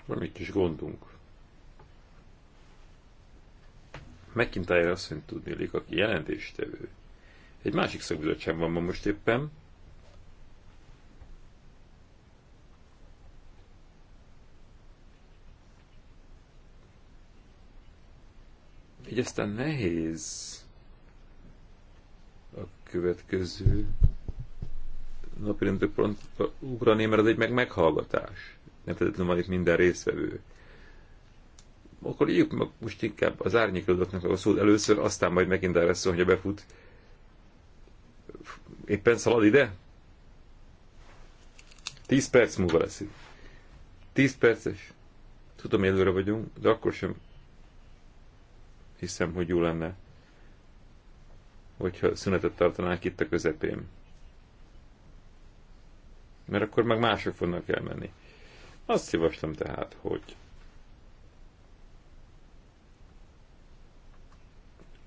Van egy kis gondunk. McIntyre azt mondja hogy aki jelentéstevő. Egy másik szakbizottság van most éppen. Így aztán nehéz a következő napirendő pont ugrani, mert ez egy meg meghallgatás nem feltétlenül van itt minden részvevő. Akkor írjuk meg most inkább az árnyékelődöknek a szót először, aztán majd megint erre szól, hogyha befut. Éppen szalad ide? Tíz perc múlva lesz itt. Tíz perces. Tudom, előre vagyunk, de akkor sem hiszem, hogy jó lenne, hogyha szünetet tartanánk itt a közepén. Mert akkor meg mások fognak elmenni. Azt javaslom tehát, hogy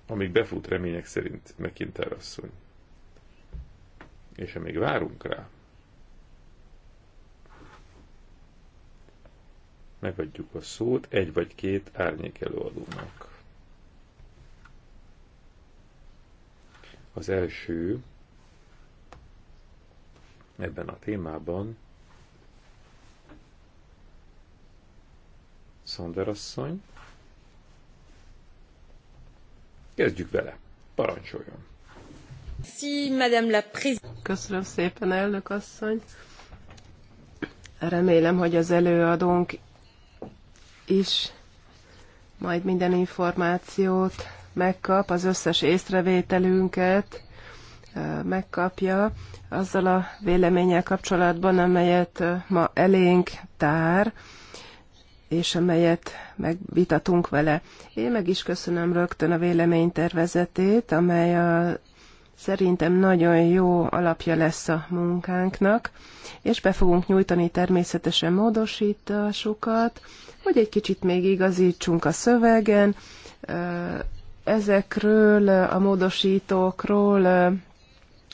amíg befut remények szerint McIntyre asszony, és amíg várunk rá, megadjuk a szót egy vagy két árnyék előadónak. Az első ebben a témában asszony. Kezdjük vele. Parancsoljon. Köszönöm szépen, elnök asszony. Remélem, hogy az előadónk is majd minden információt megkap, az összes észrevételünket megkapja azzal a véleménnyel kapcsolatban, amelyet ma elénk tár és amelyet megvitatunk vele. Én meg is köszönöm rögtön a véleménytervezetét, amely a, szerintem nagyon jó alapja lesz a munkánknak, és be fogunk nyújtani természetesen módosításokat, hogy egy kicsit még igazítsunk a szövegen, ezekről a módosítókról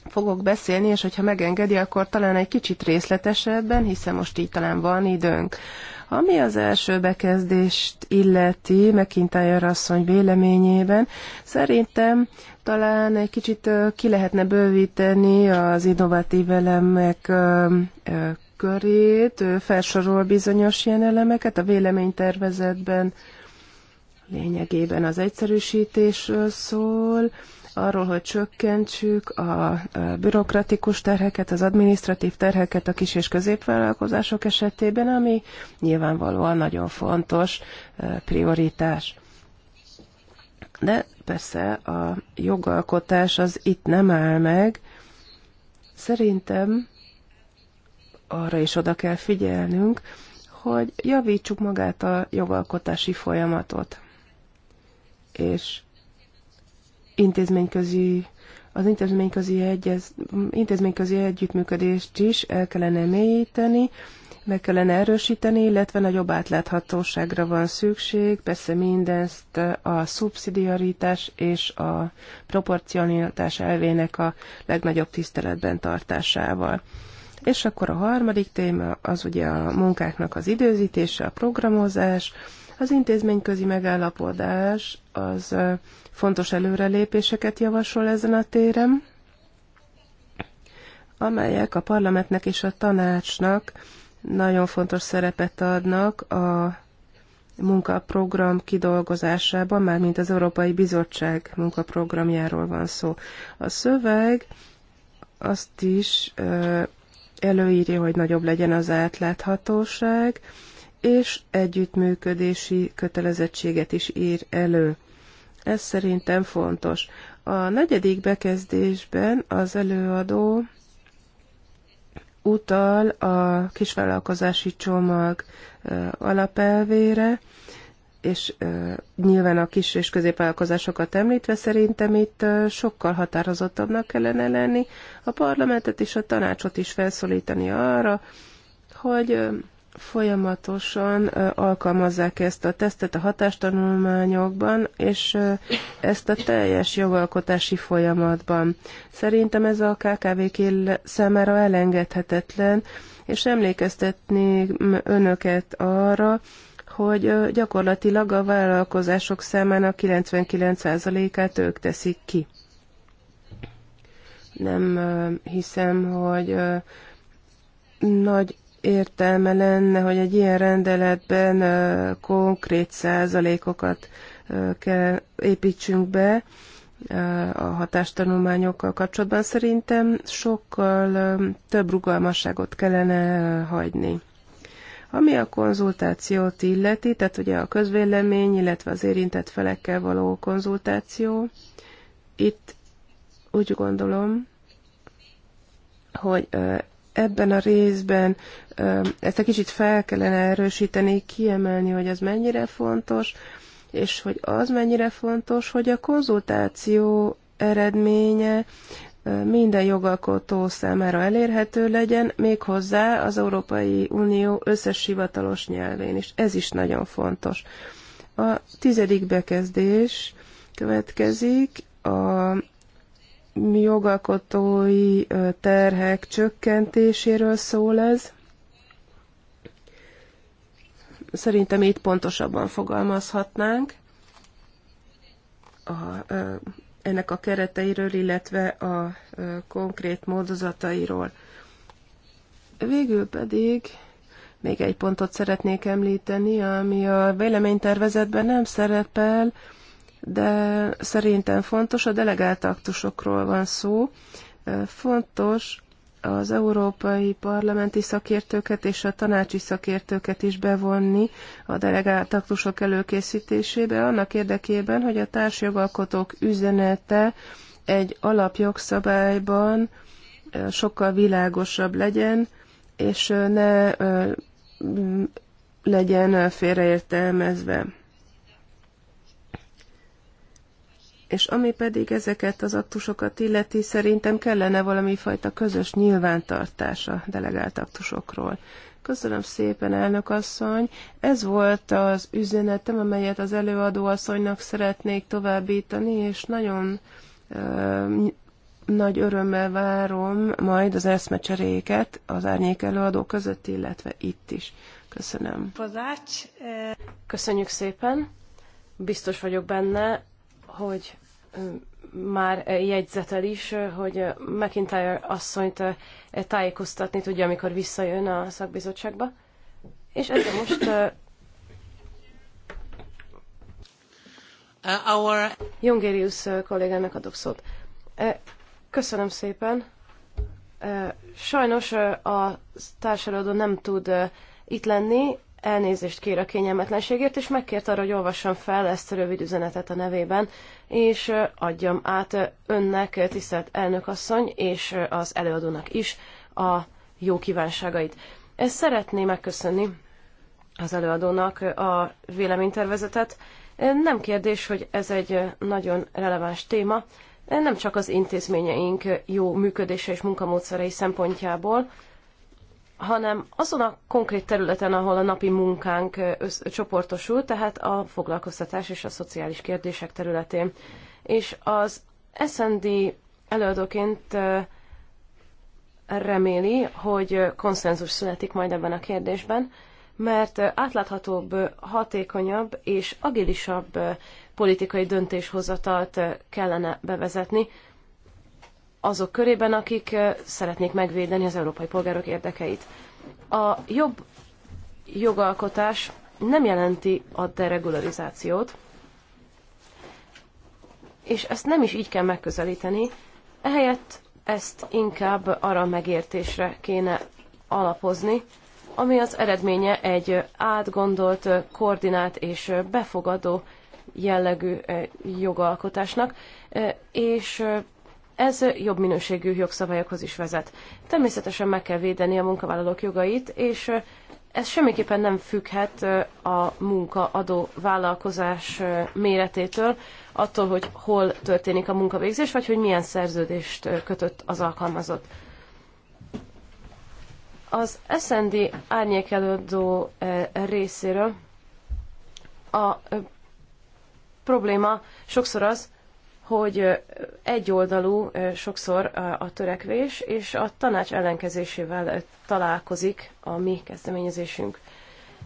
fogok beszélni, és hogyha megengedi, akkor talán egy kicsit részletesebben, hiszen most így talán van időnk. Ami az első bekezdést illeti McIntyre asszony véleményében, szerintem talán egy kicsit ki lehetne bővíteni az innovatív elemek körét, felsorol bizonyos ilyen elemeket a véleménytervezetben, lényegében az egyszerűsítésről szól, arról, hogy csökkentsük a bürokratikus terheket, az adminisztratív terheket a kis- és középvállalkozások esetében, ami nyilvánvalóan nagyon fontos prioritás. De persze a jogalkotás az itt nem áll meg. Szerintem arra is oda kell figyelnünk, hogy javítsuk magát a jogalkotási folyamatot. És intézményközi az intézményközi, egyez, intézményközi együttműködést is el kellene mélyíteni, meg kellene erősíteni, illetve nagyobb átláthatóságra van szükség, persze mindezt a szubszidiaritás és a proporcionalitás elvének a legnagyobb tiszteletben tartásával. És akkor a harmadik téma az ugye a munkáknak az időzítése, a programozás, az intézményközi megállapodás az fontos előrelépéseket javasol ezen a téren, amelyek a parlamentnek és a tanácsnak nagyon fontos szerepet adnak a munkaprogram kidolgozásában, mármint az Európai Bizottság munkaprogramjáról van szó. A szöveg azt is előírja, hogy nagyobb legyen az átláthatóság, és együttműködési kötelezettséget is ír elő. Ez szerintem fontos. A negyedik bekezdésben az előadó utal a kisvállalkozási csomag alapelvére, és nyilván a kis és középvállalkozásokat említve szerintem itt sokkal határozottabbnak kellene lenni, a parlamentet és a tanácsot is felszólítani arra, hogy folyamatosan alkalmazzák ezt a tesztet a hatástanulmányokban, és ezt a teljes jogalkotási folyamatban. Szerintem ez a KKV számára elengedhetetlen, és emlékeztetnék önöket arra, hogy gyakorlatilag a vállalkozások számának 99%-át ők teszik ki. Nem hiszem, hogy nagy értelme lenne, hogy egy ilyen rendeletben konkrét százalékokat kell építsünk be a hatástanulmányokkal kapcsolatban. Szerintem sokkal több rugalmasságot kellene hagyni. Ami a konzultációt illeti, tehát ugye a közvélemény, illetve az érintett felekkel való konzultáció, itt úgy gondolom, hogy ebben a részben ezt egy kicsit fel kellene erősíteni, kiemelni, hogy az mennyire fontos, és hogy az mennyire fontos, hogy a konzultáció eredménye minden jogalkotó számára elérhető legyen, méghozzá az Európai Unió összes hivatalos nyelvén is. Ez is nagyon fontos. A tizedik bekezdés következik, a jogalkotói terhek csökkentéséről szól ez. Szerintem itt pontosabban fogalmazhatnánk a, ennek a kereteiről, illetve a konkrét módozatairól. Végül pedig még egy pontot szeretnék említeni, ami a véleménytervezetben nem szerepel, de szerintem fontos, a delegált aktusokról van szó. Fontos az európai parlamenti szakértőket és a tanácsi szakértőket is bevonni a delegált aktusok előkészítésébe, annak érdekében, hogy a társjogalkotók üzenete egy alapjogszabályban sokkal világosabb legyen, és ne legyen félreértelmezve. És ami pedig ezeket az aktusokat illeti, szerintem kellene valami fajta közös nyilvántartás a delegált aktusokról. Köszönöm szépen, elnök asszony. Ez volt az üzenetem, amelyet az előadó asszonynak szeretnék továbbítani, és nagyon ö, nagy örömmel várom majd az eszmecseréket az árnyék előadó között, illetve itt is. Köszönöm. Köszönjük szépen. Biztos vagyok benne, hogy már jegyzetel is, hogy McIntyre asszonyt tájékoztatni tudja, amikor visszajön a szakbizottságba. És ez most... Uh, our... Jungerius kollégának adok szót. Köszönöm szépen. Sajnos a társadalom nem tud itt lenni, elnézést kér a kényelmetlenségért, és megkért arra, hogy olvassam fel ezt a rövid üzenetet a nevében, és adjam át önnek, tisztelt elnökasszony, és az előadónak is a jó kívánságait. Ezt szeretném megköszönni az előadónak a véleménytervezetet. Nem kérdés, hogy ez egy nagyon releváns téma, nem csak az intézményeink jó működése és munkamódszerei szempontjából, hanem azon a konkrét területen, ahol a napi munkánk csoportosul, tehát a foglalkoztatás és a szociális kérdések területén. És az SND előadóként reméli, hogy konszenzus születik majd ebben a kérdésben, mert átláthatóbb, hatékonyabb és agilisabb politikai döntéshozatalt kellene bevezetni, azok körében, akik szeretnék megvédeni az európai polgárok érdekeit. A jobb jogalkotás nem jelenti a deregularizációt, és ezt nem is így kell megközelíteni, ehelyett ezt inkább arra megértésre kéne alapozni, ami az eredménye egy átgondolt, koordinált és befogadó jellegű jogalkotásnak, és ez jobb minőségű jogszabályokhoz is vezet. Természetesen meg kell védeni a munkavállalók jogait, és ez semmiképpen nem függhet a munkaadó vállalkozás méretétől, attól, hogy hol történik a munkavégzés, vagy hogy milyen szerződést kötött az alkalmazott. Az SND árnyékelődő részéről a probléma sokszor az, hogy egyoldalú sokszor a törekvés, és a tanács ellenkezésével találkozik a mi kezdeményezésünk.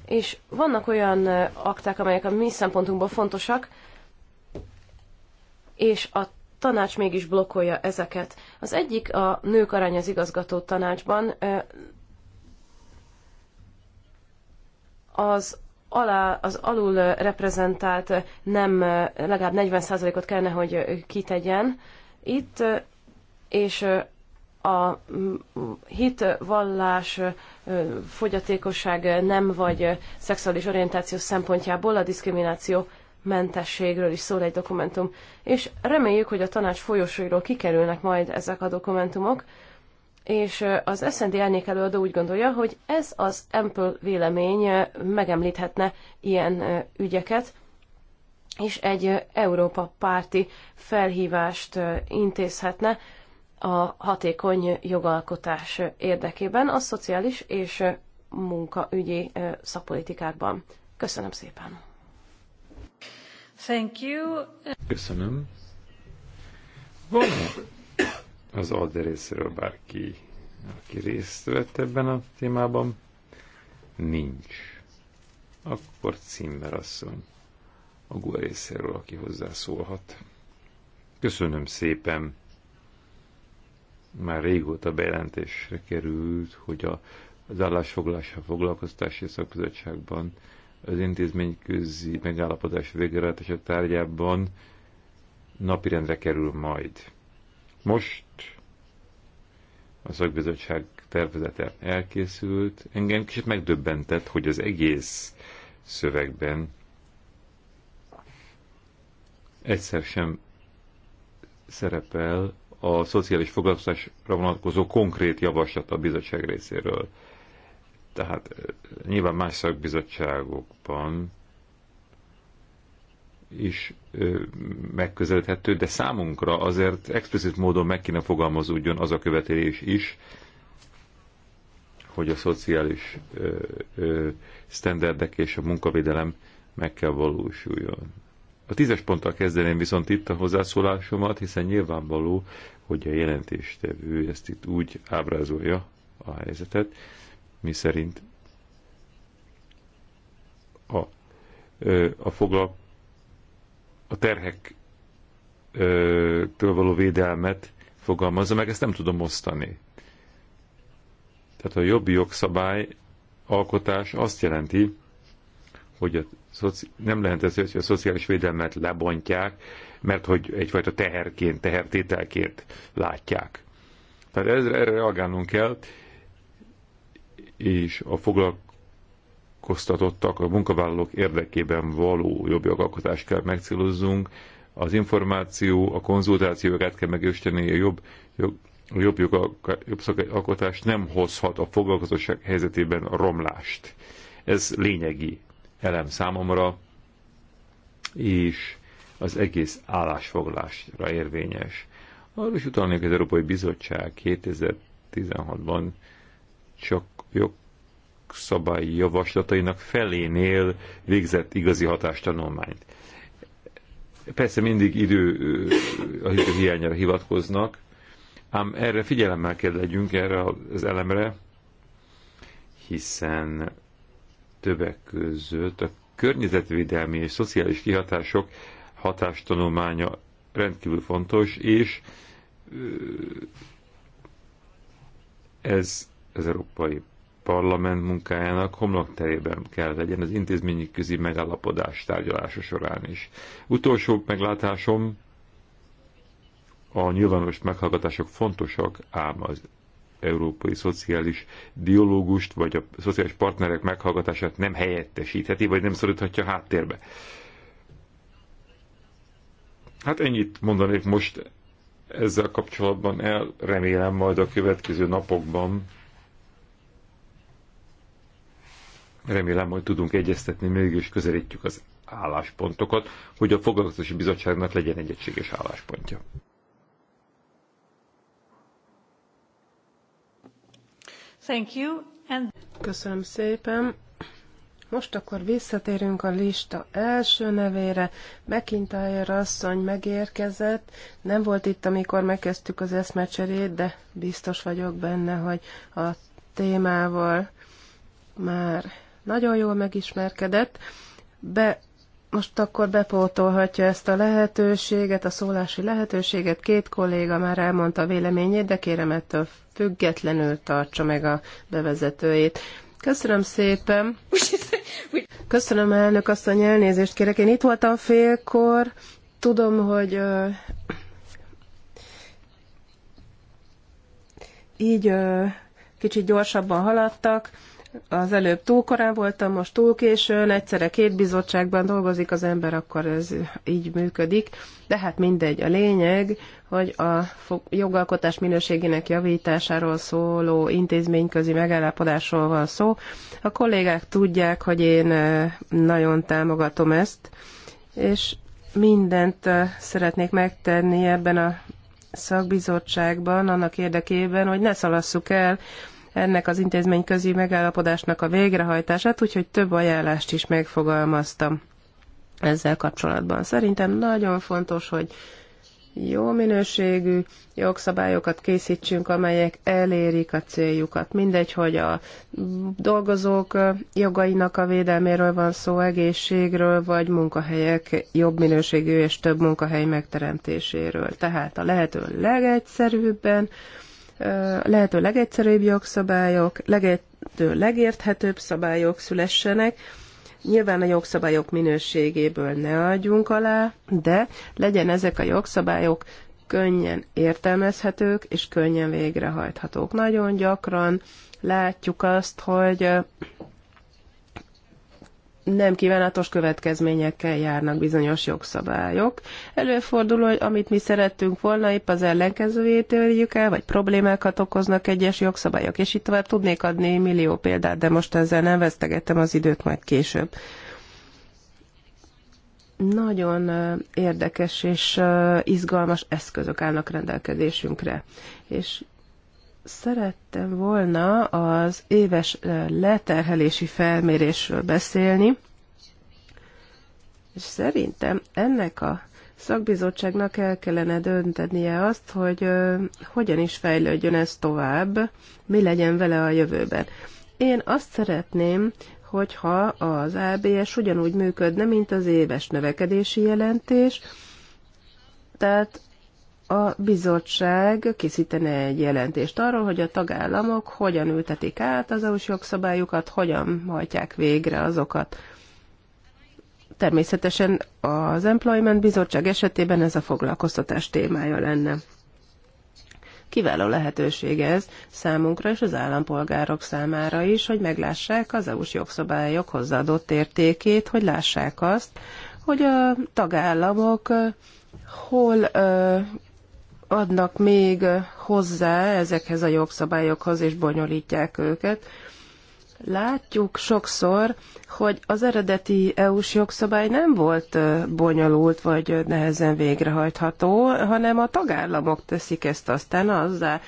És vannak olyan akták, amelyek a mi szempontunkból fontosak, és a tanács mégis blokkolja ezeket. Az egyik a nők aránya az igazgató tanácsban, az alá, az alul reprezentált nem legalább 40%-ot kellene, hogy kitegyen itt, és a hit vallás fogyatékosság nem vagy szexuális orientáció szempontjából a diszkrimináció mentességről is szól egy dokumentum. És reméljük, hogy a tanács folyosóiról kikerülnek majd ezek a dokumentumok, és az SZND elnék előadó úgy gondolja, hogy ez az Apple vélemény megemlíthetne ilyen ügyeket, és egy Európa párti felhívást intézhetne a hatékony jogalkotás érdekében a szociális és munkaügyi szakpolitikákban. Köszönöm szépen! Thank you. Köszönöm. Vannak az Alde részéről bárki, aki részt vett ebben a témában? Nincs. Akkor Cimmer asszony a GUA részéről, aki hozzászólhat. Köszönöm szépen. Már régóta bejelentésre került, hogy a, az állásfoglalással foglalkoztási szakbizottságban az intézményközi megállapodás végrehajtása tárgyában napirendre kerül majd. Most a szakbizottság tervezete elkészült. Engem kicsit megdöbbentett, hogy az egész szövegben egyszer sem szerepel a szociális foglalkozásra vonatkozó konkrét javaslat a bizottság részéről. Tehát eh, nyilván más szakbizottságokban is megközelíthető, de számunkra azért explicit módon meg kéne fogalmazódjon az a követelés is, hogy a szociális standardek sztenderdek és a munkavédelem meg kell valósuljon. A tízes ponttal kezdeném viszont itt a hozzászólásomat, hiszen nyilvánvaló, hogy a jelentéstevő ezt itt úgy ábrázolja a helyzetet, mi szerint a, a foglalkozás a terhektől való védelmet fogalmazza meg, ezt nem tudom osztani. Tehát a jobb jogszabály alkotás azt jelenti, hogy a szoci... nem lehet ez, hogy a szociális védelmet lebontják, mert hogy egyfajta teherként, tehertételként látják. Tehát ezre, erre reagálnunk kell, és a foglalkozás foglalkoztatottak, a munkavállalók érdekében való jobb jogalkotást kell megcélozzunk, az információ, a konzultáció jogát kell megősteni, a jobb, jog, a jobb, jogalka, jobb szakalkotás nem hozhat a foglalkozóság helyzetében a romlást. Ez lényegi elem számomra, és az egész állásfoglásra érvényes. Arra is utalnék az Európai Bizottság 2016-ban csak jog jogszabályi javaslatainak felénél végzett igazi hatástanulmányt. Persze mindig idő a idő hiányára hivatkoznak, ám erre figyelemmel kell legyünk, erre az elemre, hiszen többek között a környezetvédelmi és szociális kihatások hatástanulmánya rendkívül fontos, és ez az Európai Parlament munkájának homlokterében kell legyen az intézményi közi megállapodás tárgyalása során is. Utolsó meglátásom, a nyilvános meghallgatások fontosak, ám az európai szociális dialógust, vagy a szociális partnerek meghallgatását nem helyettesítheti, vagy nem szoríthatja háttérbe. Hát ennyit mondanék most ezzel kapcsolatban el, remélem majd a következő napokban Remélem, hogy tudunk egyeztetni, mégis közelítjük az álláspontokat, hogy a Foglalkoztatási Bizottságnak legyen egy egységes álláspontja. Thank you. And... Köszönöm szépen. Most akkor visszatérünk a lista első nevére. McIntyre asszony megérkezett. Nem volt itt, amikor megkezdtük az eszmecserét, de biztos vagyok benne, hogy a témával már nagyon jól megismerkedett, be most akkor bepótolhatja ezt a lehetőséget, a szólási lehetőséget. Két kolléga már elmondta a véleményét, de kérem ettől függetlenül tartsa meg a bevezetőjét. Köszönöm szépen. Köszönöm elnök azt a nyelnézést kérek. Én itt voltam félkor, tudom, hogy uh, így uh, kicsit gyorsabban haladtak az előbb túl korán voltam, most túl későn, egyszerre két bizottságban dolgozik az ember, akkor ez így működik. De hát mindegy, a lényeg, hogy a jogalkotás minőségének javításáról szóló intézményközi megállapodásról van szó. A kollégák tudják, hogy én nagyon támogatom ezt, és mindent szeretnék megtenni ebben a szakbizottságban annak érdekében, hogy ne szalasszuk el ennek az intézményközi megállapodásnak a végrehajtását, úgyhogy több ajánlást is megfogalmaztam ezzel kapcsolatban. Szerintem nagyon fontos, hogy jó minőségű jogszabályokat készítsünk, amelyek elérik a céljukat. Mindegy, hogy a dolgozók jogainak a védelméről van szó, egészségről, vagy munkahelyek jobb minőségű és több munkahely megteremtéséről. Tehát a lehető legegyszerűbben, lehető legegyszerűbb jogszabályok, lehető legérthetőbb szabályok szülessenek, Nyilván a jogszabályok minőségéből ne adjunk alá, de legyen ezek a jogszabályok könnyen értelmezhetők és könnyen végrehajthatók. Nagyon gyakran látjuk azt, hogy nem kívánatos következményekkel járnak bizonyos jogszabályok. Előfordul, hogy amit mi szerettünk volna, épp az ellenkezőjét érjük el, vagy problémákat okoznak egyes jogszabályok, és itt tovább tudnék adni millió példát, de most ezzel nem vesztegettem az időt majd később. Nagyon érdekes és izgalmas eszközök állnak rendelkezésünkre, és Szerettem volna az éves leterhelési felmérésről beszélni, és szerintem ennek a szakbizottságnak el kellene döntenie azt, hogy hogyan is fejlődjön ez tovább, mi legyen vele a jövőben. Én azt szeretném, hogyha az ABS ugyanúgy működne, mint az éves növekedési jelentés, tehát a bizottság készítene egy jelentést arról, hogy a tagállamok hogyan ültetik át az EU-s jogszabályokat, hogyan hajtják végre azokat. Természetesen az Employment Bizottság esetében ez a foglalkoztatás témája lenne. Kiváló lehetőség ez számunkra és az állampolgárok számára is, hogy meglássák az EU-s jogszabályok hozzáadott értékét, hogy lássák azt, hogy a tagállamok eh, hol ö, eh, adnak még hozzá ezekhez a jogszabályokhoz, és bonyolítják őket. Látjuk sokszor, hogy az eredeti EU-s jogszabály nem volt bonyolult vagy nehezen végrehajtható, hanem a tagállamok teszik ezt aztán azzá.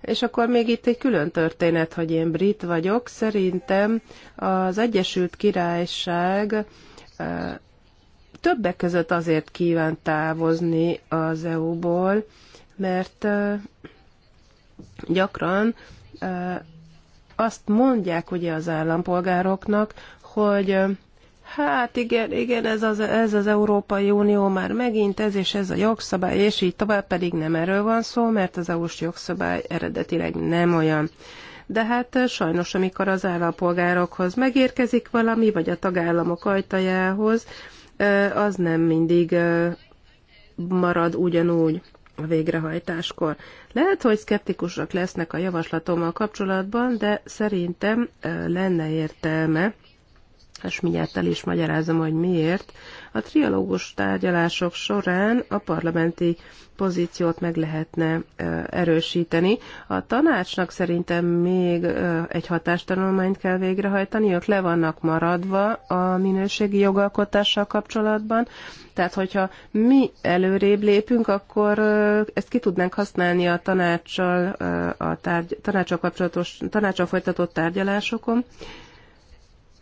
És akkor még itt egy külön történet, hogy én brit vagyok. Szerintem az Egyesült Királyság többek között azért kíván távozni az EU-ból, mert gyakran azt mondják ugye az állampolgároknak, hogy hát igen, igen, ez az, ez az Európai Unió már megint, ez és ez a jogszabály, és így tovább pedig nem erről van szó, mert az EU-s jogszabály eredetileg nem olyan. De hát sajnos, amikor az állampolgárokhoz megérkezik valami, vagy a tagállamok ajtajához, az nem mindig marad ugyanúgy a végrehajtáskor. Lehet, hogy szkeptikusak lesznek a javaslatommal kapcsolatban, de szerintem lenne értelme és hát mindjárt el is magyarázom, hogy miért. A trialógus tárgyalások során a parlamenti pozíciót meg lehetne erősíteni. A tanácsnak szerintem még egy hatástanulmányt kell végrehajtani, ők le vannak maradva a minőségi jogalkotással kapcsolatban, tehát hogyha mi előrébb lépünk, akkor ezt ki tudnánk használni a tanácssal, a tárgy, tanácsal, kapcsolatos, tanácsal folytatott tárgyalásokon,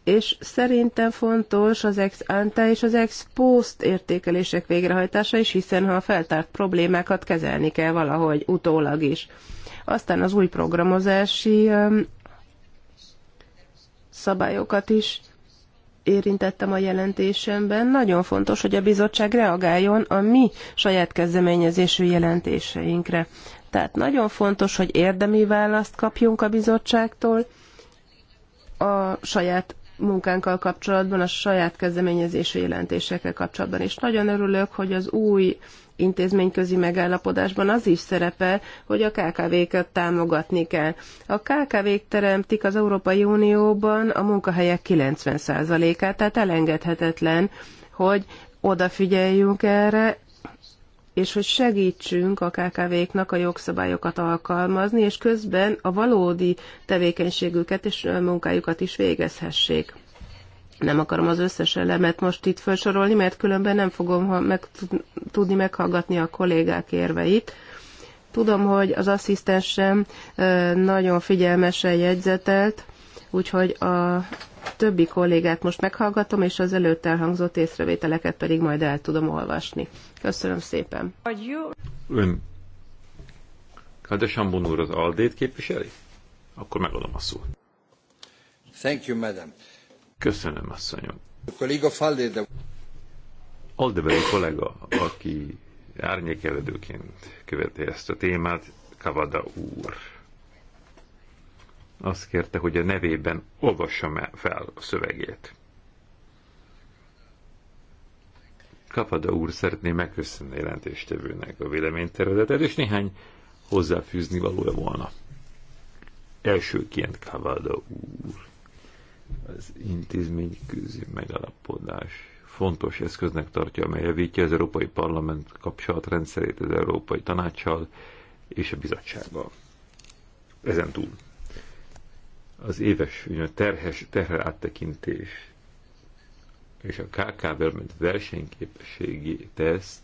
és szerintem fontos az ex ante és az ex post értékelések végrehajtása is, hiszen ha a feltárt problémákat kezelni kell valahogy utólag is. Aztán az új programozási szabályokat is érintettem a jelentésemben. Nagyon fontos, hogy a bizottság reagáljon a mi saját kezdeményezésű jelentéseinkre. Tehát nagyon fontos, hogy érdemi választ kapjunk a bizottságtól a saját munkánkkal kapcsolatban, a saját kezdeményezési jelentésekkel kapcsolatban. És nagyon örülök, hogy az új intézményközi megállapodásban az is szerepel, hogy a KKV-ket támogatni kell. A KKV-k teremtik az Európai Unióban a munkahelyek 90%-át, tehát elengedhetetlen, hogy odafigyeljünk erre, és hogy segítsünk a KKV-knak a jogszabályokat alkalmazni, és közben a valódi tevékenységüket és munkájukat is végezhessék. Nem akarom az összes elemet most itt felsorolni, mert különben nem fogom meg, tudni meghallgatni a kollégák érveit. Tudom, hogy az asszisztensem nagyon figyelmesen jegyzetelt, úgyhogy a többi kollégát most meghallgatom, és az előtt elhangzott észrevételeket pedig majd el tudom olvasni. Köszönöm szépen. Ön Kadesambon úr az Aldét képviseli? Akkor megadom a szót. Thank you, madam. Köszönöm, asszonyom. kolléga Aldebeli kollega, aki árnyékelődőként követi ezt a témát, Kavada úr azt kérte, hogy a nevében olvassam fel a szövegét. Kapada úr szeretné megköszönni a jelentéstevőnek a véleményterületet, és néhány hozzáfűzni valója volna. Elsőként Kavada úr. Az intézmény közi megalapodás fontos eszköznek tartja, amely javítja az Európai Parlament kapcsolatrendszerét az Európai Tanácssal és a bizottsággal. Ezen túl az éves terhes, terhel áttekintés és a KKV versenyképességi teszt,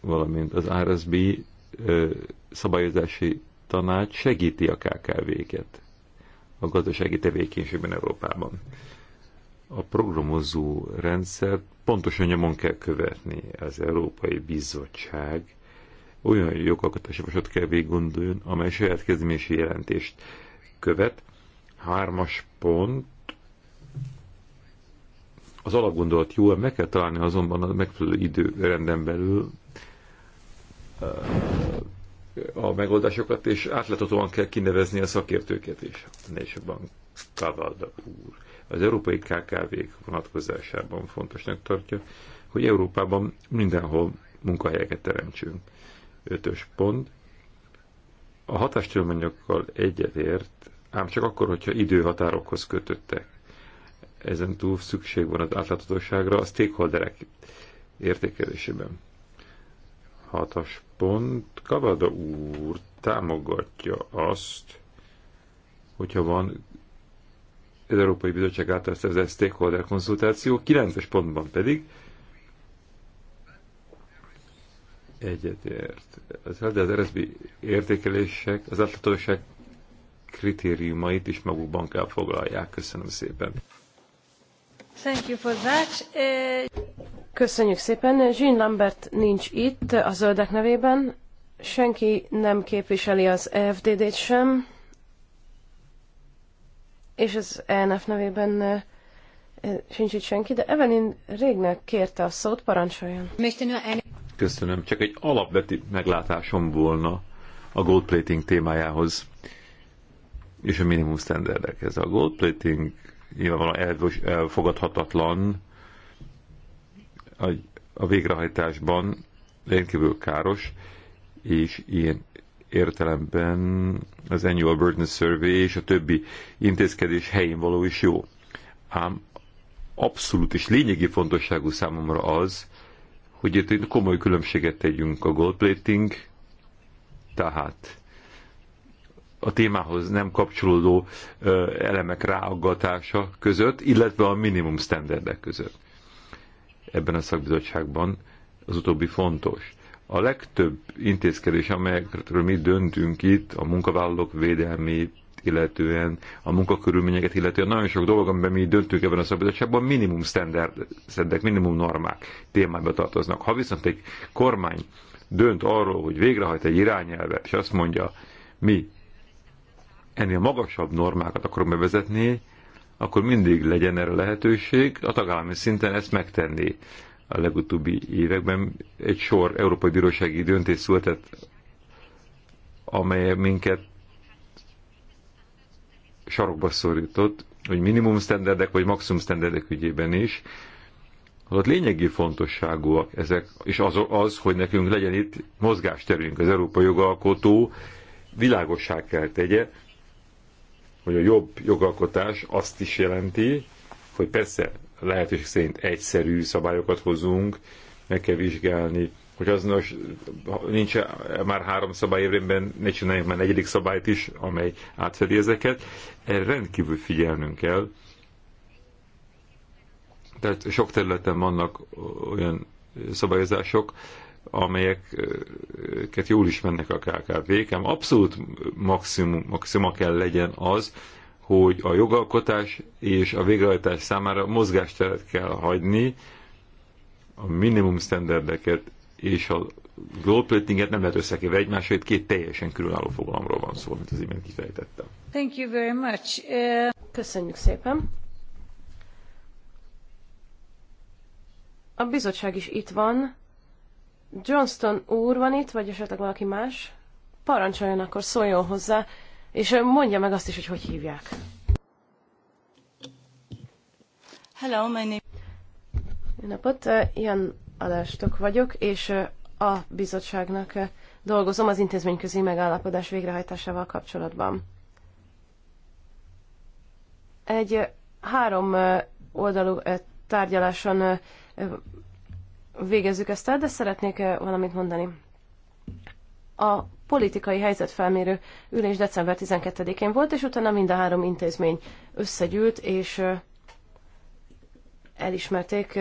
valamint az RSB szabályozási tanács segíti a KKV-ket a gazdasági tevékenységben Európában. A programozó rendszer pontosan nyomon kell követni az Európai Bizottság olyan jogalkotási vasat kell végiggondoljon, amely saját kezdeményesi jelentést követ. Hármas pont. Az alapgondolat jó, meg kell találni azonban a megfelelő időrenden belül eh, a megoldásokat, és átláthatóan kell kinevezni a szakértőket is. És is bank Kavalda úr az európai KKV-k vonatkozásában fontosnak tartja, hogy Európában mindenhol munkahelyeket teremtsünk. Ötös pont. A hatástörvényekkel egyetért, ám csak akkor, hogyha időhatárokhoz kötöttek. Ezen túl szükség van az átláthatóságra a stakeholderek értékelésében. Hatas pont. Kavada úr támogatja azt, hogyha van az Európai Bizottság által szerzett stakeholder konzultáció, 9-es pontban pedig egyetért. De az RSB értékelések, az átlátóság kritériumait is magukban kell foglalják. Köszönöm szépen. Thank you for that. Eh, Köszönjük szépen. Jean Lambert nincs itt a zöldek nevében. Senki nem képviseli az EFDD-t sem. És az ENF nevében eh, eh, sincs itt senki, de Evelyn Régnek kérte a szót, parancsoljon. Köszönöm. Csak egy alapvető meglátásom volna a gold plating témájához és a minimum standardekhez. A gold plating nyilvánvalóan elfogadhatatlan a, a végrehajtásban rendkívül káros, és ilyen értelemben az Annual Burden Survey és a többi intézkedés helyén való is jó. Ám abszolút és lényegi fontosságú számomra az, hogy itt komoly különbséget tegyünk a gold plating, tehát a témához nem kapcsolódó elemek ráaggatása között, illetve a minimum standardek között. Ebben a szakbizottságban az utóbbi fontos. A legtöbb intézkedés, amelyekről mi döntünk itt, a munkavállalók védelmében, illetően, a munkakörülményeket illetően nagyon sok dolog, amiben mi döntünk ebben a szabadságban, minimum standardek, minimum normák témába tartoznak. Ha viszont egy kormány dönt arról, hogy végrehajt egy irányelvet, és azt mondja, mi ennél magasabb normákat akarunk bevezetni, akkor mindig legyen erre lehetőség a tagállami szinten ezt megtenni. A legutóbbi években egy sor Európai Bírósági döntés született, amely minket sarokba szorított, hogy minimum standardek vagy maximum standardek ügyében is, holott lényegi fontosságúak ezek, és az, az, hogy nekünk legyen itt mozgásterünk, az Európai jogalkotó világossá kell tegye, hogy a jobb jogalkotás azt is jelenti, hogy persze lehetőség szerint egyszerű szabályokat hozunk, meg kell vizsgálni hogy az nos nincs már három szabály évrénben, ne csináljunk már negyedik szabályt is, amely átfedi ezeket. Erre rendkívül figyelnünk kell. Tehát sok területen vannak olyan szabályozások, amelyeket jól is mennek a KKV-k, abszolút maximum, maxima kell legyen az, hogy a jogalkotás és a végrehajtás számára mozgásteret kell hagyni, a minimum standardeket és a goalplatinget nem lehet összekéve egymással, itt két teljesen különálló fogalomról van szó, mint az imént kifejtettem. Thank you very much. Uh... Köszönjük szépen. A bizottság is itt van. Johnston úr van itt, vagy esetleg valaki más? Parancsoljon, akkor szóljon hozzá, és mondja meg azt is, hogy hogy hívják. Hello, my name... Jó napot, Jan alástok vagyok, és a bizottságnak dolgozom az intézményközi megállapodás végrehajtásával kapcsolatban. Egy három oldalú tárgyaláson végezzük ezt el, de szeretnék valamit mondani. A politikai helyzetfelmérő ülés december 12-én volt, és utána mind a három intézmény összegyűlt, és elismerték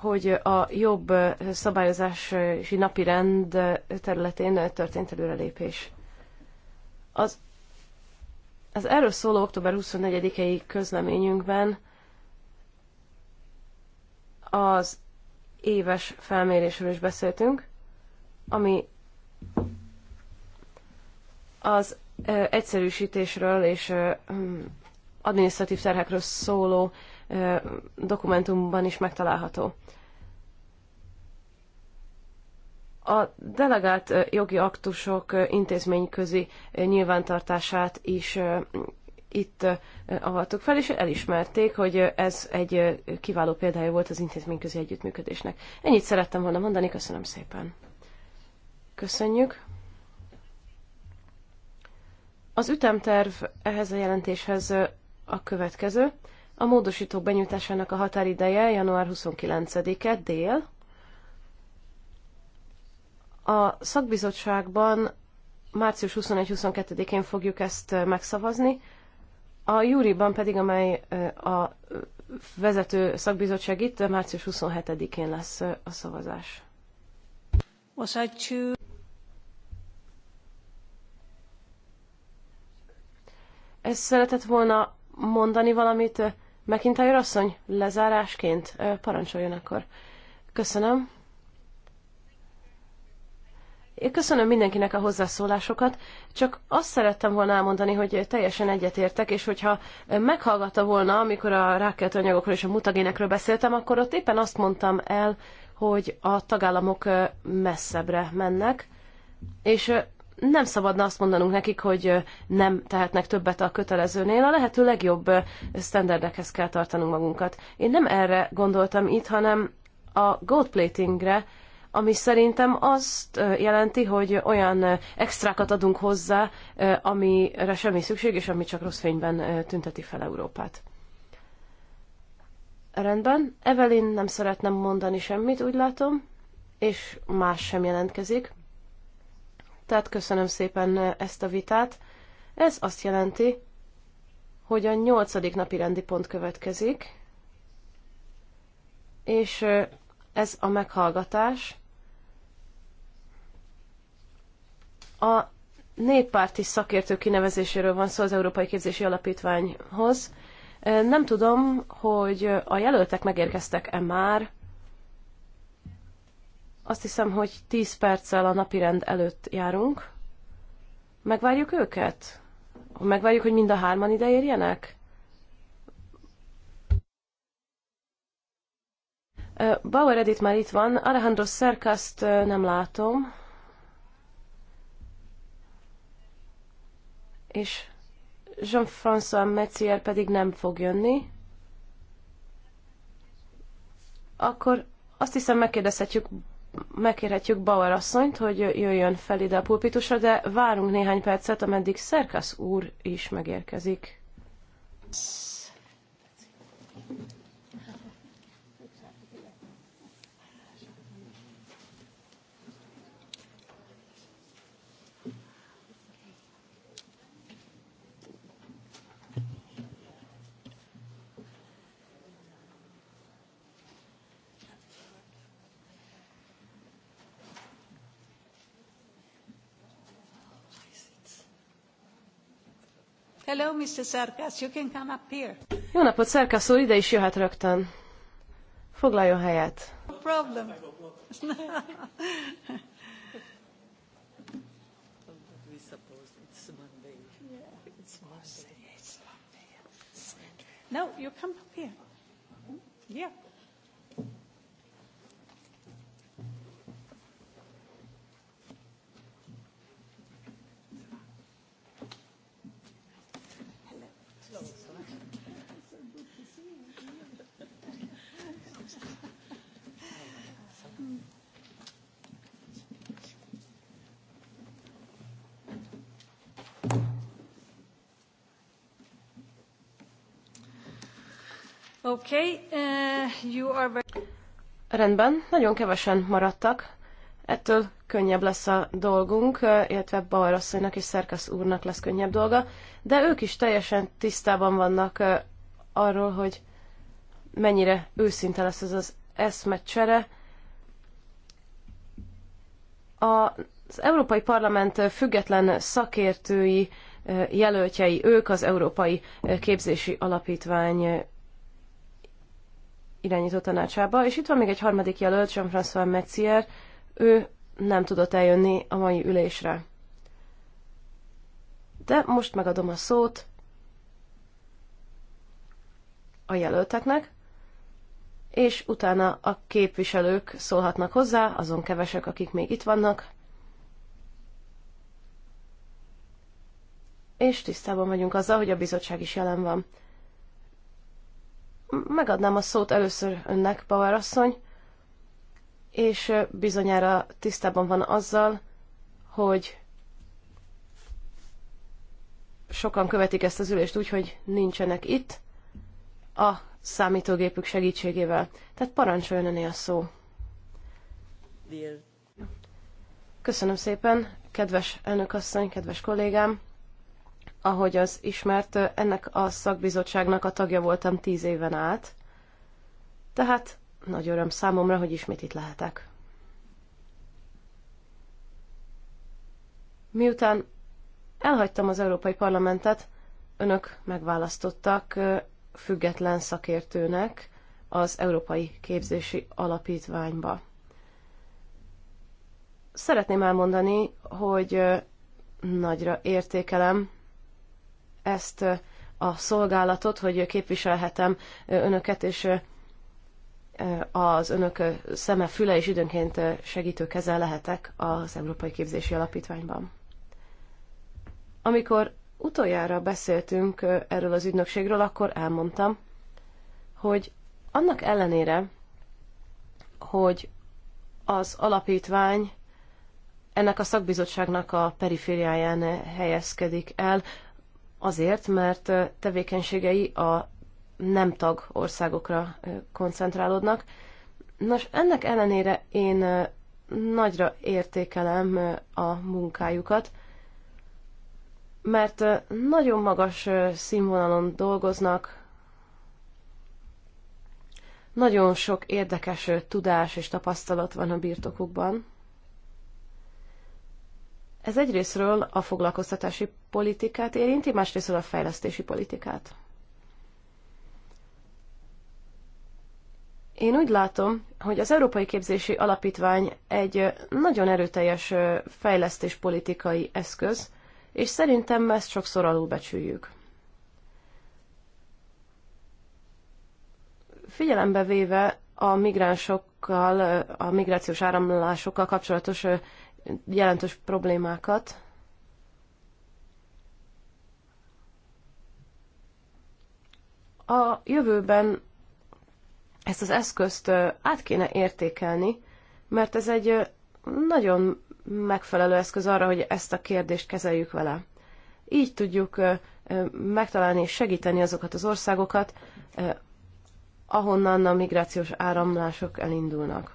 hogy a jobb szabályozási napirend területén történt előrelépés. Az, az erről szóló október 24-i közleményünkben az éves felmérésről is beszéltünk, ami az egyszerűsítésről és adminisztratív terhekről szóló dokumentumban is megtalálható. A delegált jogi aktusok intézményközi nyilvántartását is itt avattuk fel, és elismerték, hogy ez egy kiváló példája volt az intézményközi együttműködésnek. Ennyit szerettem volna mondani, köszönöm szépen. Köszönjük. Az ütemterv ehhez a jelentéshez a következő. A módosítók benyújtásának a határideje január 29-e dél. A szakbizottságban március 21-22-én fogjuk ezt megszavazni, a júriban pedig, amely a vezető szakbizottság itt, március 27-én lesz a szavazás. Ezt szeretett volna mondani valamit McIntyre asszony, lezárásként parancsoljon akkor. Köszönöm. Én köszönöm mindenkinek a hozzászólásokat, csak azt szerettem volna elmondani, hogy teljesen egyetértek, és hogyha meghallgatta volna, amikor a rákelt anyagokról és a mutagénekről beszéltem, akkor ott éppen azt mondtam el, hogy a tagállamok messzebbre mennek, és nem szabadna azt mondanunk nekik, hogy nem tehetnek többet a kötelezőnél, a lehető legjobb sztenderdekhez kell tartanunk magunkat. Én nem erre gondoltam itt, hanem a gold platingre, ami szerintem azt jelenti, hogy olyan extrákat adunk hozzá, amire semmi szükség, és ami csak rossz fényben tünteti fel Európát. Rendben. Evelyn nem szeretne mondani semmit, úgy látom, és más sem jelentkezik tehát köszönöm szépen eh, ezt a vitát. Ez azt jelenti, hogy a nyolcadik napi rendi pont következik, és eh, ez a meghallgatás a néppárti szakértő kinevezéséről van szó az Európai Képzési Alapítványhoz. Eh, nem tudom, hogy a jelöltek megérkeztek-e már, azt hiszem, hogy 10 perccel a napirend előtt járunk. Megvárjuk őket? Megvárjuk, hogy mind a hárman ide érjenek? Bauer Edith már itt van, Alejandro Szerkaszt nem látom. És Jean-François Metzier pedig nem fog jönni. Akkor azt hiszem megkérdezhetjük megkérhetjük Bauer asszonyt, hogy jöjjön fel ide a pulpitusra, de várunk néhány percet, ameddig Szerkasz úr is megérkezik. Hello, Mr. Szerkász, you can come up here. Jó napot, Sarkas! úr, ide is jöhet rögtön. Foglaljon helyet. No problem. No, you come up here. Yeah. Okay, uh, you are very... Rendben, nagyon kevesen maradtak. Ettől könnyebb lesz a dolgunk, illetve Bauer és Szerkasz úrnak lesz könnyebb dolga, de ők is teljesen tisztában vannak arról, hogy mennyire őszinte lesz ez az eszmecsere. Az Európai Parlament független szakértői jelöltjei, ők az Európai Képzési Alapítvány irányító tanácsába. És itt van még egy harmadik jelölt, Jean-François Metzier, ő nem tudott eljönni a mai ülésre. De most megadom a szót a jelölteknek, és utána a képviselők szólhatnak hozzá, azon kevesek, akik még itt vannak. És tisztában vagyunk azzal, hogy a bizottság is jelen van megadnám a szót először önnek, Bauer asszony, és bizonyára tisztában van azzal, hogy sokan követik ezt az ülést úgy, hogy nincsenek itt a számítógépük segítségével. Tehát parancsoljon öné a szó. Köszönöm szépen, kedves asszony, kedves kollégám ahogy az ismert, ennek a szakbizottságnak a tagja voltam tíz éven át, tehát nagy öröm számomra, hogy ismét itt lehetek. Miután elhagytam az Európai Parlamentet, önök megválasztottak független szakértőnek az Európai Képzési Alapítványba. Szeretném elmondani, hogy nagyra értékelem ezt a szolgálatot, hogy képviselhetem önöket, és az önök szeme, füle és időnként segítő keze lehetek az Európai Képzési Alapítványban. Amikor utoljára beszéltünk erről az ügynökségről, akkor elmondtam, hogy annak ellenére, hogy az alapítvány ennek a szakbizottságnak a perifériáján helyezkedik el, Azért, mert tevékenységei a nem tag országokra koncentrálódnak. Nos, ennek ellenére én nagyra értékelem a munkájukat, mert nagyon magas színvonalon dolgoznak, nagyon sok érdekes tudás és tapasztalat van a birtokukban. Ez egyrésztről a foglalkoztatási politikát érinti, másrésztről a fejlesztési politikát. Én úgy látom, hogy az Európai Képzési Alapítvány egy nagyon erőteljes fejlesztéspolitikai eszköz, és szerintem ezt sokszor alulbecsüljük. Figyelembe véve a migránsokkal, a migrációs áramlásokkal kapcsolatos jelentős problémákat. A jövőben ezt az eszközt át kéne értékelni, mert ez egy nagyon megfelelő eszköz arra, hogy ezt a kérdést kezeljük vele. Így tudjuk megtalálni és segíteni azokat az országokat, ahonnan a migrációs áramlások elindulnak.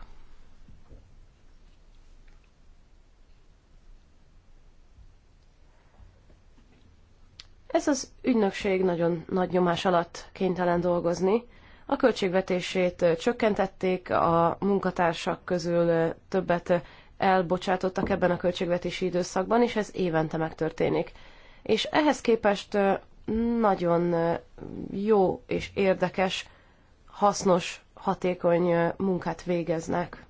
Ez az ügynökség nagyon nagy nyomás alatt kénytelen dolgozni. A költségvetését csökkentették, a munkatársak közül többet elbocsátottak ebben a költségvetési időszakban, és ez évente megtörténik. És ehhez képest nagyon jó és érdekes, hasznos, hatékony munkát végeznek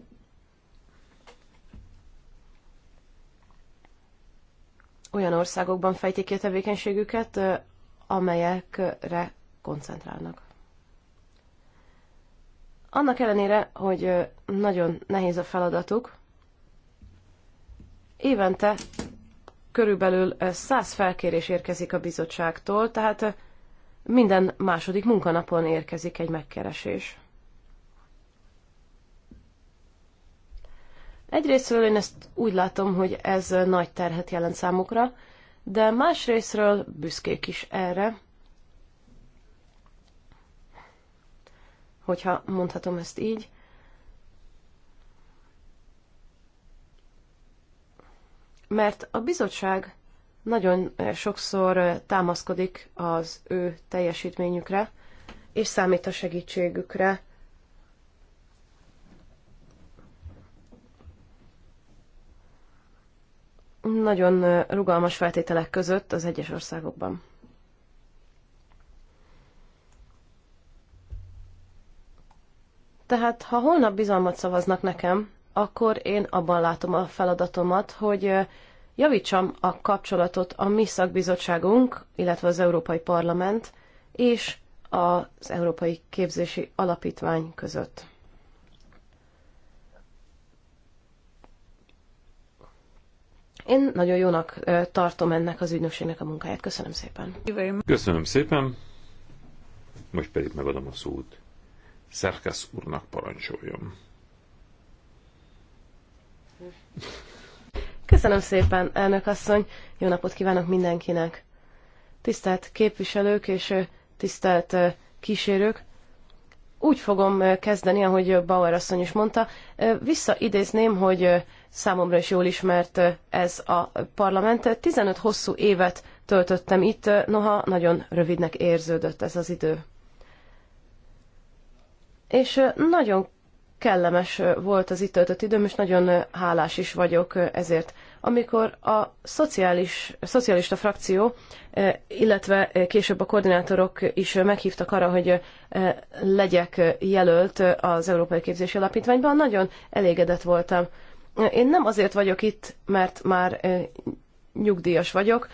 olyan országokban fejtik ki a tevékenységüket, amelyekre koncentrálnak. Annak ellenére, hogy nagyon nehéz a feladatuk, évente körülbelül 100 felkérés érkezik a bizottságtól, tehát minden második munkanapon érkezik egy megkeresés. Egyrésztről én ezt úgy látom, hogy ez nagy terhet jelent számukra, de másrésztről büszkék is erre, hogyha mondhatom ezt így. Mert a bizottság nagyon sokszor támaszkodik az ő teljesítményükre, és számít a segítségükre nagyon rugalmas feltételek között az egyes országokban. Tehát, ha holnap bizalmat szavaznak nekem, akkor én abban látom a feladatomat, hogy javítsam a kapcsolatot a mi szakbizottságunk, illetve az Európai Parlament és az Európai Képzési Alapítvány között. Én nagyon jónak tartom ennek az ügynökségnek a munkáját. Köszönöm szépen. Köszönöm szépen. Most pedig megadom a szót. Szerkesz úrnak parancsoljon. Köszönöm szépen, elnök asszony. Jó napot kívánok mindenkinek. Tisztelt képviselők és tisztelt kísérők. Úgy fogom kezdeni, ahogy Bauer asszony is mondta, visszaidézném, hogy számomra is jól ismert ez a parlament. 15 hosszú évet töltöttem itt, noha nagyon rövidnek érződött ez az idő. És nagyon kellemes volt az itt töltött időm, és nagyon hálás is vagyok ezért amikor a szociális, szocialista frakció, eh, illetve eh, később a koordinátorok is meghívtak arra, hogy eh, legyek jelölt az Európai Képzési Alapítványban, nagyon elégedett voltam. Én nem azért vagyok itt, mert már nyugdíjas vagyok.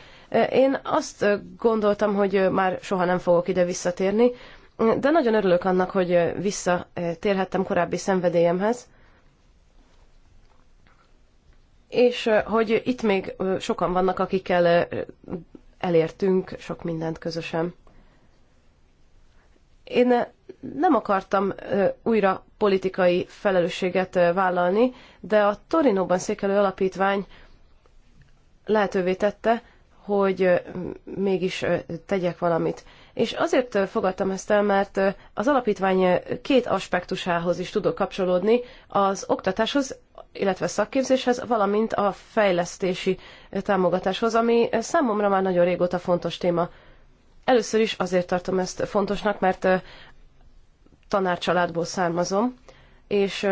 Én azt gondoltam, hogy már soha nem fogok ide visszatérni, de nagyon örülök annak, hogy visszatérhettem korábbi szenvedélyemhez, és hogy itt még sokan vannak, akikkel elértünk sok mindent közösen. Én nem akartam újra politikai felelősséget vállalni, de a Torinóban székelő alapítvány lehetővé tette, hogy mégis tegyek valamit. És azért fogadtam ezt el, mert az alapítvány két aspektusához is tudok kapcsolódni, az oktatáshoz illetve szakképzéshez, valamint a fejlesztési támogatáshoz, ami számomra már nagyon régóta fontos téma. Először is azért tartom ezt fontosnak, mert tanárcsaládból származom, és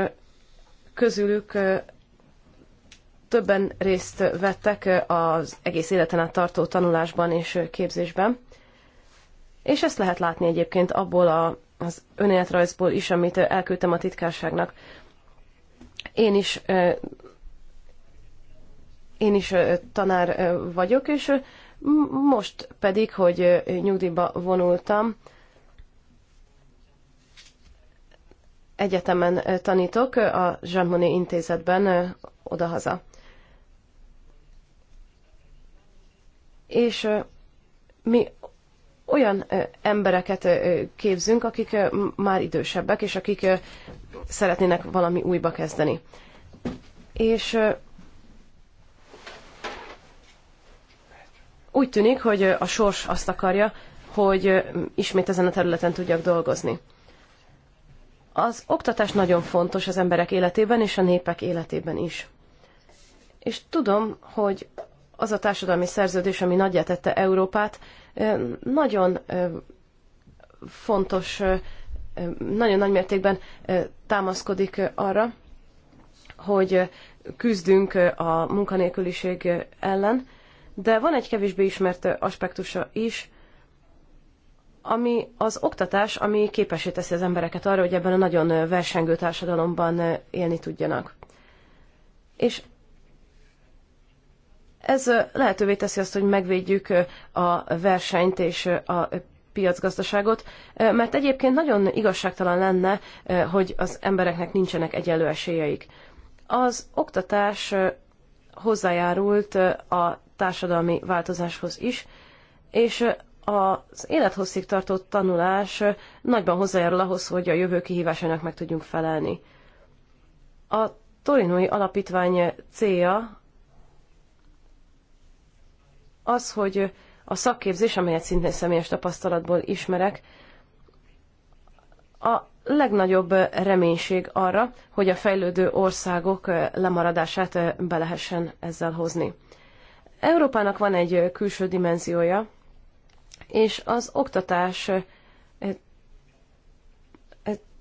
közülük többen részt vettek az egész életen át tartó tanulásban és képzésben. És ezt lehet látni egyébként abból a, az önéletrajzból is, amit elküldtem a titkárságnak. Én is én is tanár vagyok, és most pedig, hogy nyugdíjba vonultam, egyetemen tanítok a Jean intézetben odahaza. És mi olyan embereket képzünk, akik már idősebbek, és akik szeretnének valami újba kezdeni. És úgy tűnik, hogy a sors azt akarja, hogy ismét ezen a területen tudjak dolgozni. Az oktatás nagyon fontos az emberek életében és a népek életében is. És tudom, hogy az a társadalmi szerződés, ami nagyjátette Európát, nagyon fontos nagyon nagy mértékben támaszkodik arra, hogy küzdünk a munkanélküliség ellen, de van egy kevésbé ismert aspektusa is, ami az oktatás, ami képesé teszi az embereket arra, hogy ebben a nagyon versengő társadalomban élni tudjanak. És ez lehetővé teszi azt, hogy megvédjük a versenyt és a piacgazdaságot, mert egyébként nagyon igazságtalan lenne, hogy az embereknek nincsenek egyenlő esélyeik. Az oktatás hozzájárult a társadalmi változáshoz is, és az élethosszig tartó tanulás nagyban hozzájárul ahhoz, hogy a jövő kihívásainak meg tudjunk felelni. A Torinói Alapítvány célja az, hogy a szakképzés, amelyet szintén személyes tapasztalatból ismerek, a legnagyobb reménység arra, hogy a fejlődő országok lemaradását be lehessen ezzel hozni. Európának van egy külső dimenziója, és az oktatás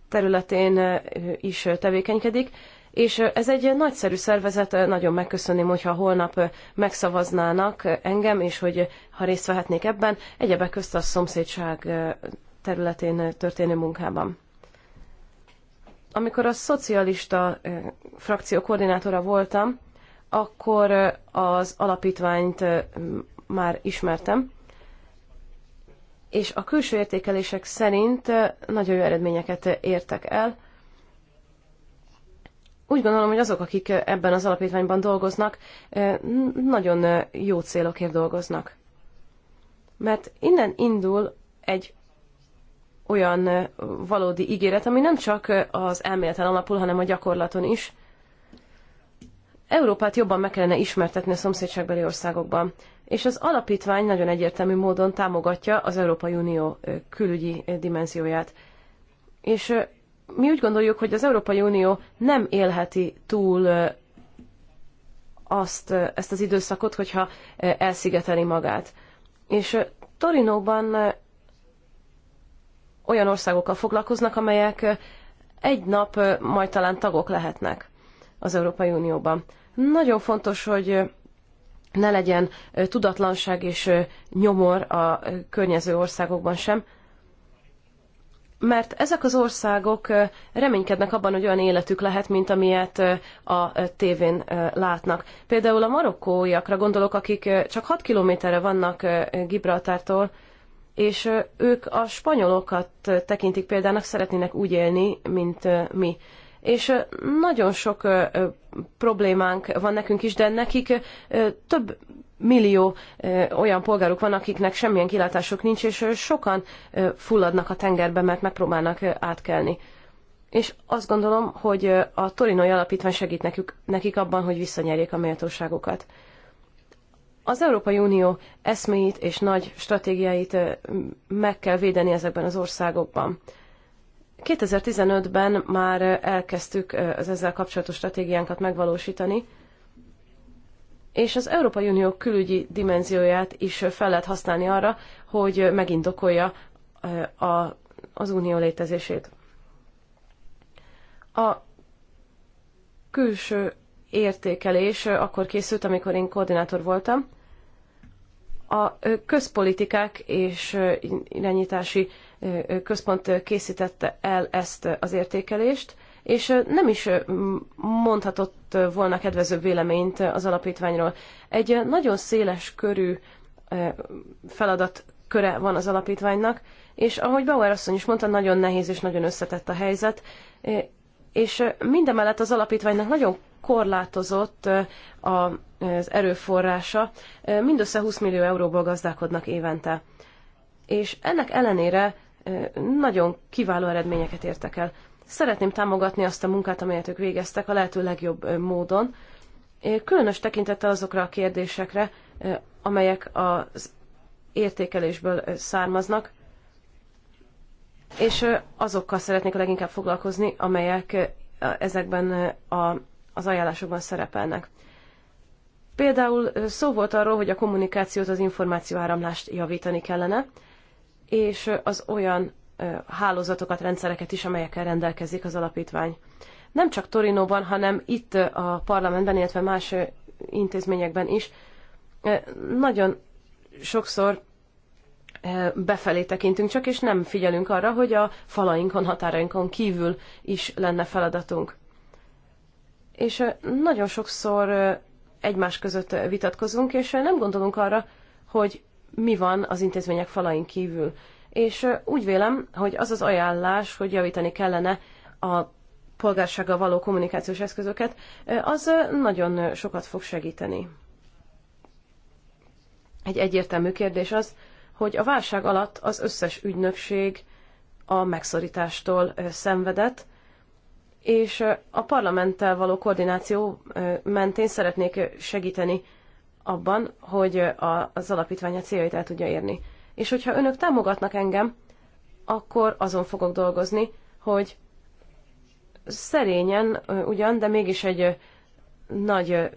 területén is tevékenykedik, és ez egy nagyszerű szervezet, nagyon megköszönném, hogyha holnap megszavaznának engem, és hogy ha részt vehetnék ebben, egyebek közt a szomszédság területén történő munkában. Amikor a szocialista frakció koordinátora voltam, akkor az alapítványt már ismertem, és a külső értékelések szerint nagyon jó eredményeket értek el, úgy gondolom, hogy azok, akik ebben az alapítványban dolgoznak, nagyon jó célokért dolgoznak. Mert innen indul egy olyan valódi ígéret, ami nem csak az elméleten alapul, hanem a gyakorlaton is. Európát jobban meg kellene ismertetni a szomszédságbeli országokban, és az alapítvány nagyon egyértelmű módon támogatja az Európai Unió külügyi dimenzióját. És mi úgy gondoljuk, hogy az Európai Unió nem élheti túl azt, ezt az időszakot, hogyha elszigeteli magát. És Torinóban olyan országokkal foglalkoznak, amelyek egy nap majd talán tagok lehetnek az Európai Unióban. Nagyon fontos, hogy ne legyen tudatlanság és nyomor a környező országokban sem, mert ezek az országok reménykednek abban, hogy olyan életük lehet, mint amilyet a tévén látnak. Például a marokkóiakra gondolok, akik csak 6 kilométerre vannak Gibraltártól, és ők a spanyolokat tekintik példának, szeretnének úgy élni, mint mi. És nagyon sok problémánk van nekünk is, de nekik több millió olyan polgáruk van, akiknek semmilyen kilátásuk nincs, és sokan fulladnak a tengerbe, mert megpróbálnak átkelni. És azt gondolom, hogy a Torinoi Alapítvány segít nekük, nekik abban, hogy visszanyerjék a méltóságukat. Az Európai Unió eszméit és nagy stratégiáit meg kell védeni ezekben az országokban. 2015-ben már elkezdtük az ezzel kapcsolatos stratégiánkat megvalósítani, és az Európai Unió külügyi dimenzióját is fel lehet használni arra, hogy megindokolja a, az unió létezését. A külső értékelés akkor készült, amikor én koordinátor voltam. A közpolitikák és irányítási központ készítette el ezt az értékelést, és nem is mondhatott volna kedvezőbb véleményt az alapítványról. Egy nagyon széles körű feladat köre van az alapítványnak, és ahogy Bauer asszony is mondta, nagyon nehéz és nagyon összetett a helyzet, és mindemellett az alapítványnak nagyon korlátozott az erőforrása, mindössze 20 millió euróból gazdálkodnak évente. És ennek ellenére nagyon kiváló eredményeket értek el. Szeretném támogatni azt a munkát, amelyet ők végeztek a lehető legjobb módon, különös tekintettel azokra a kérdésekre, amelyek az értékelésből származnak, és azokkal szeretnék a leginkább foglalkozni, amelyek ezekben a, az ajánlásokban szerepelnek. Például szó volt arról, hogy a kommunikációt, az információáramlást javítani kellene, és az olyan hálózatokat, rendszereket is, amelyekkel rendelkezik az alapítvány. Nem csak Torinóban, hanem itt a parlamentben, illetve más intézményekben is nagyon sokszor befelé tekintünk csak, és nem figyelünk arra, hogy a falainkon, határainkon kívül is lenne feladatunk. És nagyon sokszor egymás között vitatkozunk, és nem gondolunk arra, hogy mi van az intézmények falain kívül és úgy vélem, hogy az az ajánlás, hogy javítani kellene a polgársággal való kommunikációs eszközöket, az nagyon sokat fog segíteni. Egy egyértelmű kérdés az, hogy a válság alatt az összes ügynökség a megszorítástól szenvedett, és a parlamenttel való koordináció mentén szeretnék segíteni abban, hogy az alapítványa céljait el tudja érni és hogyha önök támogatnak engem, akkor azon fogok dolgozni, hogy szerényen ugyan, de mégis egy nagy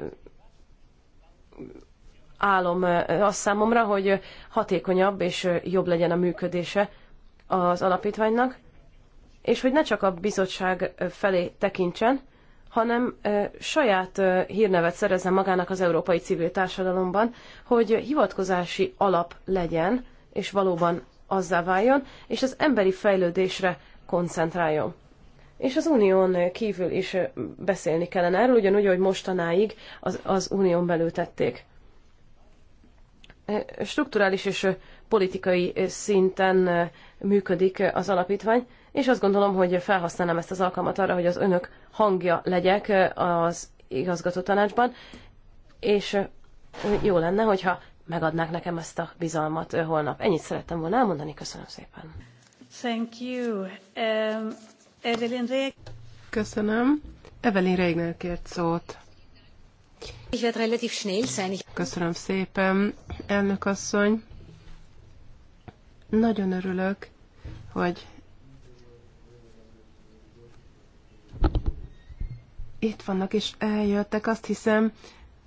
álom az számomra, hogy hatékonyabb és jobb legyen a működése az alapítványnak, és hogy ne csak a bizottság felé tekintsen, hanem saját hírnevet szerezzen magának az európai civil társadalomban, hogy hivatkozási alap legyen és valóban azzá váljon, és az emberi fejlődésre koncentráljon. És az unión kívül is beszélni kellene erről, ugyanúgy, ahogy mostanáig az, az unión belül tették. Strukturális és politikai szinten működik az alapítvány, és azt gondolom, hogy felhasználnám ezt az alkalmat arra, hogy az önök hangja legyek az igazgató tanácsban, és jó lenne, hogyha megadnák nekem ezt a bizalmat holnap. Ennyit szerettem volna elmondani, köszönöm szépen. Thank you. Um, Evelyn Reg- Köszönöm. Evelyn Regner kért szót. Ich werde relativ schnell sein. Köszönöm szépen, elnök asszony. Nagyon örülök, hogy itt vannak és eljöttek. Azt hiszem,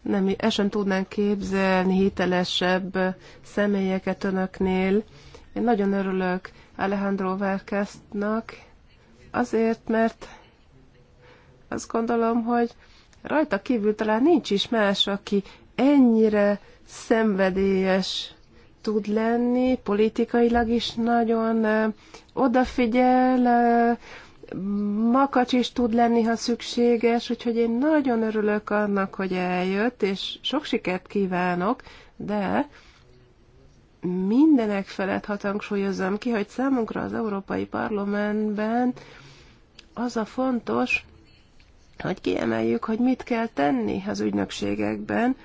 nem, el sem tudnánk képzelni hitelesebb személyeket önöknél. Én nagyon örülök Alejandro Várkásztnak, azért, mert azt gondolom, hogy rajta kívül talán nincs is más, aki ennyire szenvedélyes tud lenni, politikailag is nagyon odafigyel, makacs is tud lenni, ha szükséges, úgyhogy én nagyon örülök annak, hogy eljött, és sok sikert kívánok, de mindenek felett hatangsúlyozom ki, hogy számunkra az Európai Parlamentben az a fontos, hogy kiemeljük, hogy mit kell tenni az ügynökségekben,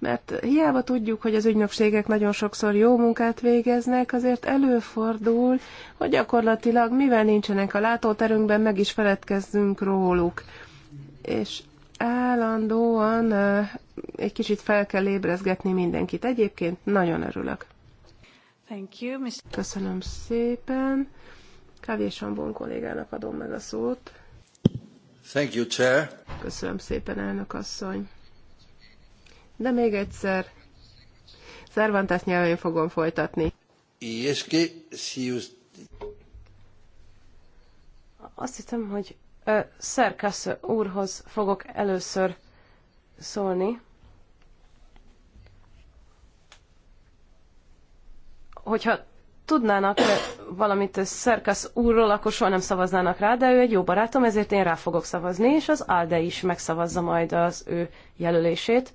mert hiába tudjuk, hogy az ügynökségek nagyon sokszor jó munkát végeznek, azért előfordul, hogy gyakorlatilag mivel nincsenek a látóterünkben, meg is feledkezzünk róluk. És állandóan egy kicsit fel kell ébrezgetni mindenkit. Egyébként nagyon örülök. Thank you, Mr. Köszönöm szépen. Kávésan Ambon kollégának adom meg a szót. Thank you, Chair. Köszönöm szépen, elnök asszony. De még egyszer, Cervantes nyelvén fogom folytatni. Y es que si usted... Azt hittem, hogy uh, Szerkesz úrhoz fogok először szólni. Hogyha tudnának valamit Szerkesz úrról, akkor soha nem szavaznának rá, de ő egy jó barátom, ezért én rá fogok szavazni, és az ALDE is megszavazza majd az ő jelölését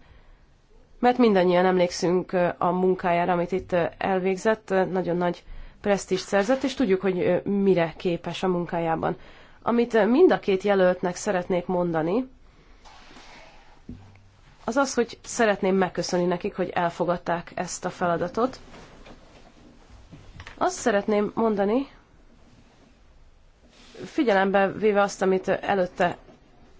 mert mindannyian emlékszünk a munkájára, amit itt elvégzett, nagyon nagy presztis szerzett, és tudjuk, hogy mire képes a munkájában. Amit mind a két jelöltnek szeretnék mondani, az az, hogy szeretném megköszönni nekik, hogy elfogadták ezt a feladatot. Azt szeretném mondani, figyelembe véve azt, amit előtte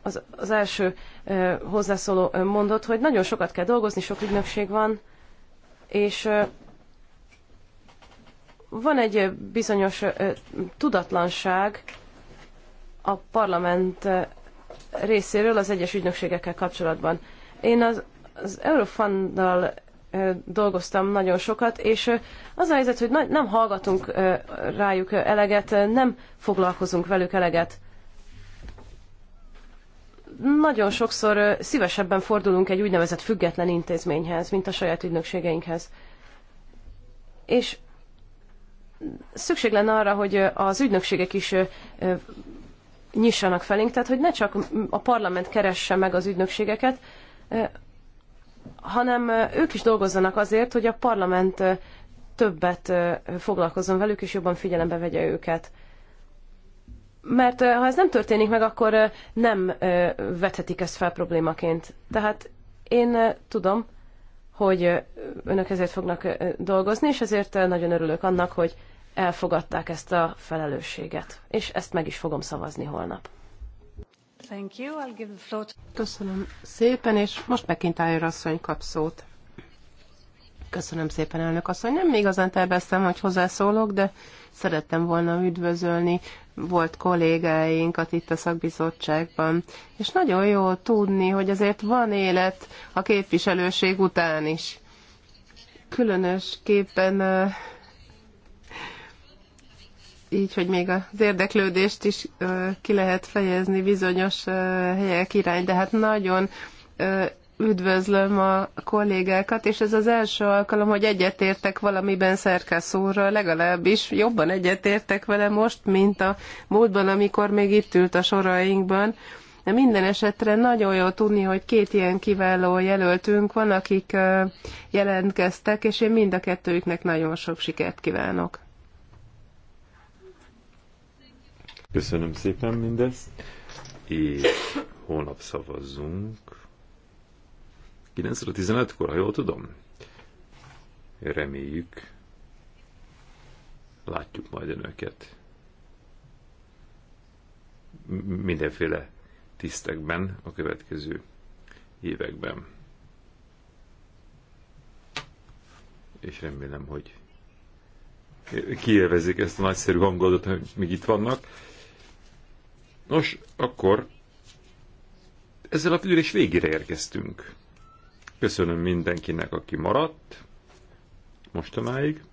az, az első ö, hozzászóló mondott, hogy nagyon sokat kell dolgozni, sok ügynökség van, és ö, van egy bizonyos ö, tudatlanság a parlament ö, részéről az egyes ügynökségekkel kapcsolatban. Én az, az Eurofunddal dolgoztam nagyon sokat, és az a helyzet, hogy nem hallgatunk rájuk eleget, nem foglalkozunk velük eleget nagyon sokszor szívesebben fordulunk egy úgynevezett független intézményhez, mint a saját ügynökségeinkhez. És szükség lenne arra, hogy az ügynökségek is nyissanak felénk, tehát hogy ne csak a parlament keresse meg az ügynökségeket, hanem ők is dolgozzanak azért, hogy a parlament többet foglalkozzon velük, és jobban figyelembe vegye őket. Mert ha ez nem történik meg, akkor nem vethetik ezt fel problémaként. Tehát én tudom, hogy önök ezért fognak dolgozni, és ezért nagyon örülök annak, hogy elfogadták ezt a felelősséget. És ezt meg is fogom szavazni holnap. Thank you. I'll give the floor to... Köszönöm szépen, és most McIntyre asszony kap szót. Köszönöm szépen, elnök asszony. Nem igazán terveztem, hogy hozzászólok, de szerettem volna üdvözölni volt kollégáinkat itt a szakbizottságban, és nagyon jó tudni, hogy azért van élet a képviselőség után is. Különösképpen így, hogy még az érdeklődést is ki lehet fejezni bizonyos helyek irány, de hát nagyon üdvözlöm a kollégákat, és ez az első alkalom, hogy egyetértek valamiben szerkeszóra, legalábbis jobban egyetértek vele most, mint a módban, amikor még itt ült a sorainkban. De minden esetre nagyon jó tudni, hogy két ilyen kiváló jelöltünk van, akik jelentkeztek, és én mind a kettőjüknek nagyon sok sikert kívánok. Köszönöm szépen mindezt, és holnap szavazzunk 9 15-kor, ha jól tudom. Reméljük. Látjuk majd önöket. Mindenféle tisztekben a következő években. És remélem, hogy kielvezik ezt a nagyszerű hangodat, hogy még itt vannak. Nos, akkor ezzel a ülés végére érkeztünk. Köszönöm mindenkinek, aki maradt mostanáig.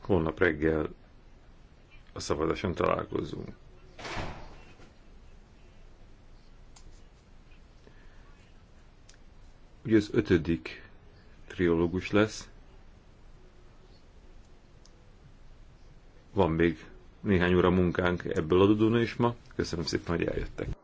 Holnap reggel a szabadáson találkozunk. Ugye az ötödik triológus lesz. Van még néhány óra munkánk ebből a is ma. Köszönöm szépen, hogy eljöttek.